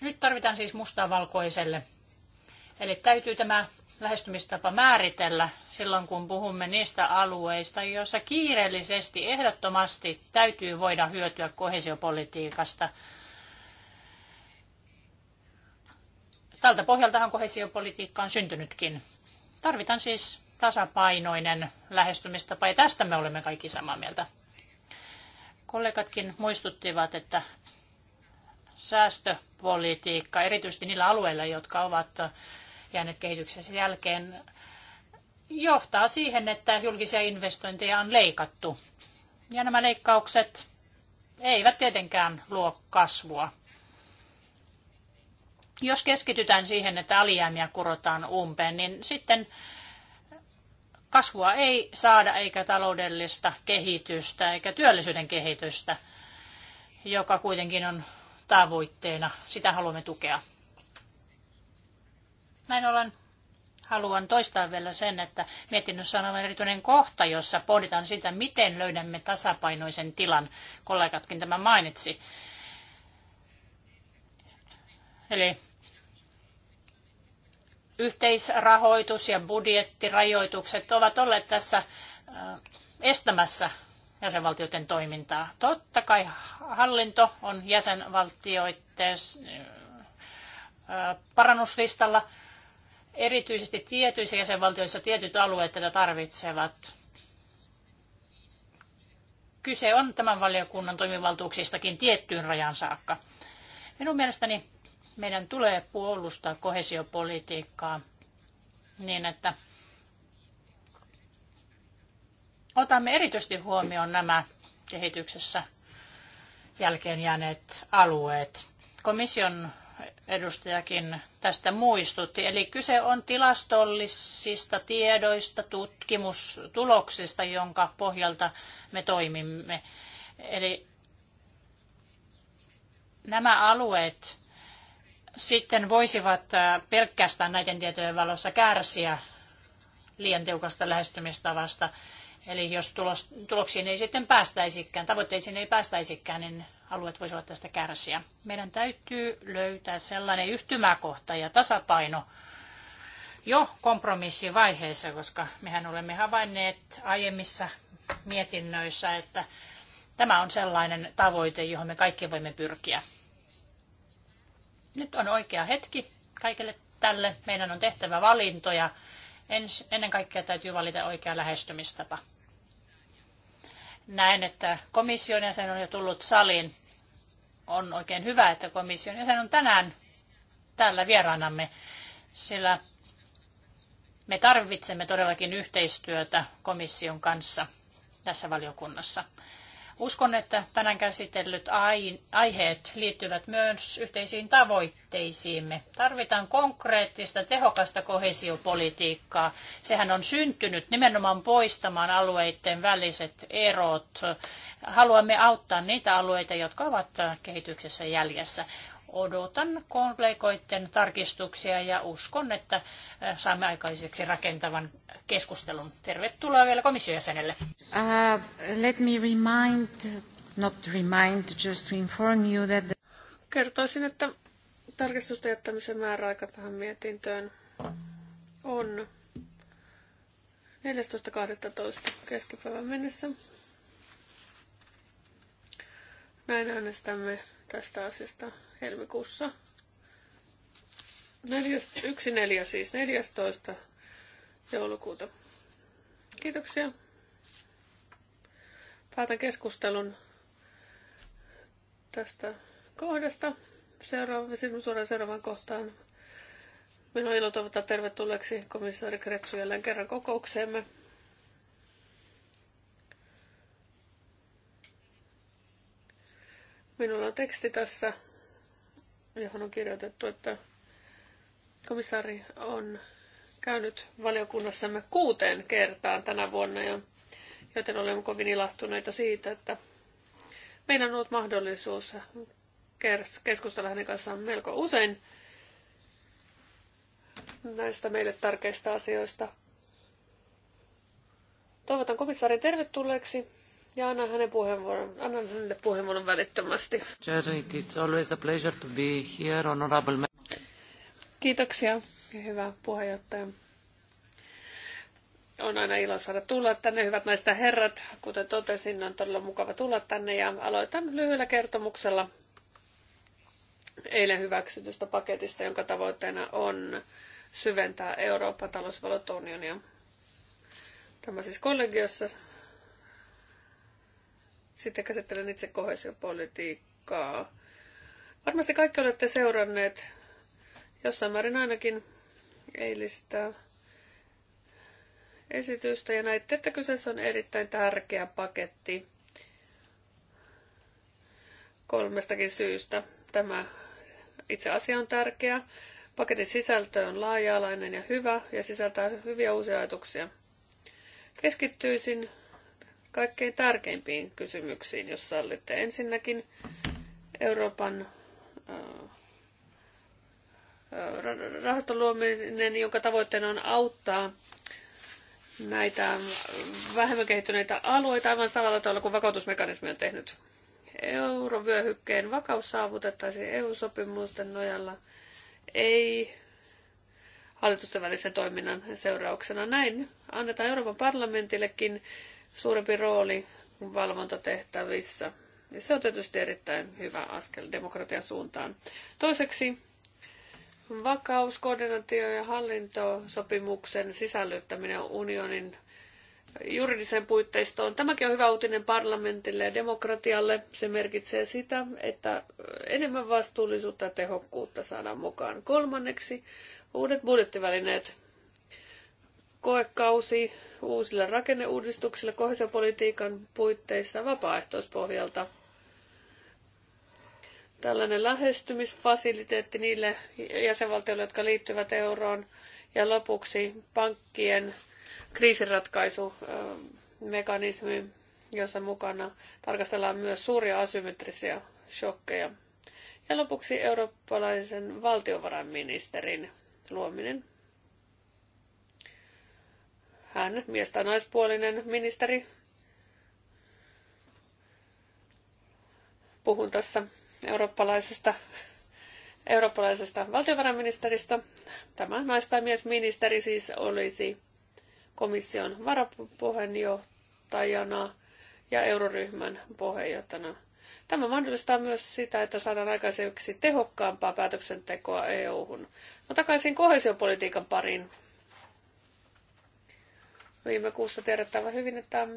Nyt tarvitaan siis mustaa valkoiselle. Eli täytyy tämä lähestymistapa määritellä silloin, kun puhumme niistä alueista, joissa kiireellisesti, ehdottomasti täytyy voida hyötyä kohesiopolitiikasta – Tältä pohjaltahan kohesiopolitiikka on syntynytkin. Tarvitaan siis tasapainoinen lähestymistapa ja tästä me olemme kaikki samaa mieltä. Kollegatkin muistuttivat, että säästöpolitiikka, erityisesti niillä alueilla, jotka ovat jääneet kehityksessä jälkeen, johtaa siihen, että julkisia investointeja on leikattu. Ja nämä leikkaukset eivät tietenkään luo kasvua. Jos keskitytään siihen, että alijäämiä kurotaan umpeen, niin sitten kasvua ei saada eikä taloudellista kehitystä eikä työllisyyden kehitystä, joka kuitenkin on tavoitteena. Sitä haluamme tukea. Näin ollen haluan toistaa vielä sen, että mietinnössä on aivan erityinen kohta, jossa pohditaan sitä, miten löydämme tasapainoisen tilan. Kollegatkin tämä mainitsi. Eli yhteisrahoitus ja budjettirajoitukset ovat olleet tässä äh, estämässä jäsenvaltioiden toimintaa. Totta kai hallinto on jäsenvaltioiden äh, parannuslistalla. Erityisesti tietyissä jäsenvaltioissa tietyt alueet tätä tarvitsevat. Kyse on tämän valiokunnan toimivaltuuksistakin tiettyyn rajan saakka. Minun mielestäni meidän tulee puolustaa kohesiopolitiikkaa niin, että otamme erityisesti huomioon nämä kehityksessä jälkeen jääneet alueet. Komission edustajakin tästä muistutti. Eli kyse on tilastollisista tiedoista, tutkimustuloksista, jonka pohjalta me toimimme. Eli nämä alueet sitten voisivat äh, pelkästään näiden tietojen valossa kärsiä liian tiukasta lähestymistavasta. Eli jos tulos, tuloksiin ei sitten päästäisikään, tavoitteisiin ei päästäisikään, niin alueet voisivat tästä kärsiä. Meidän täytyy löytää sellainen yhtymäkohta ja tasapaino jo kompromissivaiheessa, koska mehän olemme havainneet aiemmissa mietinnöissä, että tämä on sellainen tavoite, johon me kaikki voimme pyrkiä. Nyt on oikea hetki kaikille tälle. Meidän on tehtävä valintoja. Ens, ennen kaikkea täytyy valita oikea lähestymistapa. Näen, että komission jäsen on jo tullut saliin. On oikein hyvä, että komission jäsen on tänään täällä vieraanamme, sillä me tarvitsemme todellakin yhteistyötä komission kanssa tässä valiokunnassa. Uskon, että tänään käsitellyt aiheet liittyvät myös yhteisiin tavoitteisiimme. Tarvitaan konkreettista, tehokasta kohesiopolitiikkaa. Sehän on syntynyt nimenomaan poistamaan alueiden väliset erot. Haluamme auttaa niitä alueita, jotka ovat kehityksessä jäljessä odotan kollegoiden tarkistuksia ja uskon, että saamme aikaiseksi rakentavan keskustelun. Tervetuloa vielä komissiojäsenelle. Uh, let me remind, not remind, just inform you that the... Kertoisin, että tarkistusten jättämisen määräaika tähän mietintöön on 14.12. keskipäivän mennessä. Näin äänestämme tästä asiasta helmikuussa. Neljäs, yksi neljä siis, 14. joulukuuta. Kiitoksia. Päätän keskustelun tästä kohdasta. Seuraava, sinun suoraan seuraavaan kohtaan. Minun on ilo toivottaa tervetulleeksi komissaari Kretsu jälleen kerran kokoukseemme. Minulla on teksti tässä johon on kirjoitettu, että komissaari on käynyt valiokunnassamme kuuteen kertaan tänä vuonna, ja joten olemme kovin ilahtuneita siitä, että meillä on ollut mahdollisuus keskustella hänen kanssaan melko usein näistä meille tärkeistä asioista. Toivotan komissaarin tervetulleeksi ja annan, hänen puheenvuoron, annan hänelle puheenvuoron välittömästi. Chair, it's always a pleasure to be here, honorable Kiitoksia, hyvä puheenjohtaja. On aina ilo saada tulla tänne, hyvät naiset herrat. Kuten totesin, on todella mukava tulla tänne ja aloitan lyhyellä kertomuksella eilen hyväksytystä paketista, jonka tavoitteena on syventää Euroopan talousvaluuttaunionia. Tämä siis kollegiossa sitten käsittelen itse kohesiopolitiikkaa. Varmasti kaikki olette seuranneet jossain määrin ainakin eilistä esitystä ja näitte, että kyseessä on erittäin tärkeä paketti kolmestakin syystä. Tämä itse asia on tärkeä. Paketin sisältö on laaja-alainen ja hyvä ja sisältää hyviä uusia ajatuksia. Keskittyisin kaikkein tärkeimpiin kysymyksiin, jos sallitte. Ensinnäkin Euroopan äh, äh, rahaston luominen, jonka tavoitteena on auttaa näitä vähemmän kehittyneitä alueita aivan samalla tavalla kuin vakautusmekanismi on tehnyt. Eurovyöhykkeen vakaus saavutettaisiin EU-sopimusten nojalla, ei hallitusten välisen toiminnan seurauksena. Näin annetaan Euroopan parlamentillekin suurempi rooli valvontatehtävissä. Ja se on tietysti erittäin hyvä askel demokratian suuntaan. Toiseksi vakaus, koordinaatio ja hallintosopimuksen sisällyttäminen unionin juridiseen puitteistoon. Tämäkin on hyvä uutinen parlamentille ja demokratialle. Se merkitsee sitä, että enemmän vastuullisuutta ja tehokkuutta saadaan mukaan. Kolmanneksi uudet budjettivälineet koekausi uusille rakenneuudistuksille kohesiopolitiikan puitteissa vapaaehtoispohjalta. Tällainen lähestymisfasiliteetti niille jäsenvaltioille, jotka liittyvät euroon. Ja lopuksi pankkien kriisinratkaisumekanismi, jossa mukana tarkastellaan myös suuria asymmetrisiä shokkeja. Ja lopuksi eurooppalaisen valtiovarainministerin luominen. Hän, mies tai naispuolinen ministeri, puhun tässä eurooppalaisesta, eurooppalaisesta valtiovarainministeristä. Tämä nais- tai miesministeri siis olisi komission varapuheenjohtajana ja euroryhmän puheenjohtajana. Tämä mahdollistaa myös sitä, että saadaan aikaiseksi tehokkaampaa päätöksentekoa EU-hun. No takaisin kohesiopolitiikan pariin. Viime kuussa tiedettävä hyvin, että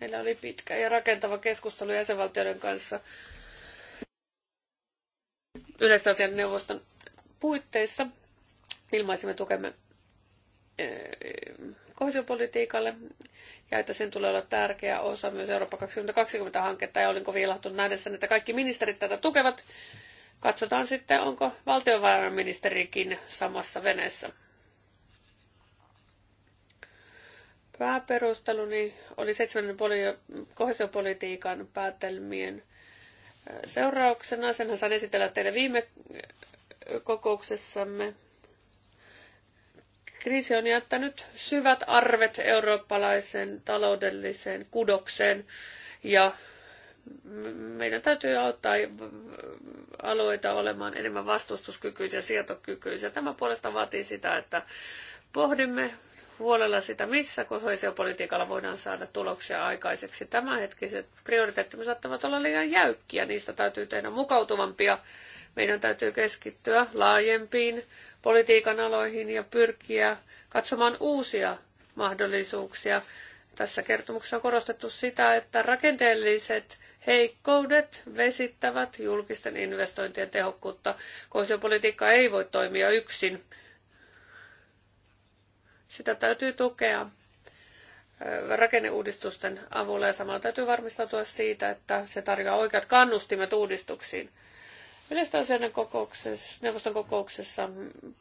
meillä oli pitkä ja rakentava keskustelu jäsenvaltioiden kanssa yleistä asian neuvoston puitteissa. Ilmaisimme tukemme eh, kohesiopolitiikalle ja että sen tulee olla tärkeä osa myös Eurooppa 2020-hanketta ja olin kovin ilahtunut nähdessä, että kaikki ministerit tätä tukevat. Katsotaan sitten, onko valtiovarainministerikin samassa veneessä. Pääperusteluni oli seitsemän kohesiopolitiikan päätelmien äh, seurauksena. Senhän sain esitellä teille viime äh, kokouksessamme. Kriisi on jättänyt syvät arvet eurooppalaisen taloudelliseen kudokseen ja meidän täytyy auttaa alueita olemaan enemmän vastustuskykyisiä, sietokykyisiä. Tämä puolesta vaatii sitä, että pohdimme huolella sitä, missä kohesiopolitiikalla voidaan saada tuloksia aikaiseksi. Tämänhetkiset prioriteettimme saattavat olla liian jäykkiä, niistä täytyy tehdä mukautuvampia. Meidän täytyy keskittyä laajempiin politiikan aloihin ja pyrkiä katsomaan uusia mahdollisuuksia. Tässä kertomuksessa on korostettu sitä, että rakenteelliset heikkoudet vesittävät julkisten investointien tehokkuutta. Kohesiopolitiikka ei voi toimia yksin sitä täytyy tukea rakenneuudistusten avulla ja samalla täytyy varmistautua siitä, että se tarjoaa oikeat kannustimet uudistuksiin. Yleisten asioiden kokouksessa, neuvoston kokouksessa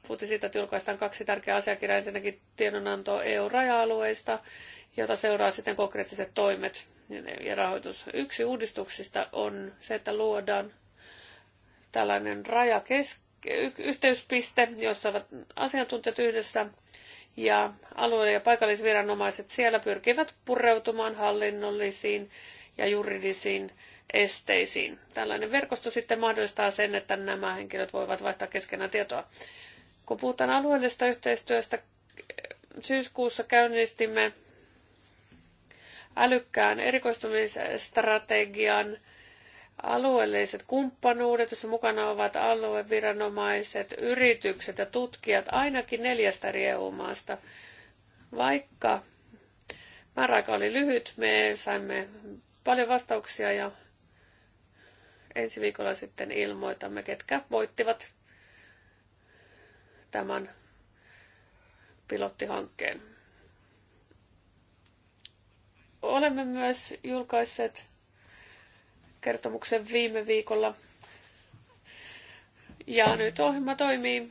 puhuttiin siitä, että julkaistaan kaksi tärkeää asiakirjaa. Ensinnäkin tiedonanto EU-raja-alueista, jota seuraa sitten konkreettiset toimet ja rahoitus. Yksi uudistuksista on se, että luodaan tällainen rajakesk- yhteyspiste, jossa ovat asiantuntijat yhdessä ja alue- ja paikallisviranomaiset siellä pyrkivät pureutumaan hallinnollisiin ja juridisiin esteisiin. Tällainen verkosto sitten mahdollistaa sen, että nämä henkilöt voivat vaihtaa keskenään tietoa. Kun puhutaan alueellisesta yhteistyöstä, syyskuussa käynnistimme älykkään erikoistumisstrategian alueelliset kumppanuudet, jossa mukana ovat alueviranomaiset, yritykset ja tutkijat ainakin neljästä eri EU-maasta. Vaikka määräaika oli lyhyt, me saimme paljon vastauksia ja ensi viikolla sitten ilmoitamme, ketkä voittivat tämän pilottihankkeen. Olemme myös julkaisseet kertomuksen viime viikolla. Ja nyt ohjelma toimii.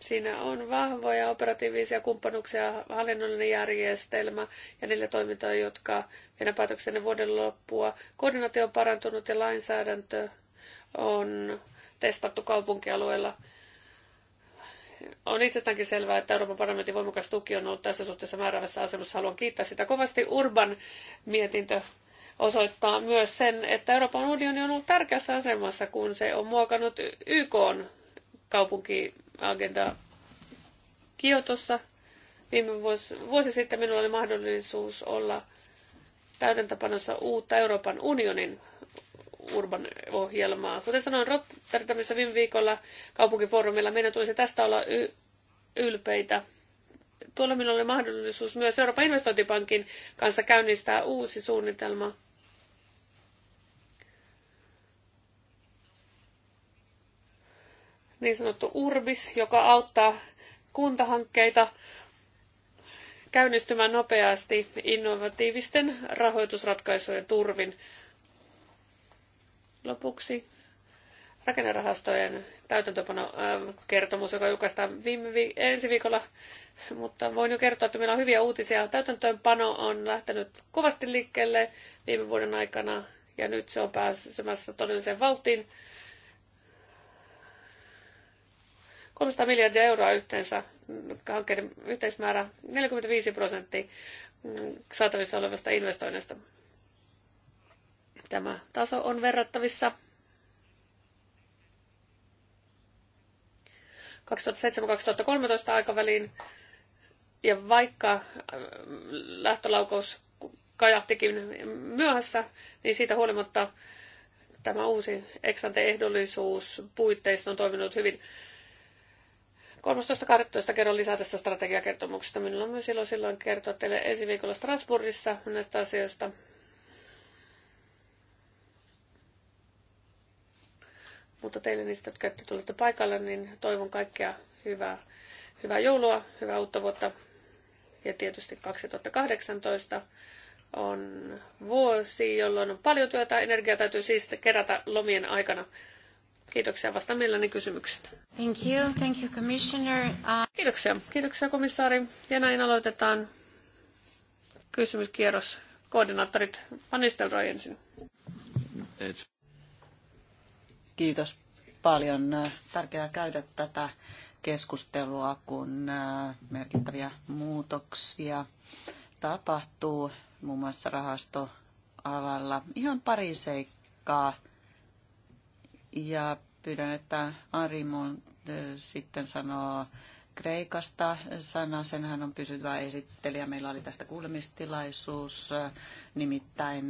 Siinä on vahvoja operatiivisia kumppanuuksia, hallinnollinen järjestelmä ja niillä toimintoja, jotka meidän päätöksenne vuoden loppua. Koordinaatio on parantunut ja lainsäädäntö on testattu kaupunkialueella. On itsestäänkin selvää, että Euroopan parlamentin voimakas tuki on ollut tässä suhteessa määräävässä asemassa. Haluan kiittää sitä kovasti. Urban mietintö osoittaa myös sen, että Euroopan unioni on ollut tärkeässä asemassa, kun se on muokannut YK kaupunkiagendaa Kiotossa. Viime vuosi, vuosi sitten minulla oli mahdollisuus olla täydentäpanossa uutta Euroopan unionin urban ohjelmaa. Kuten sanoin Rotterdamissa viime viikolla kaupunkifoorumilla, meidän tulisi tästä olla ylpeitä Tuolla minulla oli mahdollisuus myös Euroopan investointipankin kanssa käynnistää uusi suunnitelma. Niin sanottu URBIS, joka auttaa kuntahankkeita käynnistymään nopeasti innovatiivisten rahoitusratkaisujen turvin. Lopuksi rakennerahastojen täytäntöpanokertomus, joka julkaistaan viime vi- ensi viikolla. Mutta voin jo kertoa, että meillä on hyviä uutisia. Täytäntöönpano on lähtenyt kovasti liikkeelle viime vuoden aikana ja nyt se on pääsemässä todelliseen vauhtiin. 300 miljardia euroa yhteensä hankkeiden yhteismäärä 45 prosenttia saatavissa olevasta investoinnista. Tämä taso on verrattavissa 2007-2013 aikaväliin. Ja vaikka äh, lähtölaukaus kajahtikin myöhässä, niin siitä huolimatta tämä uusi eksante-ehdollisuus puitteissa on toiminut hyvin. 13.12. kerron lisää tästä strategiakertomuksesta. Minulla on myös ilo silloin kertoa teille ensi viikolla Strasbourgissa näistä asioista. Mutta teille niistä, jotka ette tulette paikalle, niin toivon kaikkea hyvää, hyvää joulua, hyvää uutta vuotta. Ja tietysti 2018 on vuosi, jolloin on paljon työtä. Energiaa täytyy siis kerätä lomien aikana. Kiitoksia vasta mielelläni kysymykset. Thank you, thank you commissioner. Uh... Kiitoksia, kiitoksia komissaari. Ja näin aloitetaan kysymyskierros. Koordinaattorit, Van ensin. It's... Kiitos paljon. Tärkeää käydä tätä keskustelua, kun merkittäviä muutoksia tapahtuu muun muassa rahastoalalla. Ihan pari seikkaa. Ja pyydän, että Arimon sitten sanoo Kreikasta sanan. Senhän on pysyvä esittelijä. Meillä oli tästä kuulemistilaisuus nimittäin.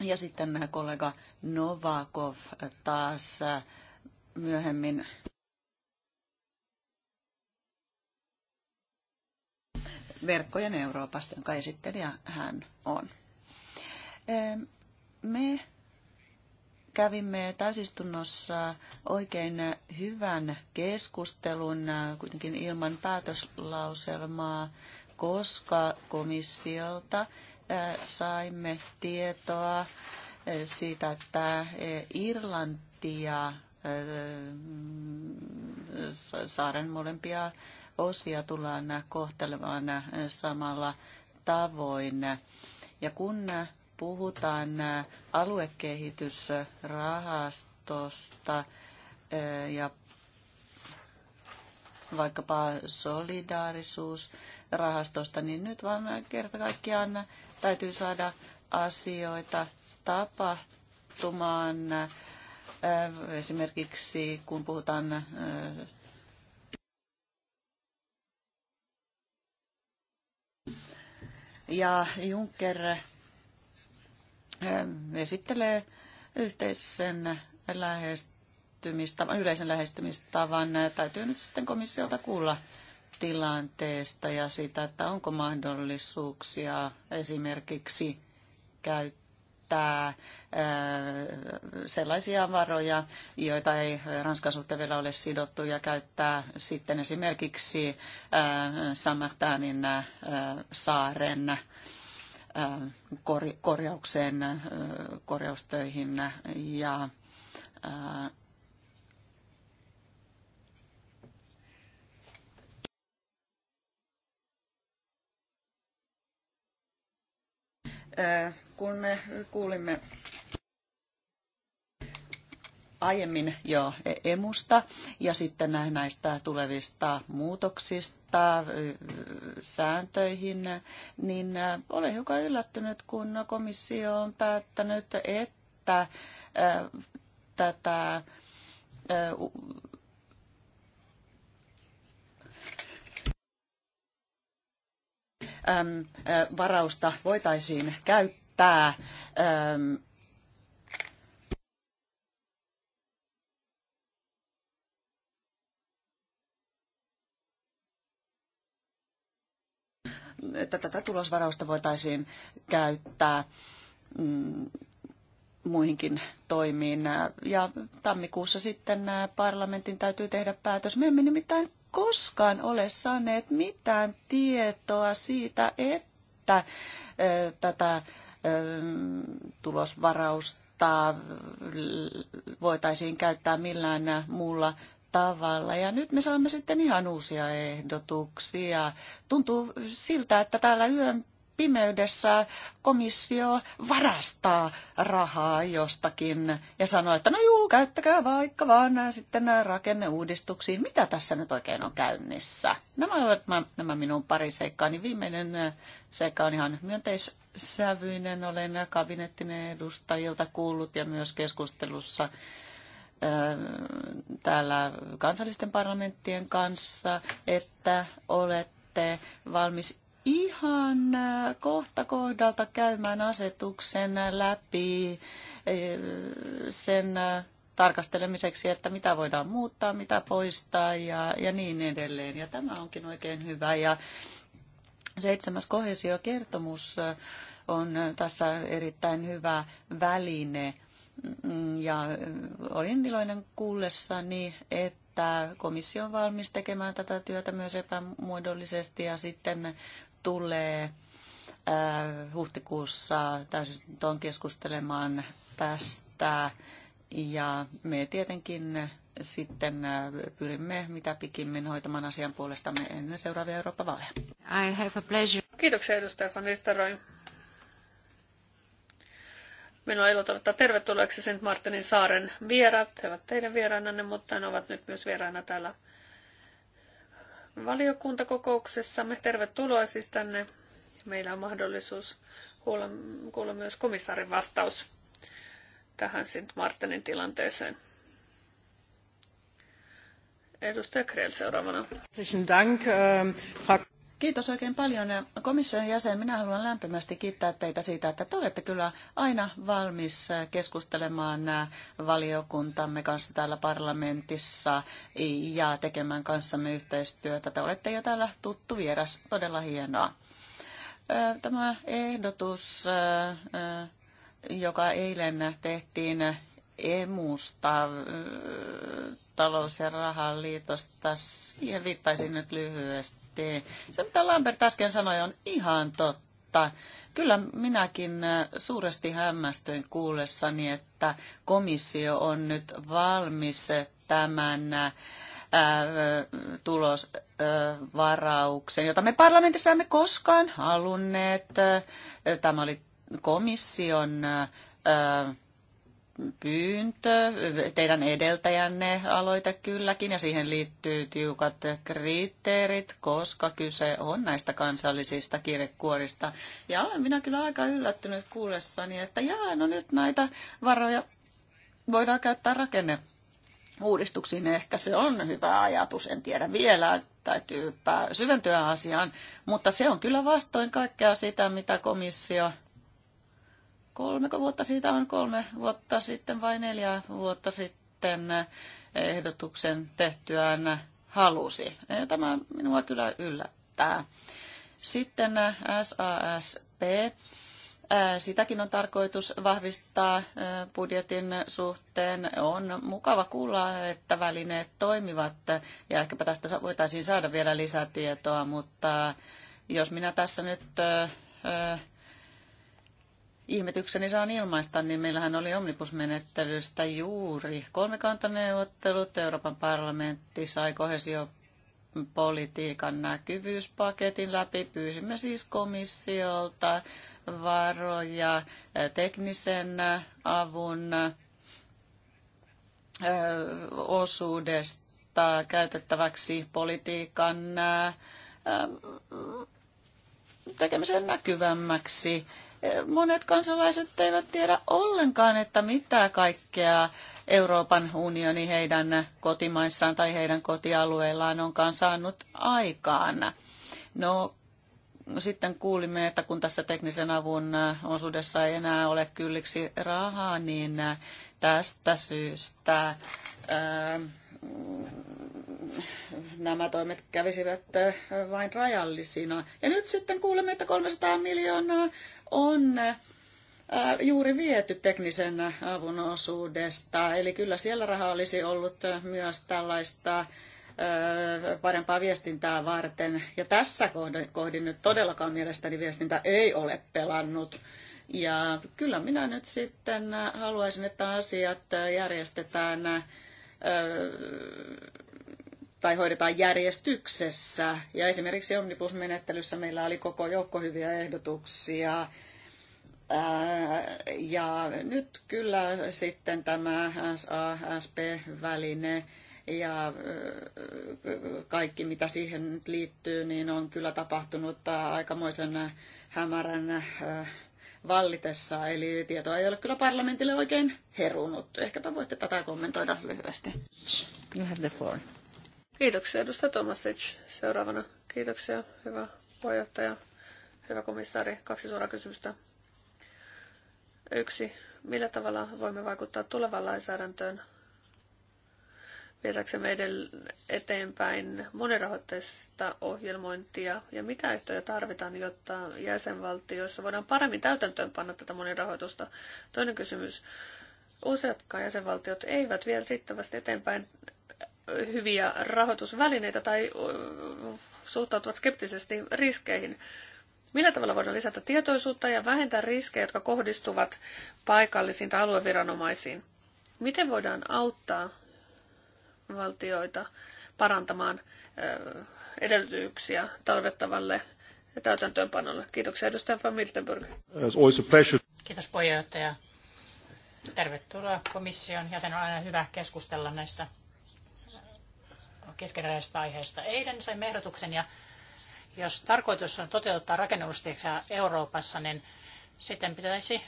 Ja sitten kollega Novakov taas äh, myöhemmin verkkojen Euroopasta, jonka esittelijä hän on. Ähm, me kävimme täysistunnossa oikein hyvän keskustelun, äh, kuitenkin ilman päätöslauselmaa, koska komissiolta äh, saimme tietoa Eh, siitä, että eh, Irlanti ja eh, saaren molempia osia tullaan kohtelemaan samalla tavoin. Ja kun puhutaan aluekehitysrahastosta ja vaikkapa solidaarisuusrahastosta, niin nyt vaan kerta kaikkiaan täytyy saada asioita tapahtumaan. Äh, esimerkiksi kun puhutaan äh, ja Juncker äh, esittelee yhteisen lähestymistavan, yleisen lähestymistavan. Täytyy nyt sitten komissiolta kuulla tilanteesta ja sitä, että onko mahdollisuuksia esimerkiksi käyttää käyttää sellaisia varoja, joita ei Ranskan suhteen vielä ole sidottu, ja käyttää sitten esimerkiksi Samartanin saaren korjaukseen, korjaustöihin ja kun me kuulimme aiemmin jo e- emusta ja sitten näistä tulevista muutoksista sääntöihin, niin olen hiukan yllättynyt, kun komissio on päättänyt, että tätä varausta voitaisiin käyttää välttää ähm, että tätä tulosvarausta voitaisiin käyttää mm, muihinkin toimiin. Ja tammikuussa sitten äh, parlamentin täytyy tehdä päätös. Me emme nimittäin koskaan ole saaneet mitään tietoa siitä, että äh, tätä tulosvarausta voitaisiin käyttää millään muulla tavalla. Ja nyt me saamme sitten ihan uusia ehdotuksia. Tuntuu siltä, että täällä yön pimeydessä komissio varastaa rahaa jostakin ja sanoo, että no juu, käyttäkää vaikka vaan nämä sitten nämä rakenneuudistuksiin. Mitä tässä nyt oikein on käynnissä? Nämä ovat nämä minun pari seikkaa, niin viimeinen äh, seikka on ihan myönteissävyinen. Olen kabinettinen edustajilta kuullut ja myös keskustelussa äh, täällä kansallisten parlamenttien kanssa, että olette valmis ihan äh, kohta kohdalta käymään asetuksen läpi äh, sen äh, tarkastelemiseksi, että mitä voidaan muuttaa, mitä poistaa ja, ja niin edelleen. Ja tämä onkin oikein hyvä. Ja seitsemäs kohesiokertomus on tässä erittäin hyvä väline. Mm, ja olin iloinen kuullessani, että komissio on valmis tekemään tätä työtä myös epämuodollisesti ja sitten tulee äh, huhtikuussa täysistuntoon keskustelemaan tästä. Ja me tietenkin sitten äh, pyrimme mitä pikimmin hoitamaan asian puolestamme ennen seuraavia Euroopan vaaleja. I have a pleasure. Kiitoksia edustaja Van Nistelrooy. Minua ilo toivottaa tervetulleeksi St. Martinin saaren vierat. He ovat teidän vierainanne, mutta ne ovat nyt myös vieraina täällä valiokuntakokouksessamme. Tervetuloa siis tänne. Meillä on mahdollisuus kuulla, kuulla myös komissaarin vastaus tähän Sint Martinin tilanteeseen. Edustaja Krell seuraavana. Kiitos oikein paljon komission jäsen. Minä haluan lämpimästi kiittää teitä siitä, että te olette kyllä aina valmis keskustelemaan valiokuntamme kanssa täällä parlamentissa ja tekemään kanssamme yhteistyötä. Te olette jo täällä tuttu vieras. Todella hienoa. Tämä ehdotus, joka eilen tehtiin emusta, talous- ja rahaliitosta. Siihen viittaisin nyt lyhyesti. Se, mitä Lambert äsken sanoi, on ihan totta. Kyllä minäkin äh, suuresti hämmästyin kuullessani, että komissio on nyt valmis tämän äh, tulosvarauksen, äh, jota me parlamentissa emme koskaan halunneet. Tämä oli komission pyyntö, teidän edeltäjänne aloite kylläkin, ja siihen liittyy tiukat kriteerit, koska kyse on näistä kansallisista kirjekuorista. Ja olen minä kyllä aika yllättynyt kuullessani, että jaa, no nyt näitä varoja voidaan käyttää rakenne uudistuksiin. Ehkä se on hyvä ajatus, en tiedä vielä, täytyy syventyä asiaan, mutta se on kyllä vastoin kaikkea sitä, mitä komissio Kolme vuotta siitä on kolme vuotta sitten vai neljä vuotta sitten ehdotuksen tehtyään halusi. Ja tämä minua kyllä yllättää. Sitten SASP. Sitäkin on tarkoitus vahvistaa budjetin suhteen. On mukava kuulla, että välineet toimivat ja ehkäpä tästä voitaisiin saada vielä lisätietoa, mutta jos minä tässä nyt ihmetykseni saan ilmaista, niin meillähän oli omnibusmenettelystä juuri kolmikantaneuvottelut. Euroopan parlamentti sai kohesiopolitiikan näkyvyyspaketin läpi. Pyysimme siis komissiolta varoja eh, teknisen eh, avun eh, osuudesta käytettäväksi politiikan tekemisen näkyvämmäksi monet kansalaiset eivät tiedä ollenkaan, että mitä kaikkea Euroopan unioni heidän kotimaissaan tai heidän kotialueillaan onkaan saanut aikaan. No, sitten kuulimme, että kun tässä teknisen avun osuudessa ei enää ole kylliksi rahaa, niin tästä syystä ää, nämä toimet kävisivät vain rajallisina. Ja nyt sitten kuulemme, että 300 miljoonaa on juuri viety teknisen avun osuudesta. Eli kyllä siellä raha olisi ollut myös tällaista parempaa viestintää varten. Ja tässä kohdin nyt todellakaan mielestäni viestintä ei ole pelannut. Ja kyllä minä nyt sitten haluaisin, että asiat järjestetään tai hoidetaan järjestyksessä. Ja esimerkiksi Omnibus-menettelyssä meillä oli koko joukko hyviä ehdotuksia. Ja nyt kyllä sitten tämä SASP-väline ja kaikki mitä siihen nyt liittyy, niin on kyllä tapahtunut aikamoisen hämärän vallitessa, eli tietoa ei ole kyllä parlamentille oikein herunut. Ehkäpä voitte tätä kommentoida lyhyesti. You have the floor. Kiitoksia edustaja Tomasic. Seuraavana kiitoksia hyvä puheenjohtaja, hyvä komissaari. Kaksi suoraa kysymystä. Yksi. Millä tavalla voimme vaikuttaa tulevaan lainsäädäntöön viedäksemme eteenpäin monirahoitteista ohjelmointia ja mitä ehtoja tarvitaan, jotta jäsenvaltioissa voidaan paremmin täytäntöönpanna tätä monirahoitusta? Toinen kysymys. Useatkaan jäsenvaltiot eivät vielä riittävästi eteenpäin hyviä rahoitusvälineitä tai suhtautuvat skeptisesti riskeihin. Millä tavalla voidaan lisätä tietoisuutta ja vähentää riskejä, jotka kohdistuvat paikallisiin tai alueviranomaisiin? Miten voidaan auttaa valtioita parantamaan edellytyksiä tarvittavalle täytäntöönpanolle? Kiitoksia edustaja Van Miltenburg. Kiitos puheenjohtaja. Tervetuloa komission, joten on aina hyvä keskustella näistä keskeneräisestä aiheesta. Eilen saimme ehdotuksen ja jos tarkoitus on toteuttaa rakenneuudistuksia Euroopassa, niin sitten pitäisi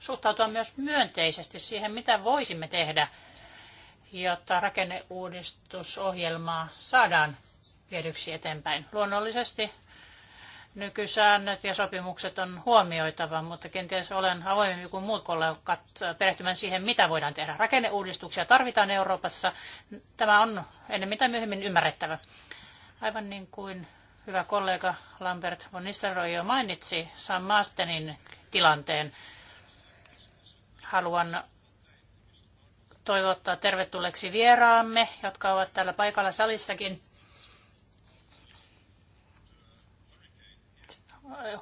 suhtautua myös myönteisesti siihen, mitä voisimme tehdä, jotta rakenneuudistusohjelmaa saadaan viedyksi eteenpäin. Luonnollisesti nykysäännöt ja sopimukset on huomioitava, mutta kenties olen avoimempi kuin muut kollegat perehtymään siihen, mitä voidaan tehdä. Rakenneuudistuksia tarvitaan Euroopassa. Tämä on ennen tai myöhemmin ymmärrettävä. Aivan niin kuin hyvä kollega Lambert von Nistelrooy jo mainitsi Sam Maastenin tilanteen. Haluan toivottaa tervetulleeksi vieraamme, jotka ovat täällä paikalla salissakin.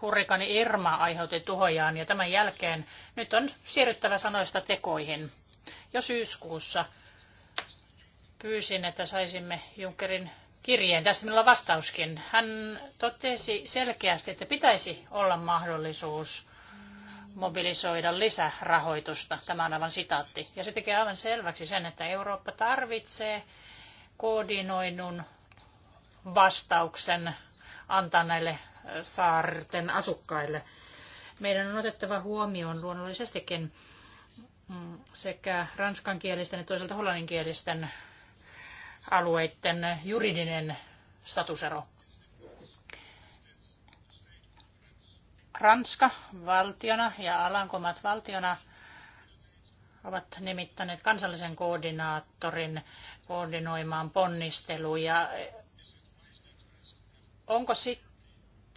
hurrikaani Irma aiheutti tuhojaan ja tämän jälkeen nyt on siirryttävä sanoista tekoihin. Jo syyskuussa pyysin, että saisimme Junckerin kirjeen. Tässä minulla on vastauskin. Hän totesi selkeästi, että pitäisi olla mahdollisuus mobilisoida lisärahoitusta. Tämä on aivan sitaatti. Ja se tekee aivan selväksi sen, että Eurooppa tarvitsee koordinoinnun vastauksen antaa näille saarten asukkaille. Meidän on otettava huomioon luonnollisestikin mm, sekä ranskankielisten että toisaalta hollanninkielisten alueiden juridinen statusero. Ranska valtiona ja Alankomat valtiona ovat nimittäneet kansallisen koordinaattorin koordinoimaan ponnisteluja. Onko sitten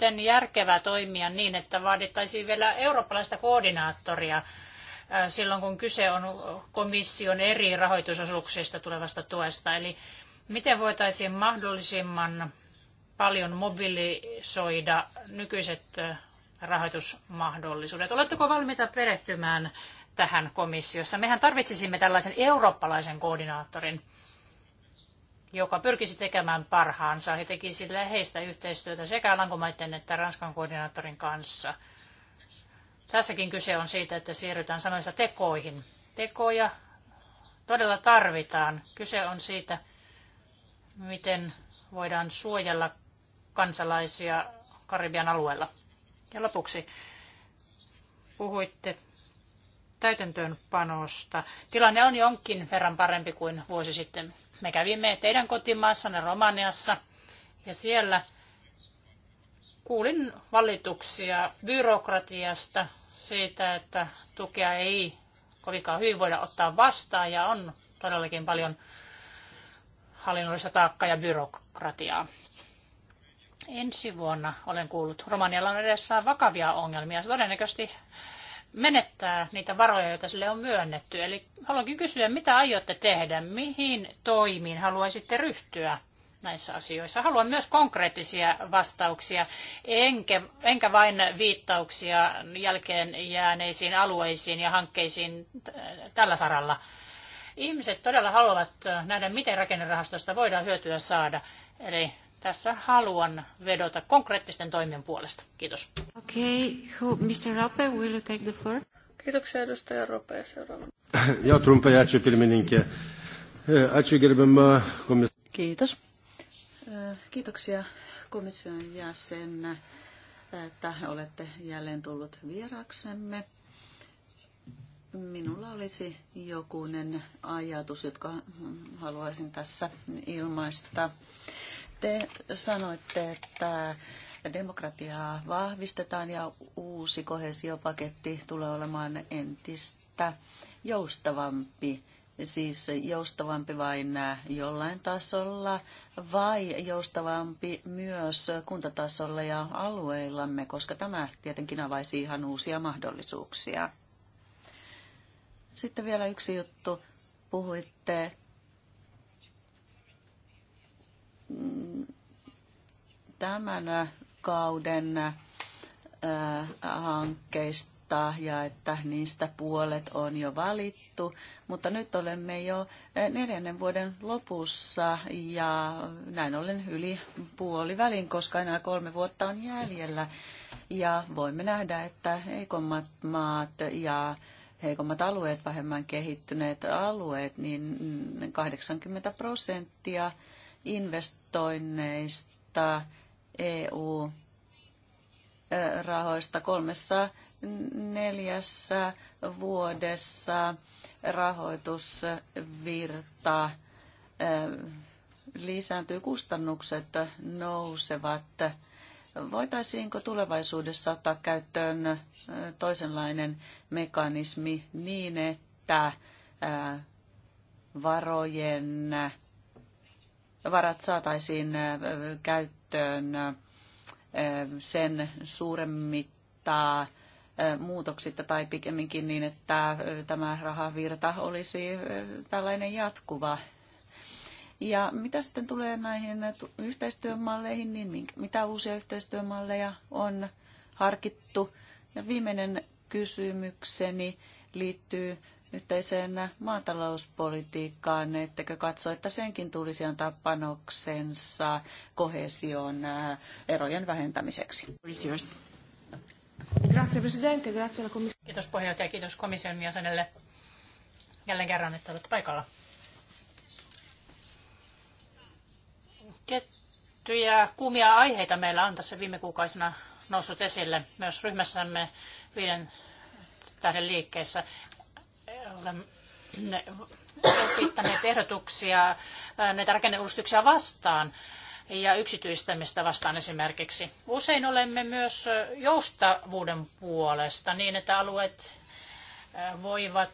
sitten järkevää toimia niin, että vaadittaisiin vielä eurooppalaista koordinaattoria äh, silloin, kun kyse on komission eri rahoitusosuuksista tulevasta tuesta. Eli miten voitaisiin mahdollisimman paljon mobilisoida nykyiset äh, rahoitusmahdollisuudet? Oletteko valmiita perehtymään tähän komissiossa? Mehän tarvitsisimme tällaisen eurooppalaisen koordinaattorin joka pyrkisi tekemään parhaansa. He tekisi läheistä yhteistyötä sekä lankomaiden että Ranskan koordinaattorin kanssa. Tässäkin kyse on siitä, että siirrytään sanoista tekoihin. Tekoja todella tarvitaan. Kyse on siitä, miten voidaan suojella kansalaisia Karibian alueella. Ja lopuksi puhuitte täytäntöönpanosta. Tilanne on jonkin verran parempi kuin vuosi sitten. Me kävimme teidän kotimaassanne Romaniassa ja siellä kuulin valituksia byrokratiasta siitä, että tukea ei kovinkaan hyvin voida ottaa vastaan ja on todellakin paljon hallinnollista taakkaa ja byrokratiaa. Ensi vuonna olen kuullut, Romanialla on edessään vakavia ongelmia. Se todennäköisesti menettää niitä varoja, joita sille on myönnetty. Eli haluankin kysyä, mitä aiotte tehdä, mihin toimiin haluaisitte ryhtyä näissä asioissa. Haluan myös konkreettisia vastauksia, enkä, enkä vain viittauksia jälkeen jääneisiin alueisiin ja hankkeisiin tällä saralla. Ihmiset todella haluavat nähdä, miten rakennerahastosta voidaan hyötyä saada. Eli tässä haluan vedota konkreettisten toimien puolesta. Kiitos. Okay, who, Mr. Rope, will you take the floor? Kiitoksia edustaja Rope ja seuraavana. [LAUGHS] Ja Trumpa ja pirmininkė. Kiitos. Eh, kiitoksia komission jäsen, että olette jälleen tullut vieraksemme. Minulla olisi jokunen ajatus, jotka haluaisin tässä ilmaista. Te sanoitte, että demokratiaa vahvistetaan ja uusi kohesiopaketti tulee olemaan entistä joustavampi. Siis joustavampi vain jollain tasolla vai joustavampi myös kuntatasolla ja alueillamme, koska tämä tietenkin avaisi ihan uusia mahdollisuuksia. Sitten vielä yksi juttu. Puhuitte tämän äh, kauden äh, hankkeista ja että niistä puolet on jo valittu, mutta nyt olemme jo äh, neljännen vuoden lopussa ja näin ollen yli puoli välin, koska enää kolme vuotta on jäljellä. Ja voimme nähdä, että heikommat maat ja heikommat alueet, vähemmän kehittyneet alueet, niin 80 prosenttia investoinneista – EU-rahoista kolmessa neljässä vuodessa rahoitusvirta e, lisääntyy, kustannukset nousevat. Voitaisiinko tulevaisuudessa ottaa käyttöön e, toisenlainen mekanismi niin, että e, varojen varat saataisiin käyttöön? käyttöön sen suuremmittaa muutoksitta tai pikemminkin niin, että tämä rahavirta olisi tällainen jatkuva. Ja mitä sitten tulee näihin yhteistyömalleihin, niin mitä uusia yhteistyömalleja on harkittu? Ja viimeinen kysymykseni liittyy yhteiseen maatalouspolitiikkaan, ettekö katso, että senkin tulisi antaa panoksensa kohesion äh, erojen vähentämiseksi? Presidente, Kiitos puheenjohtaja, kiitos komission jäsenelle jälleen kerran, että olette paikalla. Tiettyjä kuumia aiheita meillä on tässä viime kuukausina noussut esille myös ryhmässämme viiden tähden liikkeessä olemme esittäneet ehdotuksia näitä rakenneuudistuksia vastaan ja yksityistämistä vastaan esimerkiksi. Usein olemme myös joustavuuden puolesta niin, että alueet voivat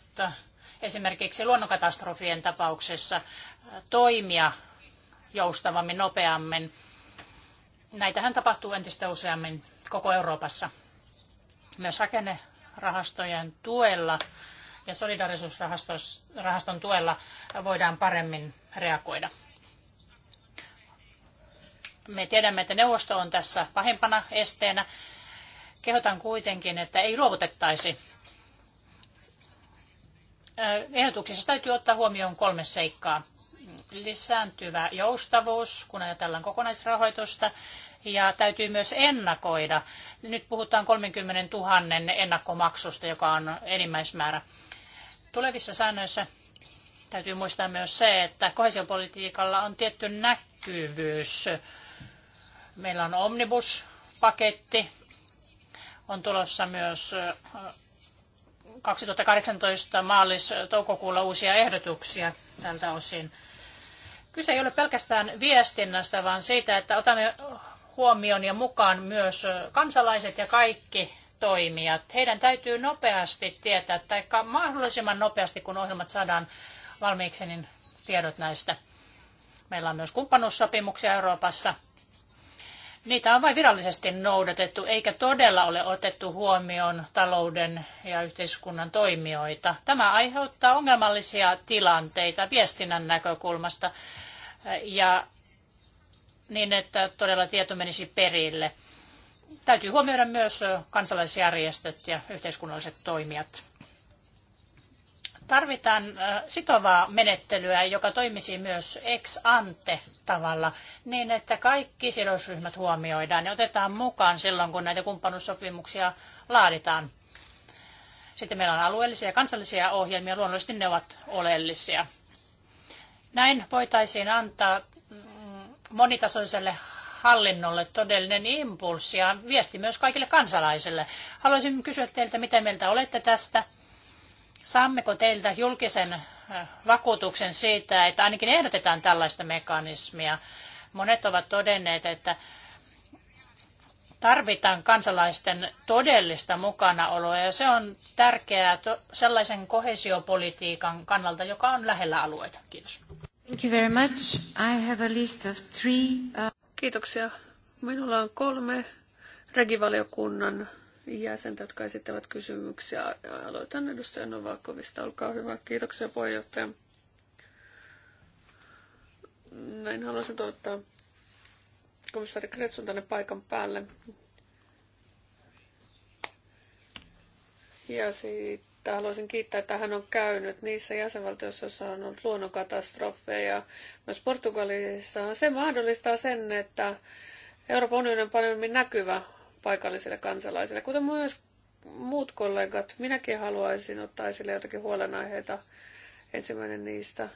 esimerkiksi luonnonkatastrofien tapauksessa toimia joustavammin, nopeammin. Näitähän tapahtuu entistä useammin koko Euroopassa. Myös rakennerahastojen tuella ja solidarisuusrahaston tuella voidaan paremmin reagoida. Me tiedämme, että neuvosto on tässä pahimpana esteenä. Kehotan kuitenkin, että ei luovutettaisi. Ehdotuksissa täytyy ottaa huomioon kolme seikkaa. Lisääntyvä joustavuus, kun ajatellaan kokonaisrahoitusta, ja täytyy myös ennakoida. Nyt puhutaan 30 000 ennakkomaksusta, joka on enimmäismäärä. Tulevissa säännöissä täytyy muistaa myös se, että kohesiopolitiikalla on tietty näkyvyys. Meillä on omnibuspaketti, on tulossa myös 2018 maalis-toukokuulla uusia ehdotuksia tältä osin. Kyse ei ole pelkästään viestinnästä, vaan siitä, että otamme huomioon ja mukaan myös kansalaiset ja kaikki toimijat, heidän täytyy nopeasti tietää, tai mahdollisimman nopeasti, kun ohjelmat saadaan valmiiksi, niin tiedot näistä. Meillä on myös kumppanuussopimuksia Euroopassa. Niitä on vain virallisesti noudatettu, eikä todella ole otettu huomioon talouden ja yhteiskunnan toimijoita. Tämä aiheuttaa ongelmallisia tilanteita viestinnän näkökulmasta ja niin, että todella tieto menisi perille. Täytyy huomioida myös kansalaisjärjestöt ja yhteiskunnalliset toimijat. Tarvitaan sitovaa menettelyä, joka toimisi myös ex ante tavalla, niin että kaikki sidosryhmät huomioidaan ja otetaan mukaan silloin, kun näitä kumppanuussopimuksia laaditaan. Sitten meillä on alueellisia ja kansallisia ohjelmia, luonnollisesti ne ovat oleellisia. Näin voitaisiin antaa mm, monitasoiselle hallinnolle todellinen impulssi ja viesti myös kaikille kansalaisille. Haluaisin kysyä teiltä, mitä mieltä olette tästä? Saammeko teiltä julkisen äh, vakuutuksen siitä, että ainakin ehdotetaan tällaista mekanismia? Monet ovat todenneet, että tarvitaan kansalaisten todellista mukanaoloa ja se on tärkeää sellaisen kohesiopolitiikan kannalta, joka on lähellä alueita. Kiitos. Thank you very much. I have a list of three. Uh, Kiitoksia. Minulla on kolme regivaliokunnan jäsentä, jotka esittävät kysymyksiä. Aloitan edustaja Novakovista. Olkaa hyvä. Kiitoksia puheenjohtaja. Näin haluaisin toivottaa komissaari Kretsun tänne paikan päälle. Ja sitten että haluaisin kiittää, että hän on käynyt niissä jäsenvaltioissa, joissa on ollut luonnonkatastrofeja. Myös Portugalissa se mahdollistaa sen, että Euroopan unioni on paljon näkyvä paikallisille kansalaisille, kuten myös muut kollegat. Minäkin haluaisin ottaa esille jotakin huolenaiheita. Ensimmäinen niistä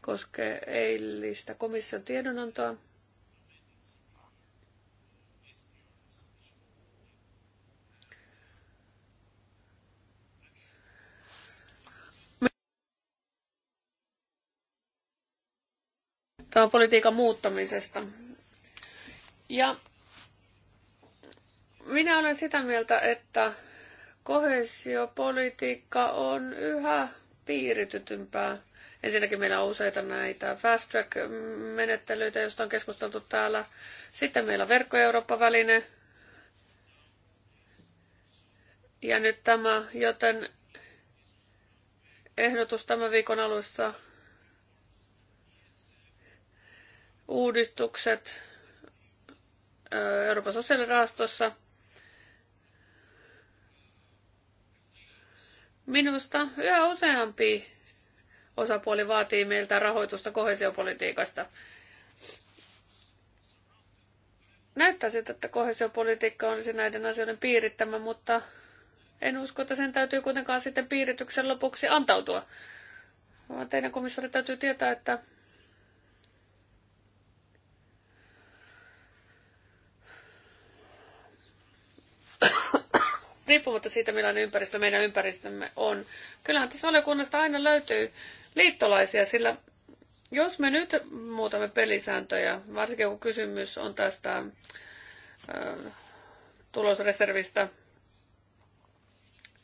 koskee eilistä komission tiedonantoa. tämän politiikan muuttamisesta. Ja minä olen sitä mieltä, että kohesiopolitiikka on yhä piiritytympää. Ensinnäkin meillä on useita näitä fast track-menettelyitä, joista on keskusteltu täällä. Sitten meillä on verkko Eurooppa-väline. Ja nyt tämä, joten ehdotus tämän viikon alussa uudistukset Euroopan sosiaalirahastossa. Minusta yhä useampi osapuoli vaatii meiltä rahoitusta kohesiopolitiikasta. Näyttää siltä, että kohesiopolitiikka olisi näiden asioiden piirittämä, mutta en usko, että sen täytyy kuitenkaan sitten piirityksen lopuksi antautua. Vaan teidän komissori täytyy tietää, että riippumatta siitä, millainen ympäristö meidän ympäristömme on. Kyllähän tässä valiokunnasta aina löytyy liittolaisia, sillä jos me nyt muutamme pelisääntöjä, varsinkin kun kysymys on tästä ö, tulosreservistä,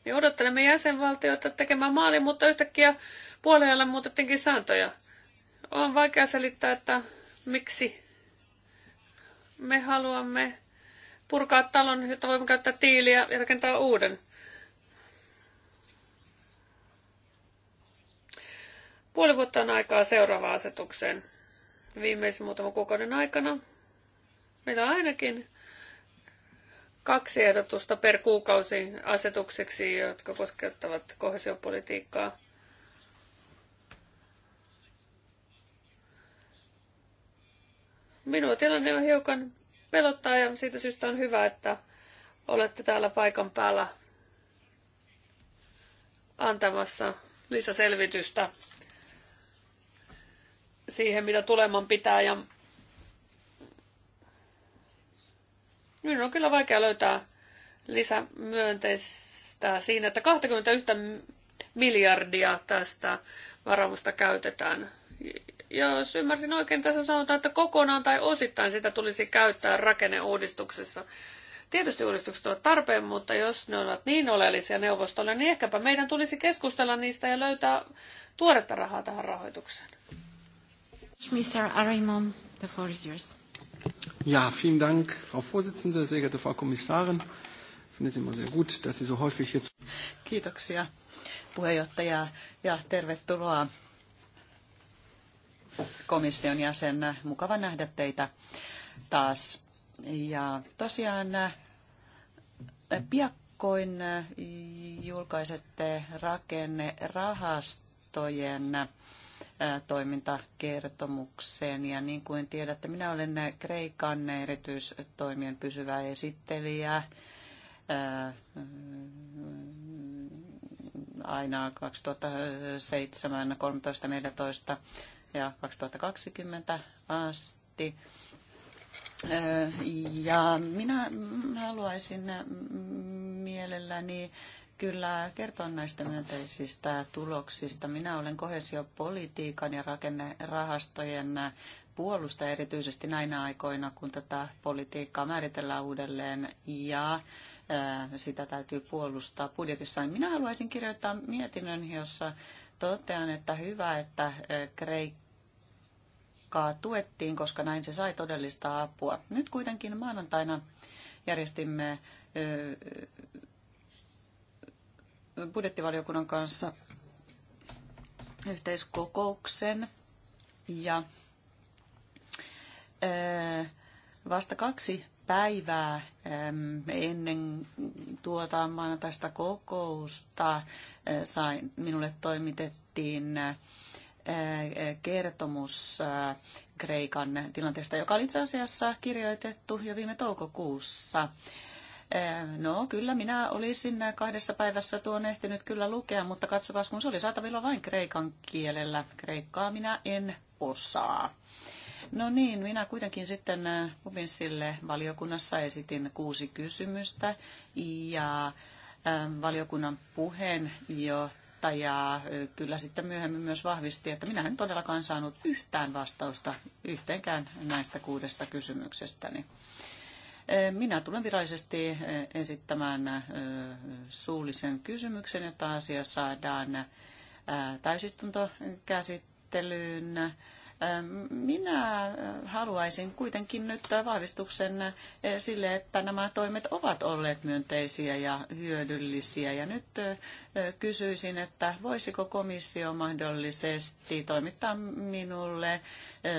niin odottelemme jäsenvaltioita tekemään maali, mutta yhtäkkiä puolella muutettiinkin sääntöjä. On vaikea selittää, että miksi me haluamme purkaa talon, jotta voimme käyttää tiiliä ja rakentaa uuden. Puoli vuotta on aikaa seuraavaan asetukseen. Viimeisen muutaman kuukauden aikana meillä on ainakin kaksi ehdotusta per kuukausi asetukseksi, jotka koskettavat kohesiopolitiikkaa. Minua tilanne on hiukan pelottaa ja siitä syystä on hyvä, että olette täällä paikan päällä antamassa lisäselvitystä siihen, mitä tuleman pitää. Ja minun on kyllä vaikea löytää lisämyönteistä siinä, että 21 miljardia tästä varavusta käytetään jos ymmärsin oikein, tässä sanotaan, että kokonaan tai osittain sitä tulisi käyttää rakenneuudistuksessa. Tietysti uudistukset ovat tarpeen, mutta jos ne ovat niin oleellisia neuvostolle, niin ehkäpä meidän tulisi keskustella niistä ja löytää tuoretta rahaa tähän rahoitukseen. Mr. Arimon, the floor is yours. Ja, vielen Dank, Frau Vorsitzende, sehr geehrte Frau Kommissarin. finde es immer sehr gut, dass Sie so häufig jetzt... Kiitoksia puheenjohtaja ja tervetuloa komission jäsen. Mukava nähdä teitä taas. Ja tosiaan eh, piakkoin eh, julkaisette rakennerahastojen eh, toimintakertomukseen. Ja niin kuin tiedätte, minä olen Kreikan erityistoimien pysyvä esittelijä aina 2007, 13, 14 ja 2020 asti. Ja minä haluaisin mielelläni kyllä kertoa näistä myönteisistä tuloksista. Minä olen kohesiopolitiikan ja rakennerahastojen puolusta erityisesti näinä aikoina, kun tätä politiikkaa määritellään uudelleen ja sitä täytyy puolustaa budjetissa. Minä haluaisin kirjoittaa mietinnön, jossa totean, että hyvä, että Kreikka Kreikkaa tuettiin, koska näin se sai todellista apua. Nyt kuitenkin maanantaina järjestimme budjettivaliokunnan kanssa yhteiskokouksen ja vasta kaksi päivää ennen tuota maanantaista kokousta sain, minulle toimitettiin kertomus äh, Kreikan tilanteesta, joka oli itse asiassa kirjoitettu jo viime toukokuussa. Äh, no kyllä, minä olisin kahdessa päivässä tuon ehtinyt kyllä lukea, mutta katsokaa, kun se oli saatavilla vain kreikan kielellä. Kreikkaa minä en osaa. No niin, minä kuitenkin sitten äh, sille valiokunnassa esitin kuusi kysymystä ja valiokunnan puheenjohtaja johtajaa kyllä sitten myöhemmin myös vahvisti, että minä en todellakaan saanut yhtään vastausta yhteenkään näistä kuudesta kysymyksestäni. Minä tulen virallisesti esittämään suullisen kysymyksen, jota asia saadaan täysistuntokäsittelyyn minä haluaisin kuitenkin nyt vahvistuksen sille, että nämä toimet ovat olleet myönteisiä ja hyödyllisiä. Ja nyt kysyisin, että voisiko komissio mahdollisesti toimittaa minulle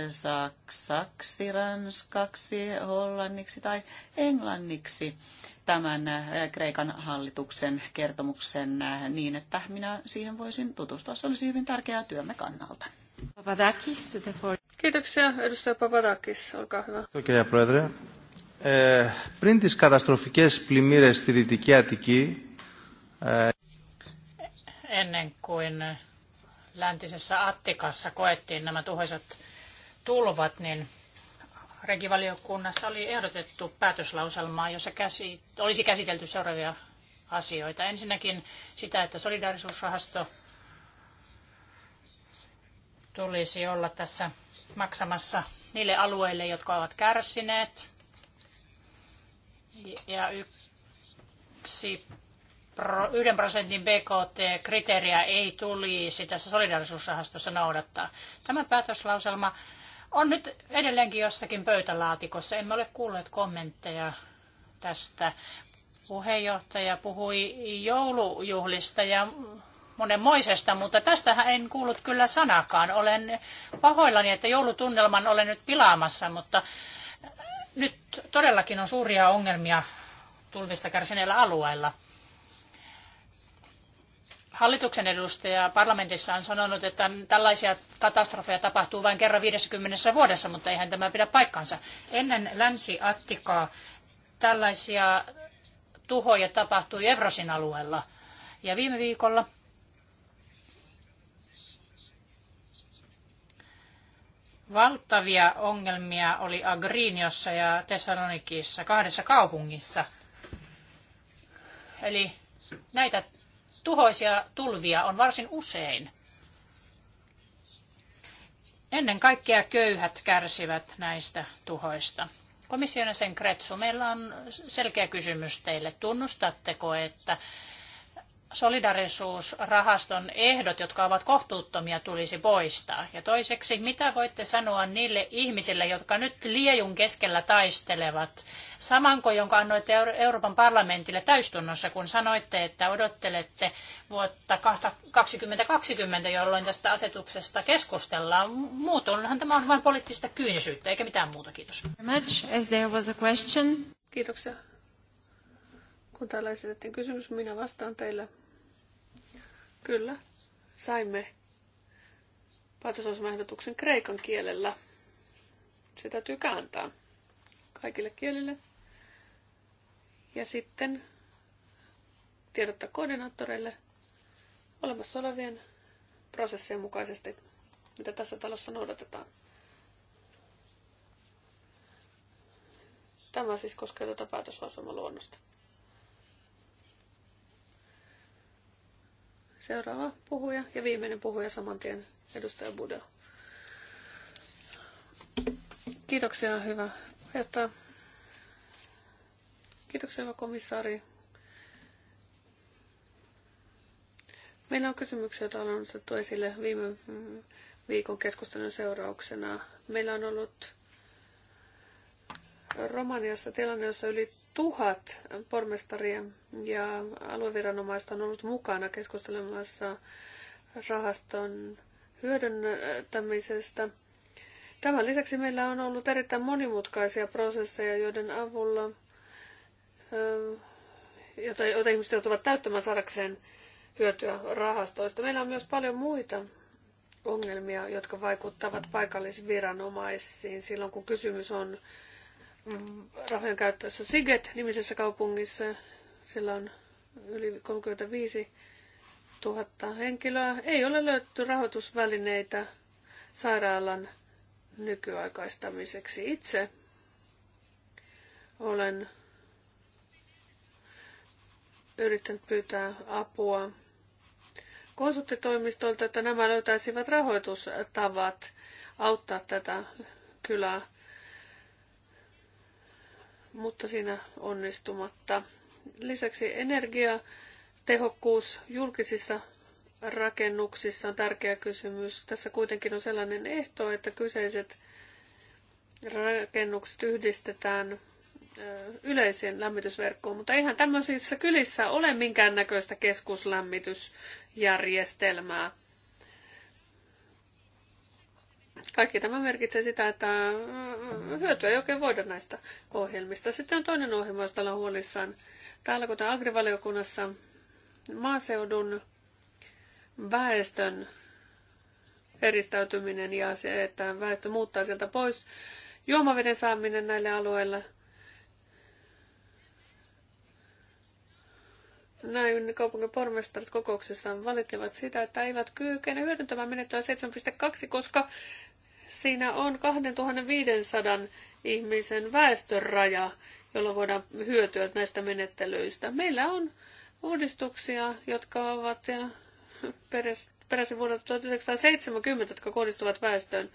saksaksi, ranskaksi, hollanniksi tai englanniksi tämän Kreikan hallituksen kertomuksen niin, että minä siihen voisin tutustua. Se olisi hyvin tärkeää työmme kannalta. Papadakis, Kiitoksia, edustaja Papadakis, olkaa hyvä. Kiitoksia, Πρόεδρε. Ε, πριν τις καταστροφικές πλημμύρες στη Δυτική Αττική... Ε... Ennen kuin läntisessä Attikassa koettiin nämä tuhoisat tulvat, niin regivaliokunnassa oli ehdotettu päätöslauselmaa, jossa käsi, olisi käsitelty seuraavia asioita. Ensinnäkin sitä, että solidaarisuusrahasto tulisi olla tässä maksamassa niille alueille, jotka ovat kärsineet. Ja yksi yhden prosentin BKT-kriteeriä ei tulisi tässä solidarisuusrahastossa noudattaa. Tämä päätöslauselma on nyt edelleenkin jossakin pöytälaatikossa. Emme ole kuulleet kommentteja tästä. Puheenjohtaja puhui joulujuhlista ja monenmoisesta, mutta tästähän en kuullut kyllä sanakaan. Olen pahoillani, että joulutunnelman olen nyt pilaamassa, mutta nyt todellakin on suuria ongelmia tulvista kärsineillä alueilla. Hallituksen edustaja parlamentissa on sanonut, että tällaisia katastrofeja tapahtuu vain kerran 50 vuodessa, mutta eihän tämä pidä paikkansa. Ennen Länsi-Attikaa tällaisia tuhoja tapahtui Evrosin alueella. Ja viime viikolla Valtavia ongelmia oli Agriniossa ja Thessalonikissa, kahdessa kaupungissa. Eli näitä tuhoisia tulvia on varsin usein. Ennen kaikkea köyhät kärsivät näistä tuhoista. Komission sen Kretsu, meillä on selkeä kysymys teille. Tunnustatteko, että solidarisuusrahaston ehdot, jotka ovat kohtuuttomia, tulisi poistaa? Ja toiseksi, mitä voitte sanoa niille ihmisille, jotka nyt liejun keskellä taistelevat? Samanko, jonka annoitte Euroopan parlamentille täystunnossa, kun sanoitte, että odottelette vuotta 2020, jolloin tästä asetuksesta keskustellaan. Muutoinhan tämä on vain poliittista kyynisyyttä, eikä mitään muuta. Kiitos. Kiitoksia kun täällä esitettiin kysymys, minä vastaan teille. Kyllä, saimme päätösosmaehdotuksen kreikan kielellä. Se täytyy kääntää kaikille kielille. Ja sitten tiedottaa koordinaattoreille olemassa olevien prosessien mukaisesti, mitä tässä talossa noudatetaan. Tämä siis koskee tätä luonnosta. Seuraava puhuja ja viimeinen puhuja saman tien, edustaja Budel. Kiitoksia, hyvä puheenjohtaja. Kiitoksia, hyvä komissaari. Meillä on kysymyksiä, joita on otettu esille viime viikon keskustelun seurauksena. Meillä on ollut Romaniassa tilanne, jossa yli tuhat pormestaria ja alueviranomaista on ollut mukana keskustelemassa rahaston hyödyntämisestä. Tämän lisäksi meillä on ollut erittäin monimutkaisia prosesseja, joiden avulla jota, ihmiset joutuvat täyttämään saadakseen hyötyä rahastoista. Meillä on myös paljon muita ongelmia, jotka vaikuttavat paikallisviranomaisiin silloin, kun kysymys on rahojen käyttössä Siget-nimisessä kaupungissa. Sillä on yli 35 000 henkilöä. Ei ole löytetty rahoitusvälineitä sairaalan nykyaikaistamiseksi. Itse olen yrittänyt pyytää apua konsulttitoimistolta, että nämä löytäisivät rahoitustavat auttaa tätä kylää mutta siinä onnistumatta. Lisäksi energiatehokkuus julkisissa rakennuksissa on tärkeä kysymys. Tässä kuitenkin on sellainen ehto, että kyseiset rakennukset yhdistetään yleiseen lämmitysverkkoon, mutta eihän tämmöisissä kylissä ole minkäännäköistä keskuslämmitysjärjestelmää. Kaikki tämä merkitsee sitä, että mm, hyötyä ei oikein voida näistä ohjelmista. Sitten on toinen ohjelma, josta ollaan huolissaan. Täällä kuten agrivaliokunnassa maaseudun väestön eristäytyminen ja se, että väestö muuttaa sieltä pois, juomaveden saaminen näille alueille. Näin kaupungin pormestarit kokouksessaan valittivat sitä, että eivät kykene hyödyntämään menettöä 7.2, koska siinä on 2500 ihmisen väestöraja, jolla voidaan hyötyä näistä menettelyistä. Meillä on uudistuksia, jotka ovat ja peräisin vuonna 1970, jotka kohdistuvat väestöön.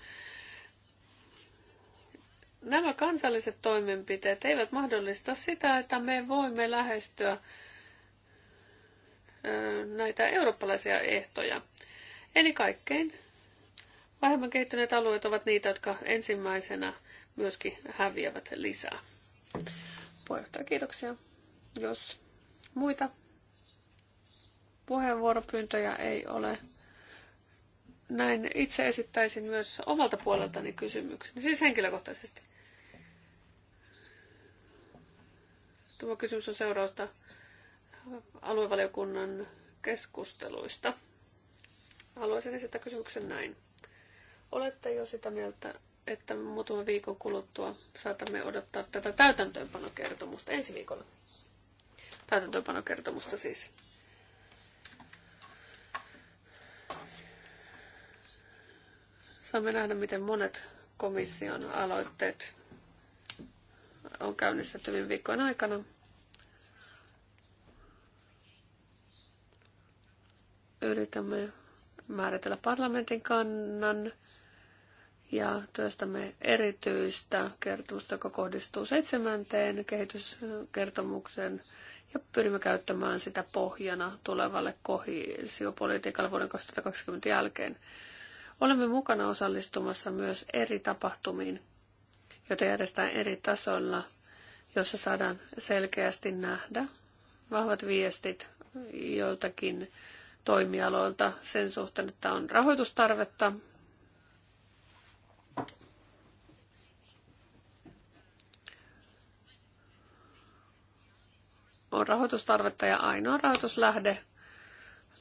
Nämä kansalliset toimenpiteet eivät mahdollista sitä, että me voimme lähestyä näitä eurooppalaisia ehtoja. Eli kaikkein Vähemmän kehittyneet alueet ovat niitä, jotka ensimmäisenä myöskin häviävät lisää. Puheenjohtaja, kiitoksia. Jos muita puheenvuoropyyntöjä ei ole, näin itse esittäisin myös omalta puoleltani kysymyksen, siis henkilökohtaisesti. Tämä kysymys on seurausta aluevaliokunnan keskusteluista. Haluaisin esittää kysymyksen näin. Olette jo sitä mieltä, että muutaman viikon kuluttua saatamme odottaa tätä täytäntöönpanokertomusta ensi viikolla. Täytäntöönpanokertomusta siis. Saamme nähdä, miten monet komission aloitteet on käynnistetty viime viikkojen aikana. Yritämme määritellä parlamentin kannan ja työstämme erityistä kertomusta, joka kohdistuu seitsemänteen kehityskertomuksen ja pyrimme käyttämään sitä pohjana tulevalle kohisiopolitiikalle vuoden 2020 jälkeen. Olemme mukana osallistumassa myös eri tapahtumiin, joita järjestetään eri tasoilla, jossa saadaan selkeästi nähdä vahvat viestit joiltakin toimialoilta sen suhteen, että on rahoitustarvetta on rahoitustarvetta ja ainoa rahoituslähde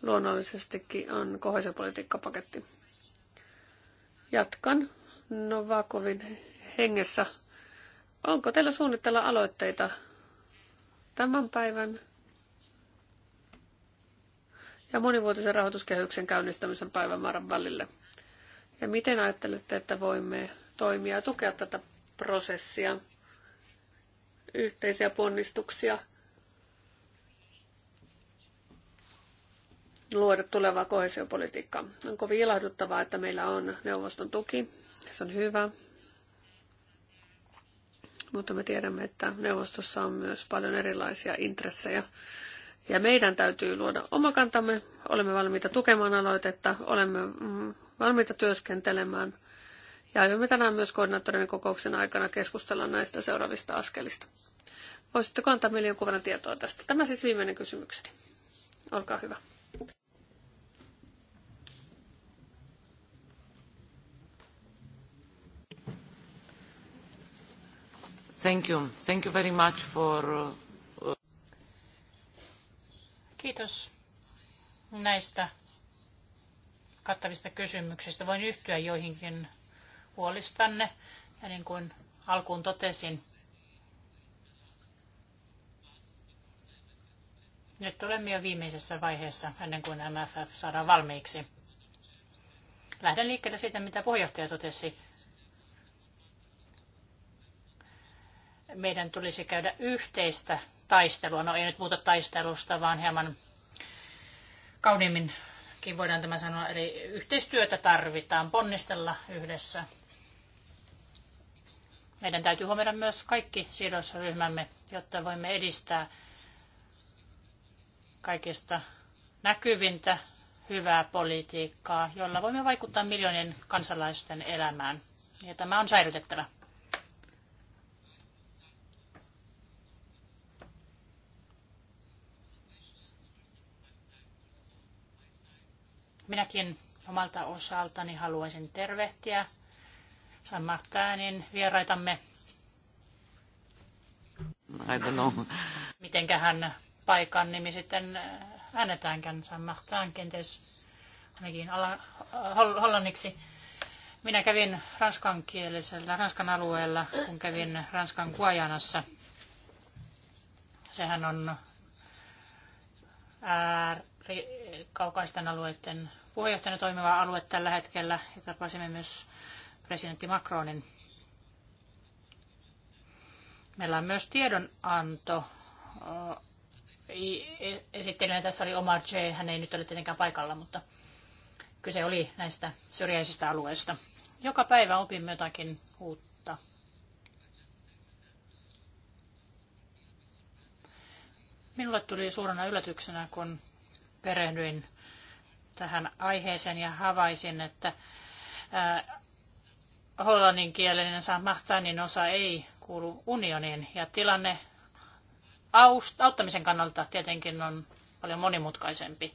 luonnollisestikin on kohesiopolitiikkapaketti. Jatkan Novakovin hengessä. Onko teillä suunnitella aloitteita tämän päivän ja monivuotisen rahoituskehyksen käynnistämisen päivämäärän välille? Ja miten ajattelette, että voimme toimia ja tukea tätä prosessia, yhteisiä ponnistuksia luoda tulevaa kohesiopolitiikkaa. On kovin ilahduttavaa, että meillä on neuvoston tuki. Se on hyvä. Mutta me tiedämme, että neuvostossa on myös paljon erilaisia intressejä. Ja meidän täytyy luoda oma kantamme. Olemme valmiita tukemaan aloitetta. Olemme mm, valmiita työskentelemään. Ja aiomme tänään myös koordinaattorin kokouksen aikana keskustella näistä seuraavista askelista. Voisitteko antaa meille jonkun verran tietoa tästä? Tämä siis viimeinen kysymykseni. Olkaa hyvä. Thank you. Thank you very much for... Uh, Kiitos näistä kattavista kysymyksistä. Voin yhtyä joihinkin huolistanne. Ja niin kuin alkuun totesin, Nyt olemme jo viimeisessä vaiheessa ennen kuin MFF saadaan valmiiksi. Lähden liikkeelle siitä, mitä puheenjohtaja totesi. Meidän tulisi käydä yhteistä taistelua. No ei nyt muuta taistelusta, vaan hieman kauniimminkin voidaan tämä sanoa. Eli yhteistyötä tarvitaan, ponnistella yhdessä. Meidän täytyy huomioida myös kaikki sidosryhmämme, jotta voimme edistää kaikista näkyvintä hyvää politiikkaa, jolla voimme vaikuttaa miljoonien kansalaisten elämään. Ja tämä on säilytettävä. Minäkin omalta osaltani haluaisin tervehtiä San Martinin vieraitamme. I don't know. Mitenkä hän paikan nimi sitten äh, äännetäänkin Saint-Martin kenties ainakin ala, äh, hol, hollanniksi. Minä kävin ranskankielisellä, ranskan alueella, kun kävin Ranskan Guajanassa. Sehän on ääri, kaukaisten alueiden puheenjohtajana toimiva alue tällä hetkellä. Ja tapasimme myös presidentti Macronin. Meillä on myös tiedonanto esittelijänä tässä oli Omar J. Hän ei nyt ole tietenkään paikalla, mutta kyse oli näistä syrjäisistä alueista. Joka päivä opimme jotakin uutta. Minulle tuli suurena yllätyksenä, kun perehdyin tähän aiheeseen ja havaisin, että Hollannin San Martinin osa ei kuulu unioniin ja tilanne auttamisen kannalta tietenkin on paljon monimutkaisempi.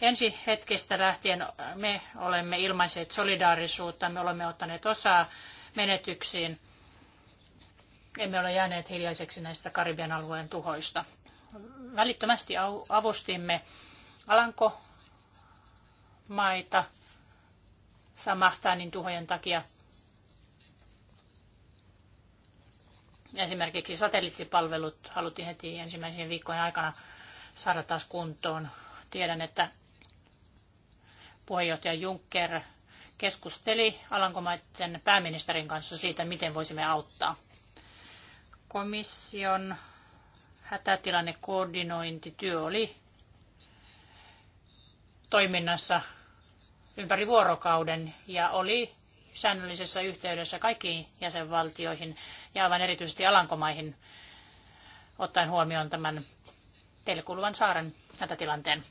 Ensi hetkestä lähtien me olemme ilmaiseet solidaarisuutta, me olemme ottaneet osaa menetyksiin. Emme ole jääneet hiljaiseksi näistä Karibian alueen tuhoista. Välittömästi avustimme Alanko-maita Samahtainin tuhojen takia. Esimerkiksi satelliittipalvelut haluttiin heti ensimmäisen viikkojen aikana saada taas kuntoon. Tiedän, että puheenjohtaja Juncker keskusteli Alankomaiden pääministerin kanssa siitä, miten voisimme auttaa. Komission hätätilannekoordinointityö oli toiminnassa ympäri vuorokauden ja oli säännöllisessä yhteydessä kaikkiin jäsenvaltioihin ja aivan erityisesti Alankomaihin ottaen huomioon tämän teille kuuluvan saaren hätätilanteen.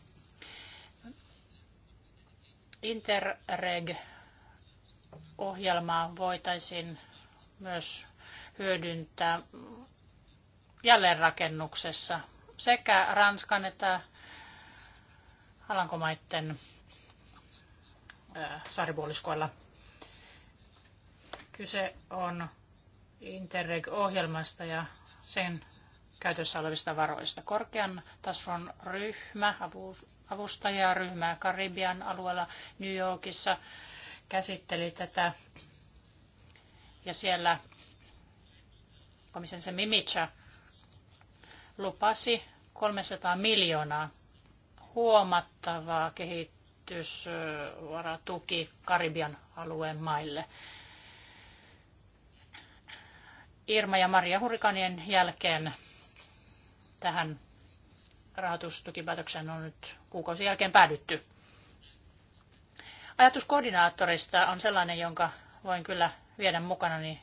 Interreg-ohjelmaa voitaisiin myös hyödyntää jälleenrakennuksessa sekä Ranskan että Alankomaiden saaripuoliskoilla – Kyse on Interreg-ohjelmasta ja sen käytössä olevista varoista. Korkean tason ryhmä, avustajaryhmä Karibian alueella New Yorkissa käsitteli tätä. Ja siellä komission se Mimicha lupasi 300 miljoonaa huomattavaa kehitysvaratuki Karibian alueen maille. Irma ja Maria Hurikanien jälkeen tähän rahoitustukipäätökseen on nyt kuukausi jälkeen päädytty. Ajatus koordinaattorista on sellainen, jonka voin kyllä viedä mukanani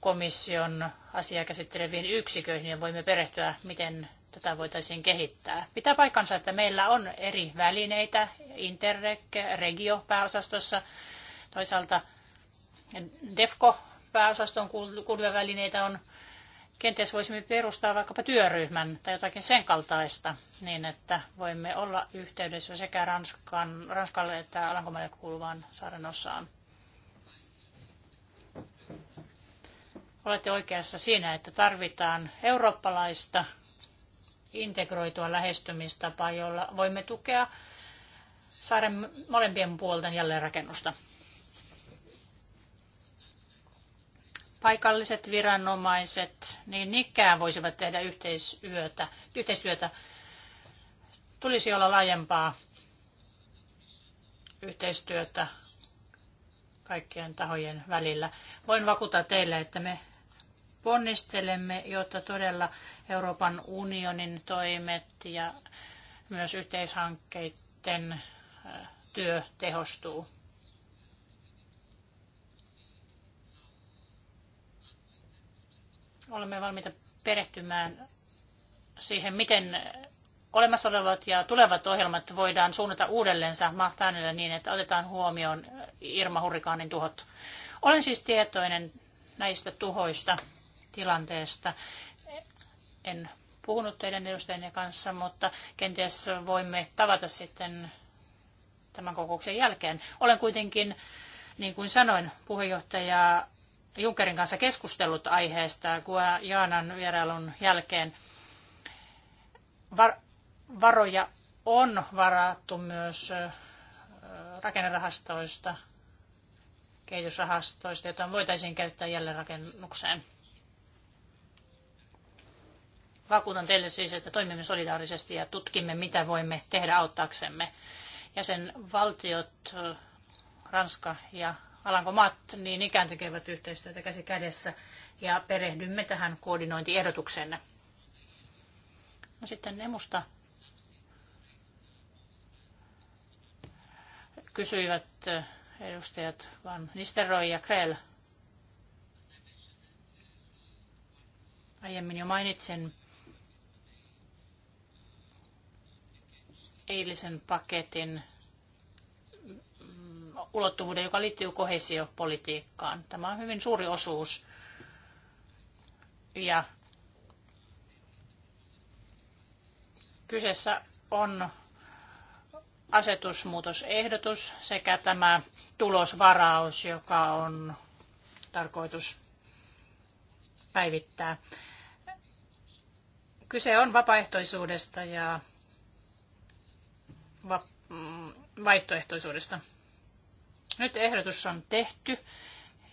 komission asiaa käsitteleviin yksiköihin ja voimme perehtyä, miten tätä voitaisiin kehittää. Pitää paikkansa, että meillä on eri välineitä, Interreg, Regio pääosastossa, toisaalta DEFCO pääosaston kuuluvia välineitä on. Kenties voisimme perustaa vaikkapa työryhmän tai jotakin sen kaltaista, niin että voimme olla yhteydessä sekä Ranskan, Ranskalle että Alankomaille kuuluvaan saaren osaan. Olette oikeassa siinä, että tarvitaan eurooppalaista integroitua lähestymistapaa, jolla voimme tukea saaren molempien puolten jälleenrakennusta. paikalliset viranomaiset niin ikään voisivat tehdä yhteistyötä. yhteistyötä. Tulisi olla laajempaa yhteistyötä kaikkien tahojen välillä. Voin vakuuttaa teille, että me ponnistelemme, jotta todella Euroopan unionin toimet ja myös yhteishankkeiden työ tehostuu. Olemme valmiita perehtymään siihen, miten olemassa olevat ja tulevat ohjelmat voidaan suunnata uudelleensa mahtaanille niin, että otetaan huomioon Irma-hurrikaanin tuhot. Olen siis tietoinen näistä tuhoista tilanteesta. En puhunut teidän edustajienne kanssa, mutta kenties voimme tavata sitten tämän kokouksen jälkeen. Olen kuitenkin, niin kuin sanoin, puheenjohtaja Junckerin kanssa keskustellut aiheesta Jaanan vierailun jälkeen. Var, varoja on varattu myös rakennerahastoista, kehitysrahastoista, joita voitaisiin käyttää jälleenrakennukseen. Vakuutan teille siis, että toimimme solidaarisesti ja tutkimme, mitä voimme tehdä auttaaksemme. Jäsenvaltiot, Ranska ja Alanko matt, niin ikään tekevät yhteistyötä käsi kädessä ja perehdymme tähän koordinointiehdotukseen. No sitten Nemusta kysyivät eh, edustajat Van Nisteroi ja Krell. Aiemmin jo mainitsin eilisen paketin ulottuvuuden, joka liittyy kohesiopolitiikkaan. Tämä on hyvin suuri osuus. Ja kyseessä on asetusmuutosehdotus sekä tämä tulosvaraus, joka on tarkoitus päivittää. Kyse on vapaaehtoisuudesta ja mm, vaihtoehtoisuudesta. Nyt ehdotus on tehty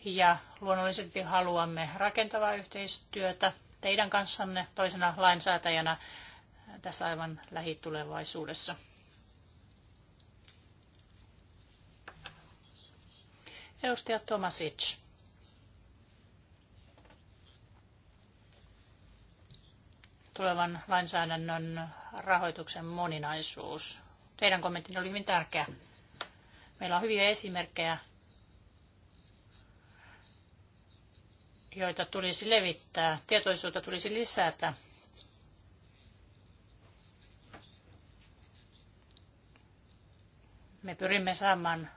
ja luonnollisesti haluamme rakentavaa yhteistyötä teidän kanssanne toisena lainsäätäjänä tässä aivan lähitulevaisuudessa. Edustaja Tomasic. Tulevan lainsäädännön rahoituksen moninaisuus. Teidän kommenttinne oli hyvin tärkeä. Meillä on hyviä esimerkkejä, joita tulisi levittää, tietoisuutta tulisi lisätä. Me pyrimme saamaan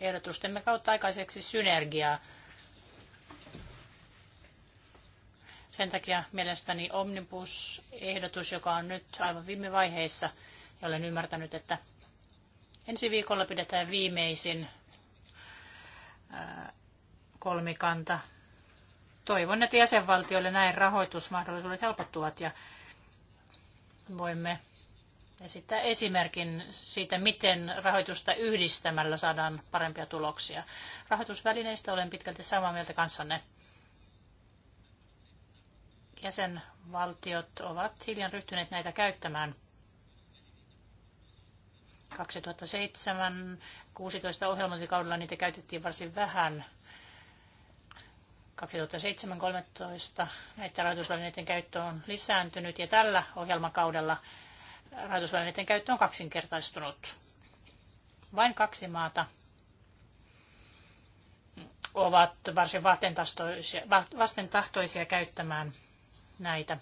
ehdotustemme kautta aikaiseksi synergiaa. Sen takia mielestäni Omnibus-ehdotus, joka on nyt aivan viime vaiheissa, ja olen ymmärtänyt, että Ensi viikolla pidetään viimeisin kolmikanta. Toivon, että jäsenvaltioille näin rahoitusmahdollisuudet helpottuvat ja voimme esittää esimerkin siitä, miten rahoitusta yhdistämällä saadaan parempia tuloksia. Rahoitusvälineistä olen pitkälti samaa mieltä kanssanne. Jäsenvaltiot ovat hiljan ryhtyneet näitä käyttämään – 2007-2016 ohjelmointikaudella niitä käytettiin varsin vähän. 2007-2013 näiden rahoitusvälineiden käyttö on lisääntynyt ja tällä ohjelmakaudella rahoitusvälineiden käyttö on kaksinkertaistunut. Vain kaksi maata ovat varsin vastentahtoisia, vastentahtoisia käyttämään näitä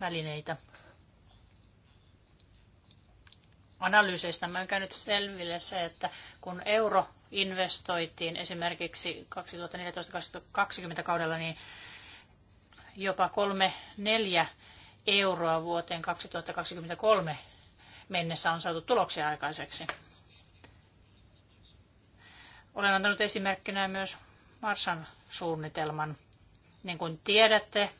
välineitä analyyseista on käynyt selville se, että kun euro investoitiin esimerkiksi 2014-2020 kaudella, niin jopa kolme neljä euroa vuoteen 2023 mennessä on saatu tuloksia aikaiseksi. Olen antanut esimerkkinä myös Marsan suunnitelman. Niin kuin tiedätte,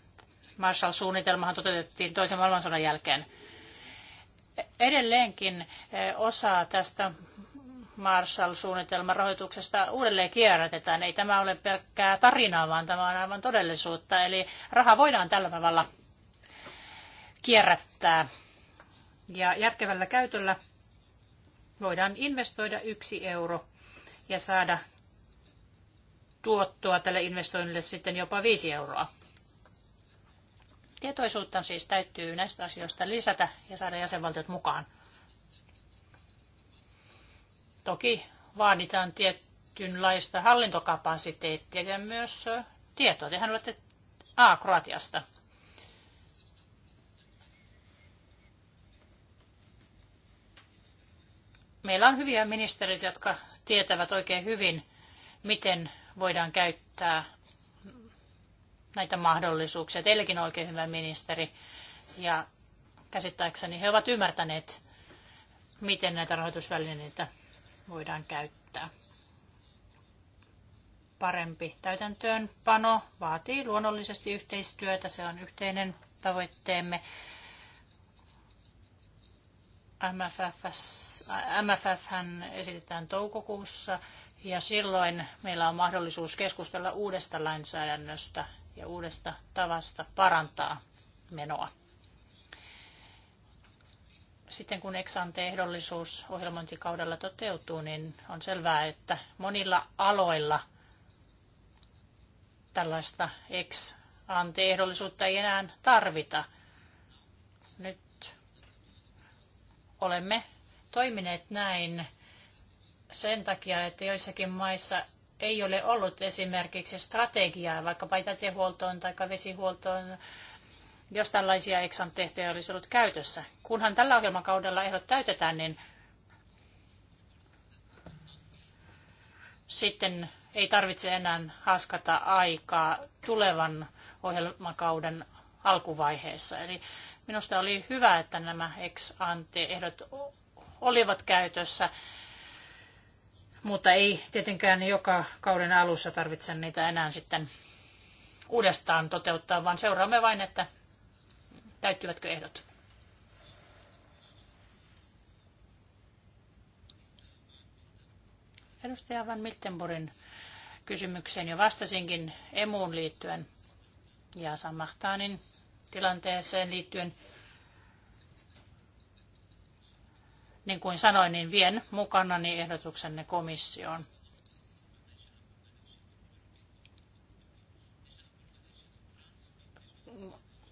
Marshall-suunnitelmahan toteutettiin toisen maailmansodan jälkeen – edelleenkin eh, osa tästä Marshall-suunnitelman rahoituksesta uudelleen kierrätetään. Ei tämä ole pelkkää tarinaa, vaan tämä on aivan todellisuutta. Eli raha voidaan tällä tavalla kierrättää. Ja järkevällä käytöllä voidaan investoida yksi euro ja saada tuottoa tälle investoinnille sitten jopa viisi euroa. Tietoisuutta siis täytyy näistä asioista lisätä ja saada jäsenvaltiot mukaan. Toki vaaditaan tietynlaista hallintokapasiteettia ja myös tietoa. Tehän olette A. Kroatiasta. Meillä on hyviä ministerit, jotka tietävät oikein hyvin, miten voidaan käyttää näitä mahdollisuuksia. Teilläkin on oikein hyvä ministeri. Ja käsittääkseni he ovat ymmärtäneet, miten näitä rahoitusvälineitä voidaan käyttää. Parempi täytäntöönpano vaatii luonnollisesti yhteistyötä. Se on yhteinen tavoitteemme. MFF esitetään toukokuussa ja silloin meillä on mahdollisuus keskustella uudesta lainsäädännöstä ja uudesta tavasta parantaa menoa. Sitten kun Exante-ehdollisuus ohjelmointikaudella toteutuu, niin on selvää, että monilla aloilla tällaista ex ehdollisuutta ei enää tarvita. Nyt olemme toimineet näin sen takia, että joissakin maissa ei ole ollut esimerkiksi strategiaa vaikkapa jätehuoltoon tai vesihuoltoon, jos tällaisia eksantehtoja olisi ollut käytössä. Kunhan tällä ohjelmakaudella ehdot täytetään, niin sitten ei tarvitse enää haskata aikaa tulevan ohjelmakauden alkuvaiheessa. Eli minusta oli hyvä, että nämä ex-ante-ehdot olivat käytössä mutta ei tietenkään joka kauden alussa tarvitse niitä enää sitten uudestaan toteuttaa, vaan seuraamme vain, että täyttyvätkö ehdot. Edustaja Van Miltenborin kysymykseen jo vastasinkin emuun liittyen ja Samahtaanin tilanteeseen liittyen. Niin kuin sanoin, niin vien mukanani ehdotuksenne komissioon.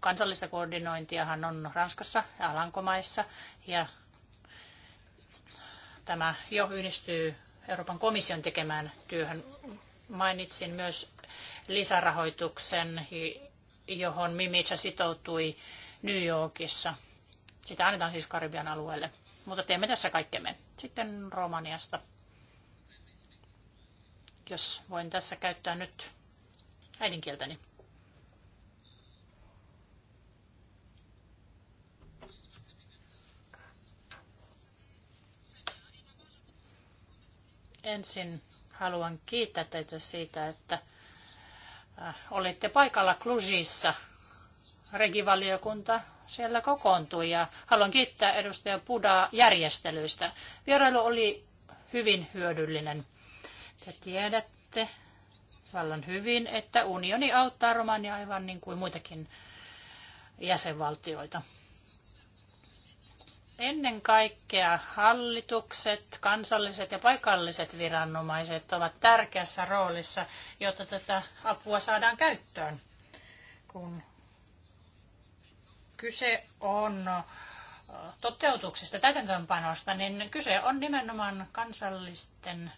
Kansallista koordinointiahan on Ranskassa ja Alankomaissa ja tämä jo yhdistyy Euroopan komission tekemään työhön. Mainitsin myös lisärahoituksen, johon Mimicha sitoutui New Yorkissa. Sitä annetaan siis Karibian alueelle mutta teemme tässä kaikkemme. Sitten Romaniasta. Jos voin tässä käyttää nyt äidinkieltäni. Ensin haluan kiittää teitä siitä, että äh, olitte paikalla Klujissa – regivaliokunta siellä kokoontui ja haluan kiittää edustaja Pudaa järjestelyistä. Vierailu oli hyvin hyödyllinen. Te tiedätte vallan hyvin, että unioni auttaa Romania aivan niin kuin muitakin jäsenvaltioita. Ennen kaikkea hallitukset, kansalliset ja paikalliset viranomaiset ovat tärkeässä roolissa, jotta tätä apua saadaan käyttöön, kun kyse on toteutuksesta, täytäntöönpanosta, niin kyse on nimenomaan kansallisten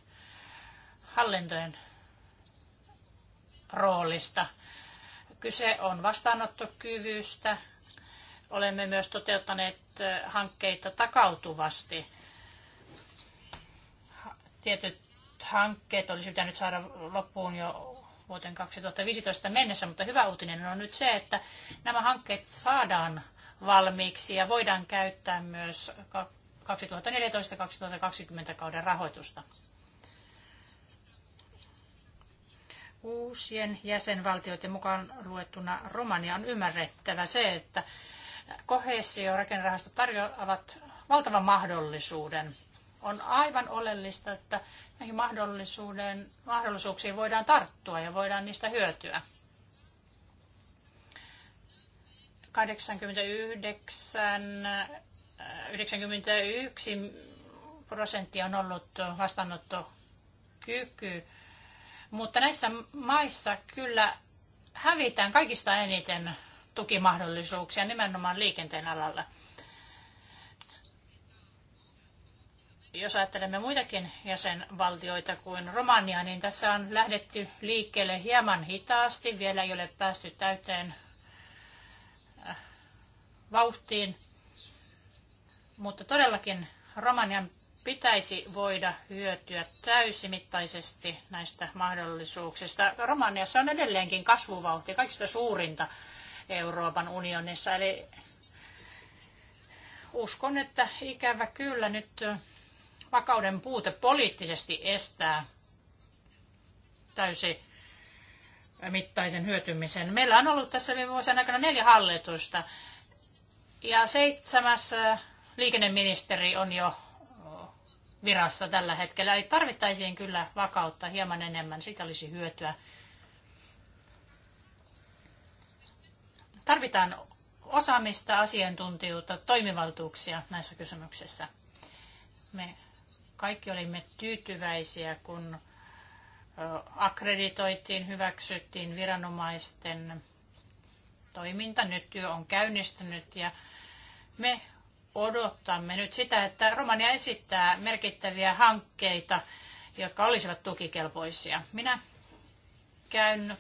hallintojen roolista. Kyse on vastaanottokyvystä. Olemme myös toteuttaneet hankkeita takautuvasti. Tietyt hankkeet olisi pitänyt saada loppuun jo vuoteen 2015 mennessä, mutta hyvä uutinen on nyt se, että nämä hankkeet saadaan valmiiksi ja voidaan käyttää myös 2014-2020 kauden rahoitusta. Uusien jäsenvaltioiden mukaan luettuna Romania on ymmärrettävä se, että koheesio- ja rakennerahasto tarjoavat valtavan mahdollisuuden on aivan oleellista, että näihin mahdollisuuden, mahdollisuuksiin voidaan tarttua ja voidaan niistä hyötyä. 89 91 prosenttia on ollut vastaanottokyky, mutta näissä maissa kyllä hävitään kaikista eniten tukimahdollisuuksia nimenomaan liikenteen alalla. Jos ajattelemme muitakin jäsenvaltioita kuin Romania, niin tässä on lähdetty liikkeelle hieman hitaasti. Vielä ei ole päästy täyteen äh, vauhtiin. Mutta todellakin Romanian pitäisi voida hyötyä täysimittaisesti näistä mahdollisuuksista. Romaniassa on edelleenkin kasvuvauhti kaikista suurinta Euroopan unionissa. Eli uskon, että ikävä kyllä nyt äh, vakauden puute poliittisesti estää täysi mittaisen hyötymisen. Meillä on ollut tässä viime vuosien aikana neljä hallitusta ja seitsemäs liikenneministeri on jo virassa tällä hetkellä. Eli tarvittaisiin kyllä vakautta hieman enemmän, siitä olisi hyötyä. Tarvitaan osaamista, asiantuntijuutta, toimivaltuuksia näissä kysymyksissä. Me kaikki olimme tyytyväisiä, kun akkreditoitiin, hyväksyttiin viranomaisten toiminta. Nyt työ on käynnistynyt ja me odottamme nyt sitä, että Romania esittää merkittäviä hankkeita, jotka olisivat tukikelpoisia. Minä käyn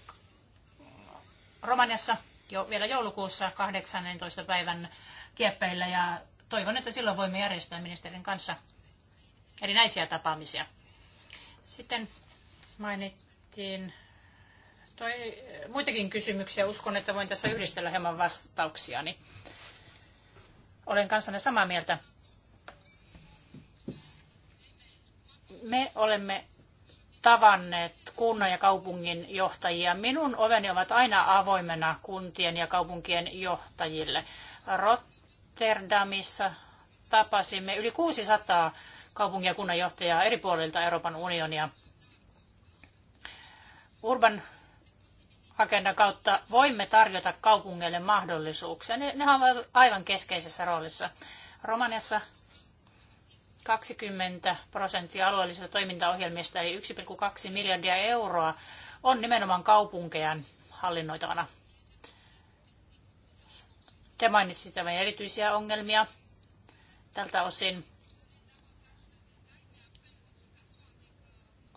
Romaniassa jo vielä joulukuussa 18. päivän kieppeillä ja toivon, että silloin voimme järjestää ministerin kanssa erinäisiä tapaamisia. Sitten mainittiin toi, muitakin kysymyksiä. Uskon, että voin tässä yhdistellä hieman vastauksiani. Olen kanssanne samaa mieltä. Me olemme tavanneet kunnan ja kaupungin johtajia. Minun oveni ovat aina avoimena kuntien ja kaupunkien johtajille. Rotterdamissa tapasimme yli 600 kaupungin ja kunnanjohtajaa eri puolilta Euroopan unionia. Urban agendan kautta voimme tarjota kaupungeille mahdollisuuksia. Ne, ne ovat aivan keskeisessä roolissa. Romaniassa 20 prosenttia alueellisista toimintaohjelmista, eli 1,2 miljardia euroa, on nimenomaan kaupunkejan hallinnoitavana. Te mainitsitte erityisiä ongelmia tältä osin.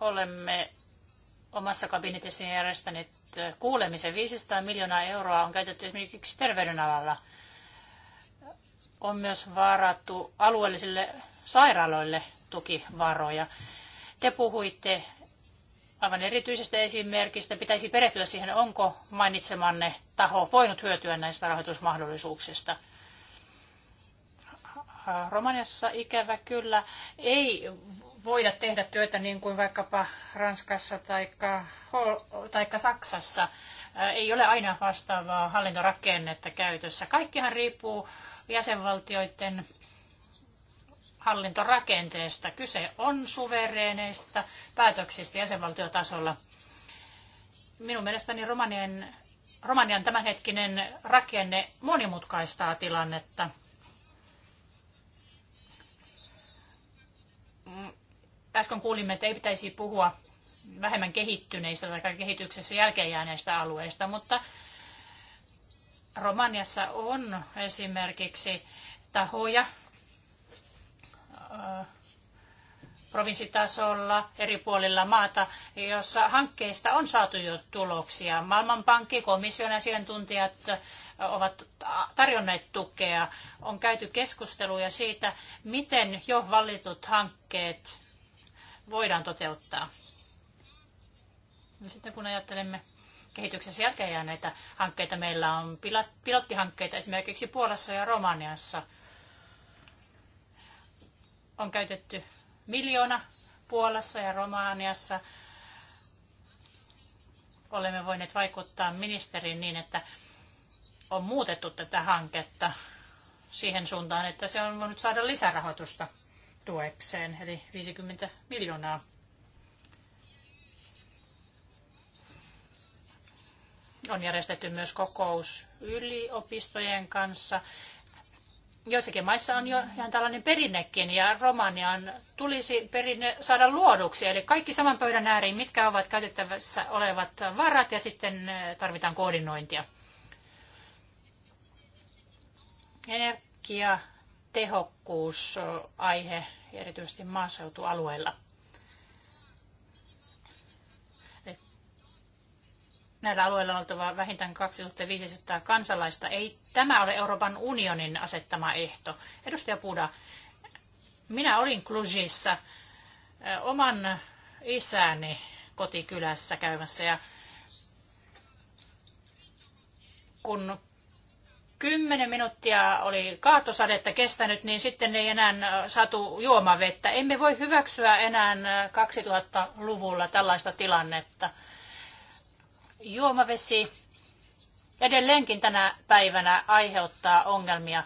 olemme omassa kabinetissani järjestäneet kuulemisen. 500 miljoonaa euroa on käytetty esimerkiksi terveydenalalla. On myös varattu alueellisille sairaaloille tukivaroja. Te puhuitte aivan erityisestä esimerkistä. Pitäisi perehtyä siihen, onko mainitsemanne taho voinut hyötyä näistä rahoitusmahdollisuuksista. Romaniassa ikävä kyllä ei voida tehdä työtä niin kuin vaikkapa Ranskassa tai Saksassa. Äh, ei ole aina vastaavaa hallintorakennetta käytössä. Kaikkihan riippuu jäsenvaltioiden hallintorakenteesta. Kyse on suvereeneista päätöksistä jäsenvaltiotasolla. Minun mielestäni Romanian, Romanian tämänhetkinen rakenne monimutkaistaa tilannetta – äsken kuulimme, että ei pitäisi puhua vähemmän kehittyneistä tai kehityksessä jälkeenjääneistä alueista, mutta Romaniassa on esimerkiksi tahoja provinssitasolla eri puolilla maata, jossa hankkeista on saatu jo tuloksia. Maailmanpankki, komission asiantuntijat ovat tarjonneet tukea. On käyty keskusteluja siitä, miten jo valitut hankkeet voidaan toteuttaa. No sitten kun ajattelemme kehityksessä jälkeen jääneitä hankkeita, meillä on pilottihankkeita esimerkiksi Puolassa ja Romaniassa. On käytetty miljoona Puolassa ja Romaniassa. Olemme voineet vaikuttaa ministeriin niin, että on muutettu tätä hanketta siihen suuntaan, että se on voinut saada lisärahoitusta tuekseen, eli 50 miljoonaa. On järjestetty myös kokous yliopistojen kanssa. Joissakin maissa on jo ihan tällainen perinnekin, ja Romanian tulisi perinne saada luoduksi. Eli kaikki saman pöydän ääriin, mitkä ovat käytettävissä olevat varat, ja sitten eh, tarvitaan koordinointia. Energia tehokkuusaihe, erityisesti maaseutualueilla. Näillä alueilla on oltava vähintään 2500 kansalaista. Ei tämä ole Euroopan unionin asettama ehto. Edustaja Puda, minä olin Klujissa oman isäni kotikylässä käymässä ja kun Kymmenen minuuttia oli kaatosadetta kestänyt, niin sitten ei enää saatu juomavettä. Emme voi hyväksyä enää 2000-luvulla tällaista tilannetta. Juomavesi edelleenkin tänä päivänä aiheuttaa ongelmia.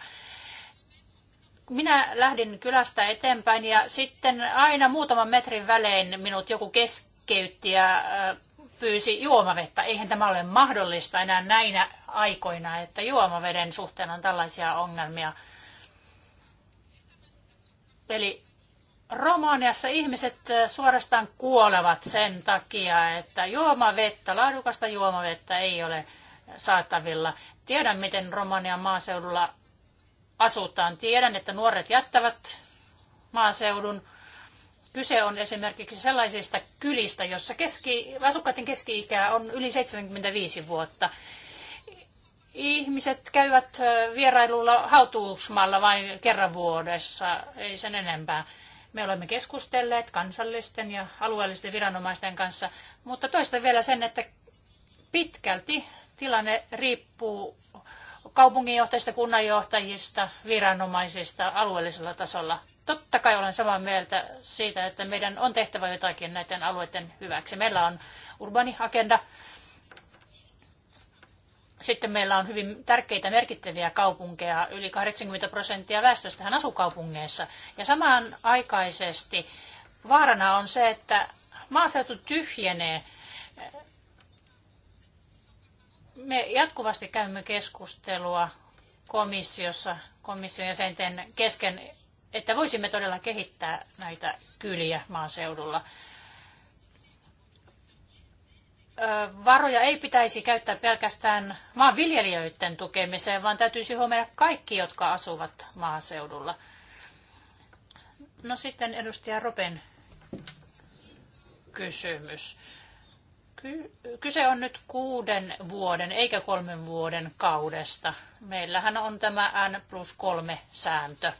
Minä lähdin kylästä eteenpäin ja sitten aina muutaman metrin välein minut joku keskeytti ja pyysi juomavettä. Eihän tämä ole mahdollista enää näinä aikoina, että juomaveden suhteen on tällaisia ongelmia. Eli Romaniassa ihmiset äh, suorastaan kuolevat sen takia, että juomavettä, laadukasta juomavettä ei ole saatavilla. Tiedän, miten Romanian maaseudulla asutaan. Tiedän, että nuoret jättävät maaseudun Kyse on esimerkiksi sellaisista kylistä, jossa keski, asukkaiden keski-ikä on yli 75 vuotta. Ihmiset käyvät vierailulla hautuusmaalla vain kerran vuodessa, ei sen enempää. Me olemme keskustelleet kansallisten ja alueellisten viranomaisten kanssa, mutta toista vielä sen, että pitkälti tilanne riippuu kaupunginjohtajista, kunnanjohtajista, viranomaisista alueellisella tasolla. Totta kai olen samaa mieltä siitä, että meidän on tehtävä jotakin näiden alueiden hyväksi. Meillä on urbani agenda. Sitten meillä on hyvin tärkeitä merkittäviä kaupunkeja. Yli 80 prosenttia väestöstähän asuu kaupungeissa. Ja samanaikaisesti vaarana on se, että maaseutu tyhjenee me jatkuvasti käymme keskustelua komissiossa, komission jäsenten kesken että voisimme todella kehittää näitä kyliä maaseudulla. Varoja ei pitäisi käyttää pelkästään maanviljelijöiden tukemiseen, vaan täytyisi huomioida kaikki, jotka asuvat maaseudulla. No sitten edustaja Ropen kysymys. Kyse on nyt kuuden vuoden eikä kolmen vuoden kaudesta. Meillähän on tämä N plus kolme sääntö.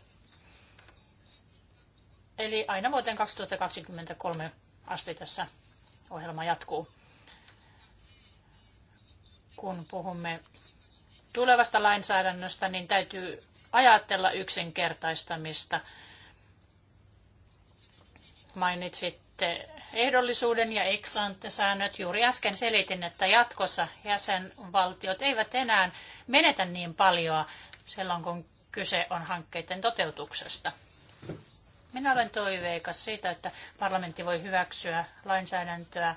Eli aina vuoteen 2023 asti tässä ohjelma jatkuu. Kun puhumme tulevasta lainsäädännöstä, niin täytyy ajatella yksinkertaistamista. Mainitsitte ehdollisuuden ja eksantesäännöt. Juuri äsken selitin, että jatkossa jäsenvaltiot eivät enää menetä niin paljon silloin, kun kyse on hankkeiden toteutuksesta. Minä olen toiveikas siitä, että parlamentti voi hyväksyä lainsäädäntöä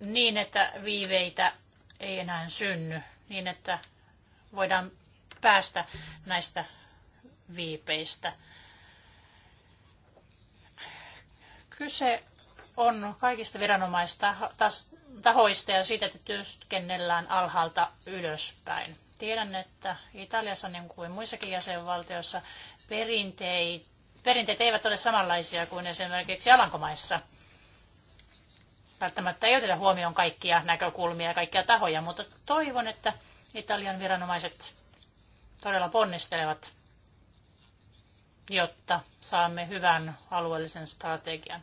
niin, että viiveitä ei enää synny, niin että voidaan päästä näistä viipeistä. Kyse on kaikista viranomaistahoista ja siitä, että työskennellään alhaalta ylöspäin. Tiedän, että Italiassa, niin kuin muissakin jäsenvaltioissa, perinteitä perinteet eivät ole samanlaisia kuin esimerkiksi Alankomaissa. Välttämättä ei oteta huomioon kaikkia näkökulmia ja kaikkia tahoja, mutta toivon, että Italian viranomaiset todella ponnistelevat, jotta saamme hyvän alueellisen strategian.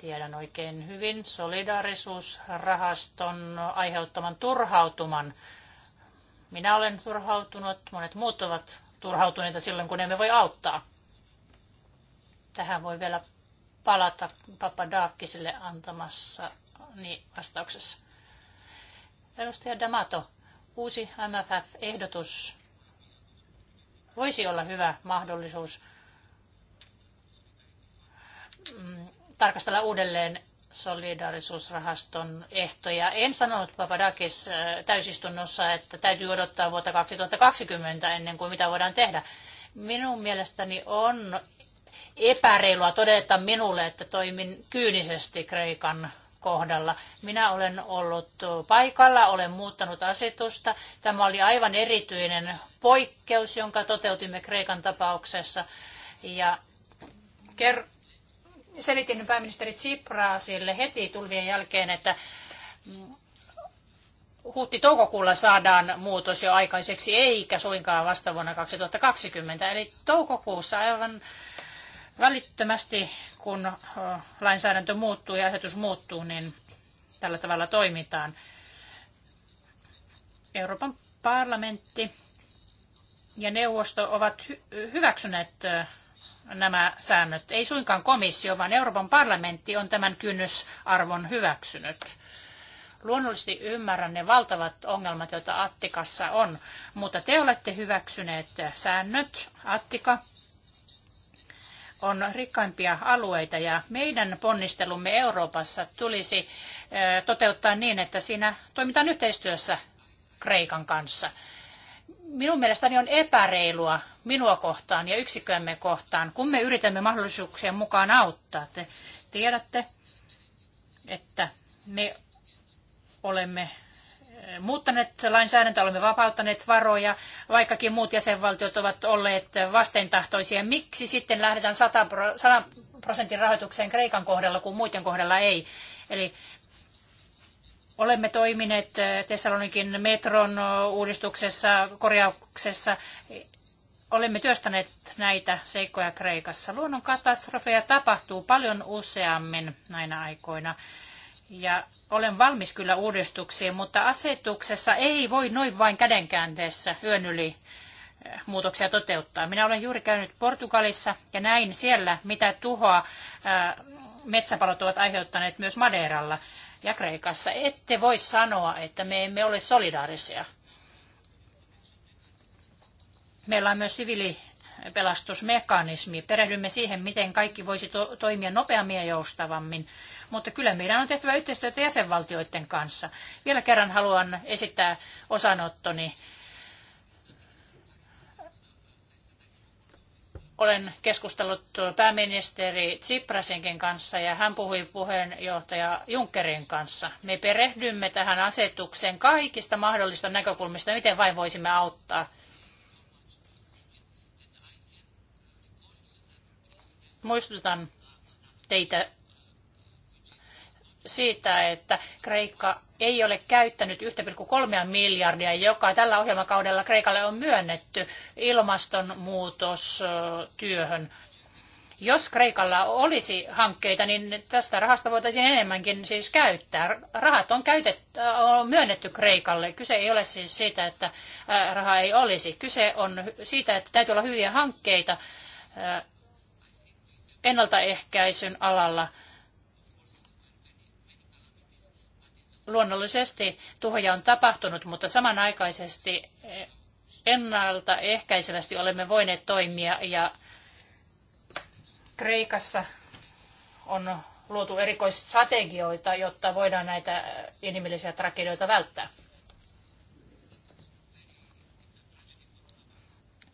Tiedän oikein hyvin solidaarisuusrahaston aiheuttaman turhautuman. Minä olen turhautunut, monet muut ovat turhautuneita silloin, kun emme voi auttaa. Tähän voi vielä palata Daakkisille antamassa niin vastauksessa. Edustaja Damato, uusi MFF-ehdotus voisi olla hyvä mahdollisuus mm, tarkastella uudelleen solidaarisuusrahaston ehtoja. En sanonut Papadakis äh, täysistunnossa, että täytyy odottaa vuotta 2020 ennen kuin mitä voidaan tehdä. Minun mielestäni on epäreilua todeta minulle, että toimin kyynisesti Kreikan kohdalla. Minä olen ollut paikalla, olen muuttanut asetusta. Tämä oli aivan erityinen poikkeus, jonka toteutimme Kreikan tapauksessa. Ja ker- selitin pääministeri Tsipraasille heti tulvien jälkeen, että huhti-toukokuulla saadaan muutos jo aikaiseksi, eikä suinkaan vasta vuonna 2020. Eli toukokuussa aivan välittömästi, kun lainsäädäntö muuttuu ja asetus muuttuu, niin tällä tavalla toimitaan. Euroopan parlamentti ja neuvosto ovat hyväksyneet nämä säännöt. Ei suinkaan komissio, vaan Euroopan parlamentti on tämän kynnysarvon hyväksynyt. Luonnollisesti ymmärrän ne valtavat ongelmat, joita Attikassa on, mutta te olette hyväksyneet säännöt. Attika on rikkaimpia alueita ja meidän ponnistelumme Euroopassa tulisi eh, toteuttaa niin, että siinä toimitaan yhteistyössä Kreikan kanssa minun mielestäni on epäreilua minua kohtaan ja yksikömme kohtaan, kun me yritämme mahdollisuuksien mukaan auttaa. Te tiedätte, että me olemme eh, muuttaneet lainsäädäntöä, olemme vapauttaneet varoja, vaikkakin muut jäsenvaltiot ovat olleet vastentahtoisia. Miksi sitten lähdetään 100 prosentin rahoitukseen Kreikan kohdalla, kun muiden kohdalla ei? Eli Olemme toimineet Thessalonikin metron uudistuksessa, korjauksessa. Olemme työstäneet näitä seikkoja Kreikassa. Luonnon katastrofeja tapahtuu paljon useammin näinä aikoina. Ja olen valmis kyllä uudistuksiin, mutta asetuksessa ei voi noin vain kädenkäänteessä yön yli eh, muutoksia toteuttaa. Minä olen juuri käynyt Portugalissa ja näin siellä, mitä tuhoa eh, metsäpalot ovat aiheuttaneet myös Madeiralla ja Kreikassa. Ette voi sanoa, että me emme ole solidaarisia. Meillä on myös siviilipelastusmekanismi. Perehdymme siihen, miten kaikki voisi to- toimia nopeammin ja joustavammin. Mutta kyllä meidän on tehtävä yhteistyötä jäsenvaltioiden kanssa. Vielä kerran haluan esittää osanottoni Olen keskustellut pääministeri Tsiprasinkin kanssa ja hän puhui puheenjohtaja Junckerin kanssa. Me perehdymme tähän asetukseen kaikista mahdollisista näkökulmista, miten vain voisimme auttaa. Muistutan teitä siitä, että Kreikka ei ole käyttänyt 1,3 miljardia, joka tällä ohjelmakaudella Kreikalle on myönnetty ilmastonmuutostyöhön. Jos Kreikalla olisi hankkeita, niin tästä rahasta voitaisiin enemmänkin siis käyttää. Rahat on, käytetty, on myönnetty Kreikalle. Kyse ei ole siis siitä, että rahaa ei olisi. Kyse on siitä, että täytyy olla hyviä hankkeita ennaltaehkäisyn alalla – Luonnollisesti tuhoja on tapahtunut, mutta samanaikaisesti eh, ennaltaehkäisevästi olemme voineet toimia ja Kreikassa on luotu erikoisstrategioita, jotta voidaan näitä inhimillisiä tragedioita välttää.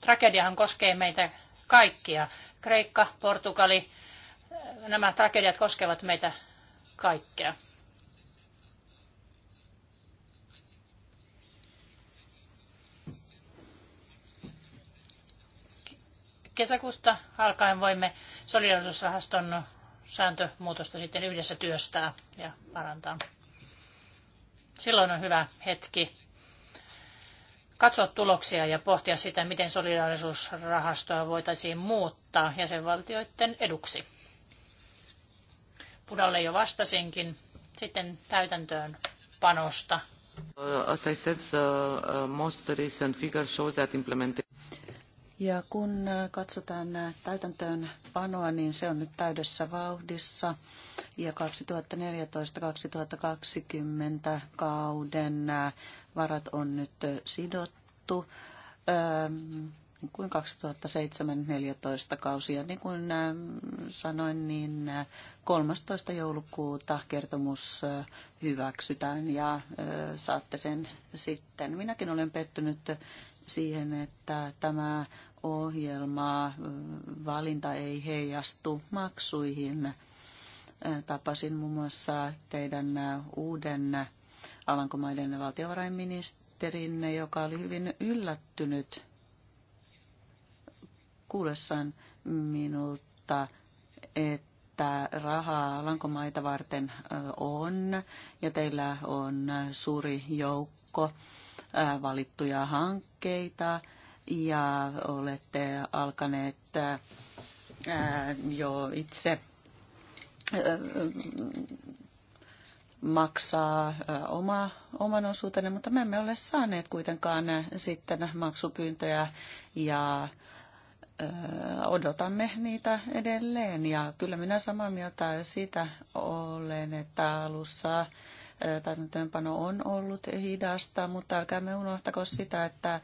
Tragediahan koskee meitä kaikkia. Kreikka, Portugali, eh, nämä tragediat koskevat meitä kaikkea. kesäkuusta alkaen voimme solidarisuusrahaston sääntömuutosta sitten yhdessä työstää ja parantaa. Silloin on hyvä hetki katsoa tuloksia ja pohtia sitä, miten solidaarisuusrahastoa voitaisiin muuttaa jäsenvaltioiden eduksi. Pudalle jo vastasinkin. Sitten täytäntöön panosta. Uh, as I said, the uh, most recent figure shows that implementation ja kun äh, katsotaan äh, täytäntöön panoa, niin se on nyt täydessä vauhdissa. Ja 2014-2020 kauden äh, varat on nyt sidottu. Ähm, niin kuin 2007-2014 kausia, niin kuin sanoin, niin 13. joulukuuta kertomus hyväksytään ja saatte sen sitten. Minäkin olen pettynyt siihen, että tämä ohjelma valinta ei heijastu maksuihin. Tapasin muun muassa teidän uuden Alankomaiden valtiovarainministerin, joka oli hyvin yllättynyt kuullessaan minulta, että rahaa Alankomaita varten on ja teillä on suuri joukko Äh, valittuja hankkeita ja olette alkaneet äh, jo itse äh, maksaa oma, oman osuutenne, mutta me emme ole saaneet kuitenkaan sitten maksupyyntöjä ja odotamme niitä edelleen. Ja kyllä minä samaa mieltä siitä olen, että alussa täytäntöönpano on ollut hidasta, mutta älkäämme unohtako sitä, että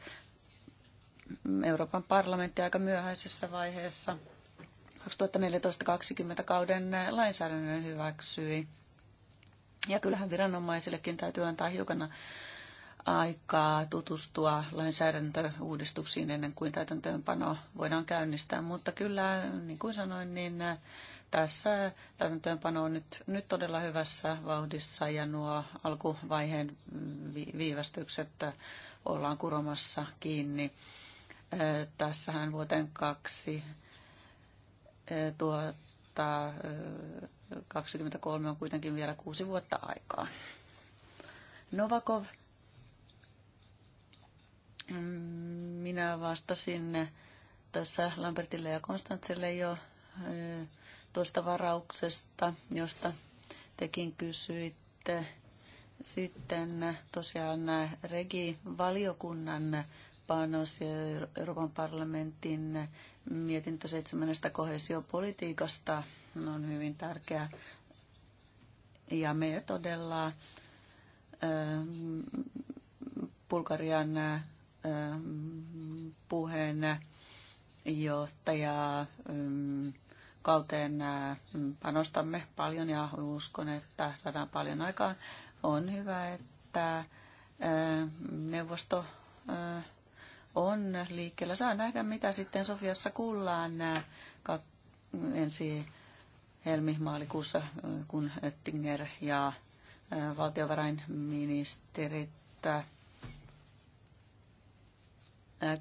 Euroopan parlamentti aika myöhäisessä vaiheessa 2014-2020 kauden lainsäädännön hyväksyi. Ja kyllähän viranomaisillekin täytyy antaa hiukan aikaa tutustua lainsäädäntöuudistuksiin ennen kuin täytäntöönpano voidaan käynnistää. Mutta kyllä, niin kuin sanoin, niin tässä täytäntöönpano on nyt, nyt todella hyvässä vauhdissa ja nuo alkuvaiheen viivästykset ollaan kuromassa kiinni. Tässähän vuoteen 2023 tuota, on kuitenkin vielä kuusi vuotta aikaa. Novakov, mm, minä vastasin tässä Lambertille ja Konstantselle jo tuosta varauksesta, josta tekin kysyitte. Sitten tosiaan Regi-valiokunnan panos ja Euroopan parlamentin mietintö seitsemännestä kohesiopolitiikasta on hyvin tärkeä. Ja me todella ähm, Bulgarian ähm, puheenjohtajaa johtajaa ähm, rakkauteen panostamme paljon ja uskon, että saadaan paljon aikaan. On hyvä, että neuvosto on liikkeellä. Saa nähdä, mitä sitten Sofiassa kuullaan ensi helmimaalikuussa, kun Öttinger ja valtiovarainministerit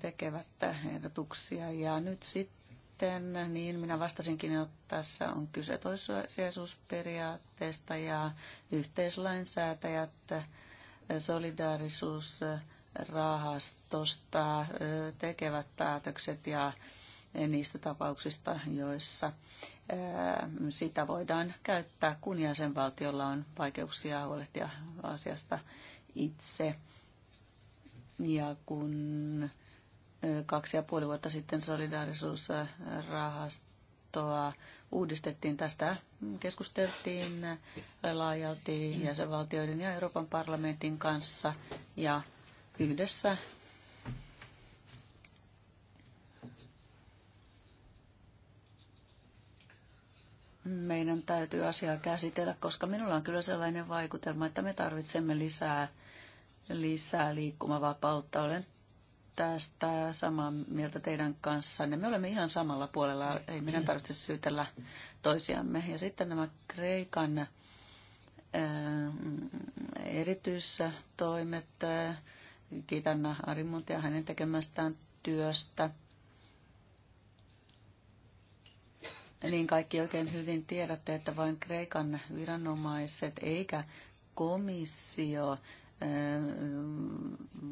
tekevät ehdotuksia. Ja nyt sitten sitten, niin minä vastasinkin, että tässä on kyse toissijaisuusperiaatteesta ja yhteislainsäätäjät solidaarisuusrahastosta tekevät päätökset ja niistä tapauksista, joissa sitä voidaan käyttää, kun jäsenvaltiolla on vaikeuksia huolehtia asiasta itse. Ja kun kaksi ja puoli vuotta sitten solidaarisuusrahastoa uudistettiin. Tästä keskusteltiin laajalti jäsenvaltioiden ja Euroopan parlamentin kanssa ja yhdessä meidän täytyy asiaa käsitellä, koska minulla on kyllä sellainen vaikutelma, että me tarvitsemme lisää, lisää liikkumavapautta. Olen tästä samaa mieltä teidän kanssa. Me olemme ihan samalla puolella, ei meidän tarvitse syytellä toisiamme. Ja sitten nämä Kreikan äh, erityistoimet. Äh, kiitän Arimuntia hänen tekemästään työstä. Niin kaikki oikein hyvin tiedätte, että vain Kreikan viranomaiset eikä komissio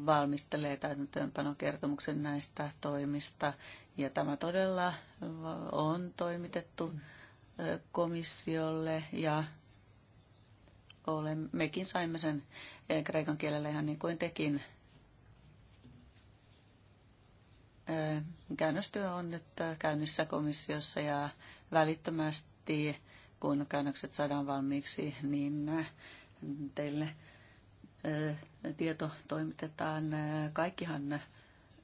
valmistelee täytäntöönpanokertomuksen näistä toimista. Ja tämä todella on toimitettu komissiolle ja olen, mekin saimme sen kreikan kielellä ihan niin kuin tekin. Käännöstyö on nyt käynnissä komissiossa ja välittömästi, kun käännökset saadaan valmiiksi, niin teille tieto toimitetaan. Kaikkihan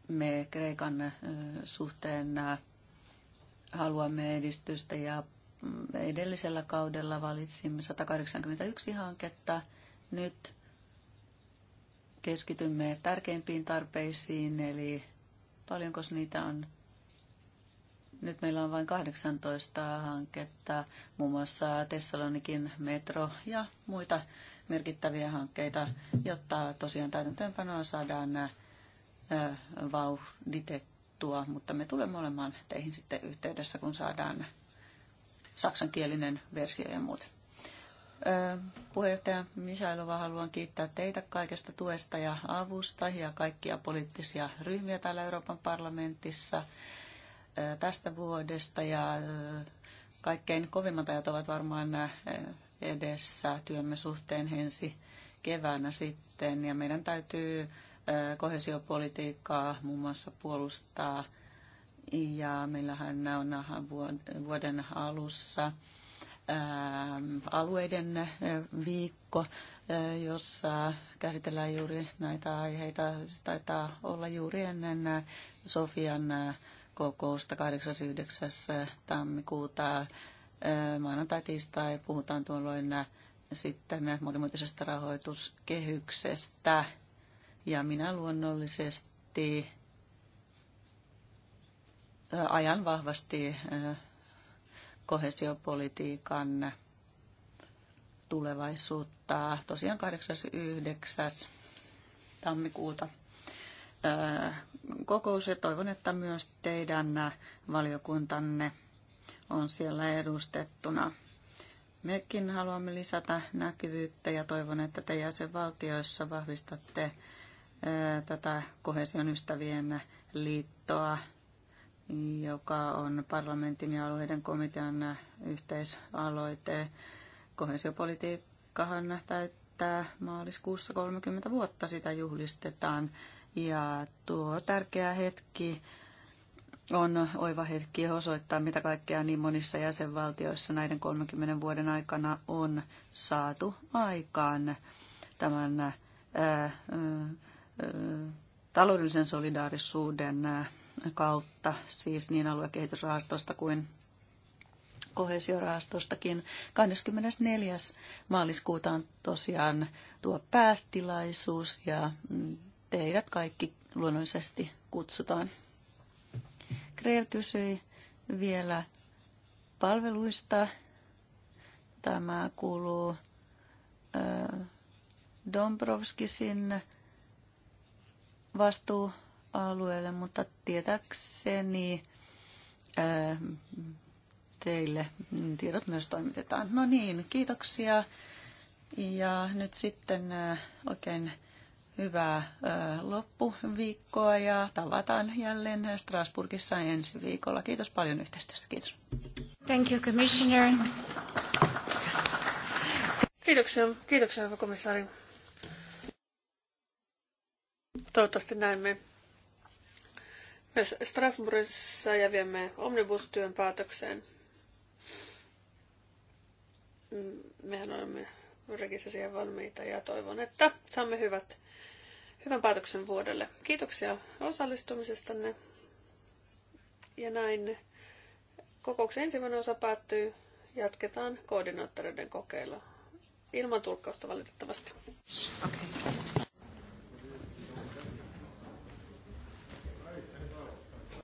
me Kreikan suhteen haluamme edistystä ja mm, edellisellä kaudella valitsimme 181 hanketta. Nyt keskitymme tärkeimpiin tarpeisiin, eli paljonko niitä on. Nyt meillä on vain 18 hanketta, muun muassa Tessalonikin metro ja muita merkittäviä hankkeita, jotta tosiaan täytäntöönpanoa saadaan äh, vauhditettua, mutta me tulemme olemaan teihin sitten yhteydessä, kun saadaan saksankielinen versio ja muut. Äh, puheenjohtaja Mihailova, haluan kiittää teitä kaikesta tuesta ja avusta ja kaikkia poliittisia ryhmiä täällä Euroopan parlamentissa äh, tästä vuodesta ja kaikkein kovimmat ajat ovat varmaan edessä työmme suhteen ensi keväänä sitten ja meidän täytyy kohesiopolitiikkaa muun muassa puolustaa ja meillähän on vuoden alussa alueiden viikko, jossa käsitellään juuri näitä aiheita. Se taitaa olla juuri ennen Sofian kokousta 8.9. tammikuuta maanantai-tiistai puhutaan tuolloin sitten monimuotoisesta rahoituskehyksestä. Ja minä luonnollisesti ajan vahvasti kohesiopolitiikan tulevaisuutta. Tosiaan 8.9. tammikuuta kokous ja toivon, että myös teidän valiokuntanne on siellä edustettuna. Mekin haluamme lisätä näkyvyyttä ja toivon, että te jäsenvaltioissa vahvistatte tätä kohesion ystävien liittoa, joka on parlamentin ja alueiden komitean yhteisaloite. Kohesiopolitiikkahan täyttää maaliskuussa 30 vuotta sitä juhlistetaan. Ja tuo tärkeä hetki on oiva hetki osoittaa, mitä kaikkea niin monissa jäsenvaltioissa näiden 30 vuoden aikana on saatu aikaan tämän ää, äh, ää, äh, taloudellisen solidaarisuuden äh, kautta, siis niin aluekehitysrahastosta kuin kohesiorahastostakin. 24. maaliskuuta on tosiaan tuo päätilaisuus ja mm, teidät kaikki luonnollisesti kutsutaan Kreel kysyi vielä palveluista. Tämä kuuluu Dombrovskisin vastuualueelle, mutta tietääkseni teille tiedot myös toimitetaan. No niin, kiitoksia. Ja nyt sitten oikein hyvää loppuviikkoa ja tavataan jälleen Strasburgissa ensi viikolla. Kiitos paljon yhteistyöstä. Kiitos. Thank you, Commissioner. Kiitoksia, kiitoksia hyvä komissaari. Toivottavasti näemme myös Strasbourgissa ja viemme omnibustyön päätökseen. Mm, mehän olemme rekissä siihen valmiita ja toivon, että saamme hyvät, hyvän päätöksen vuodelle. Kiitoksia osallistumisestanne. Ja näin kokouksen ensimmäinen osa päättyy. Jatketaan koordinaattoreiden kokeilla. Ilman tulkkausta valitettavasti. Okay.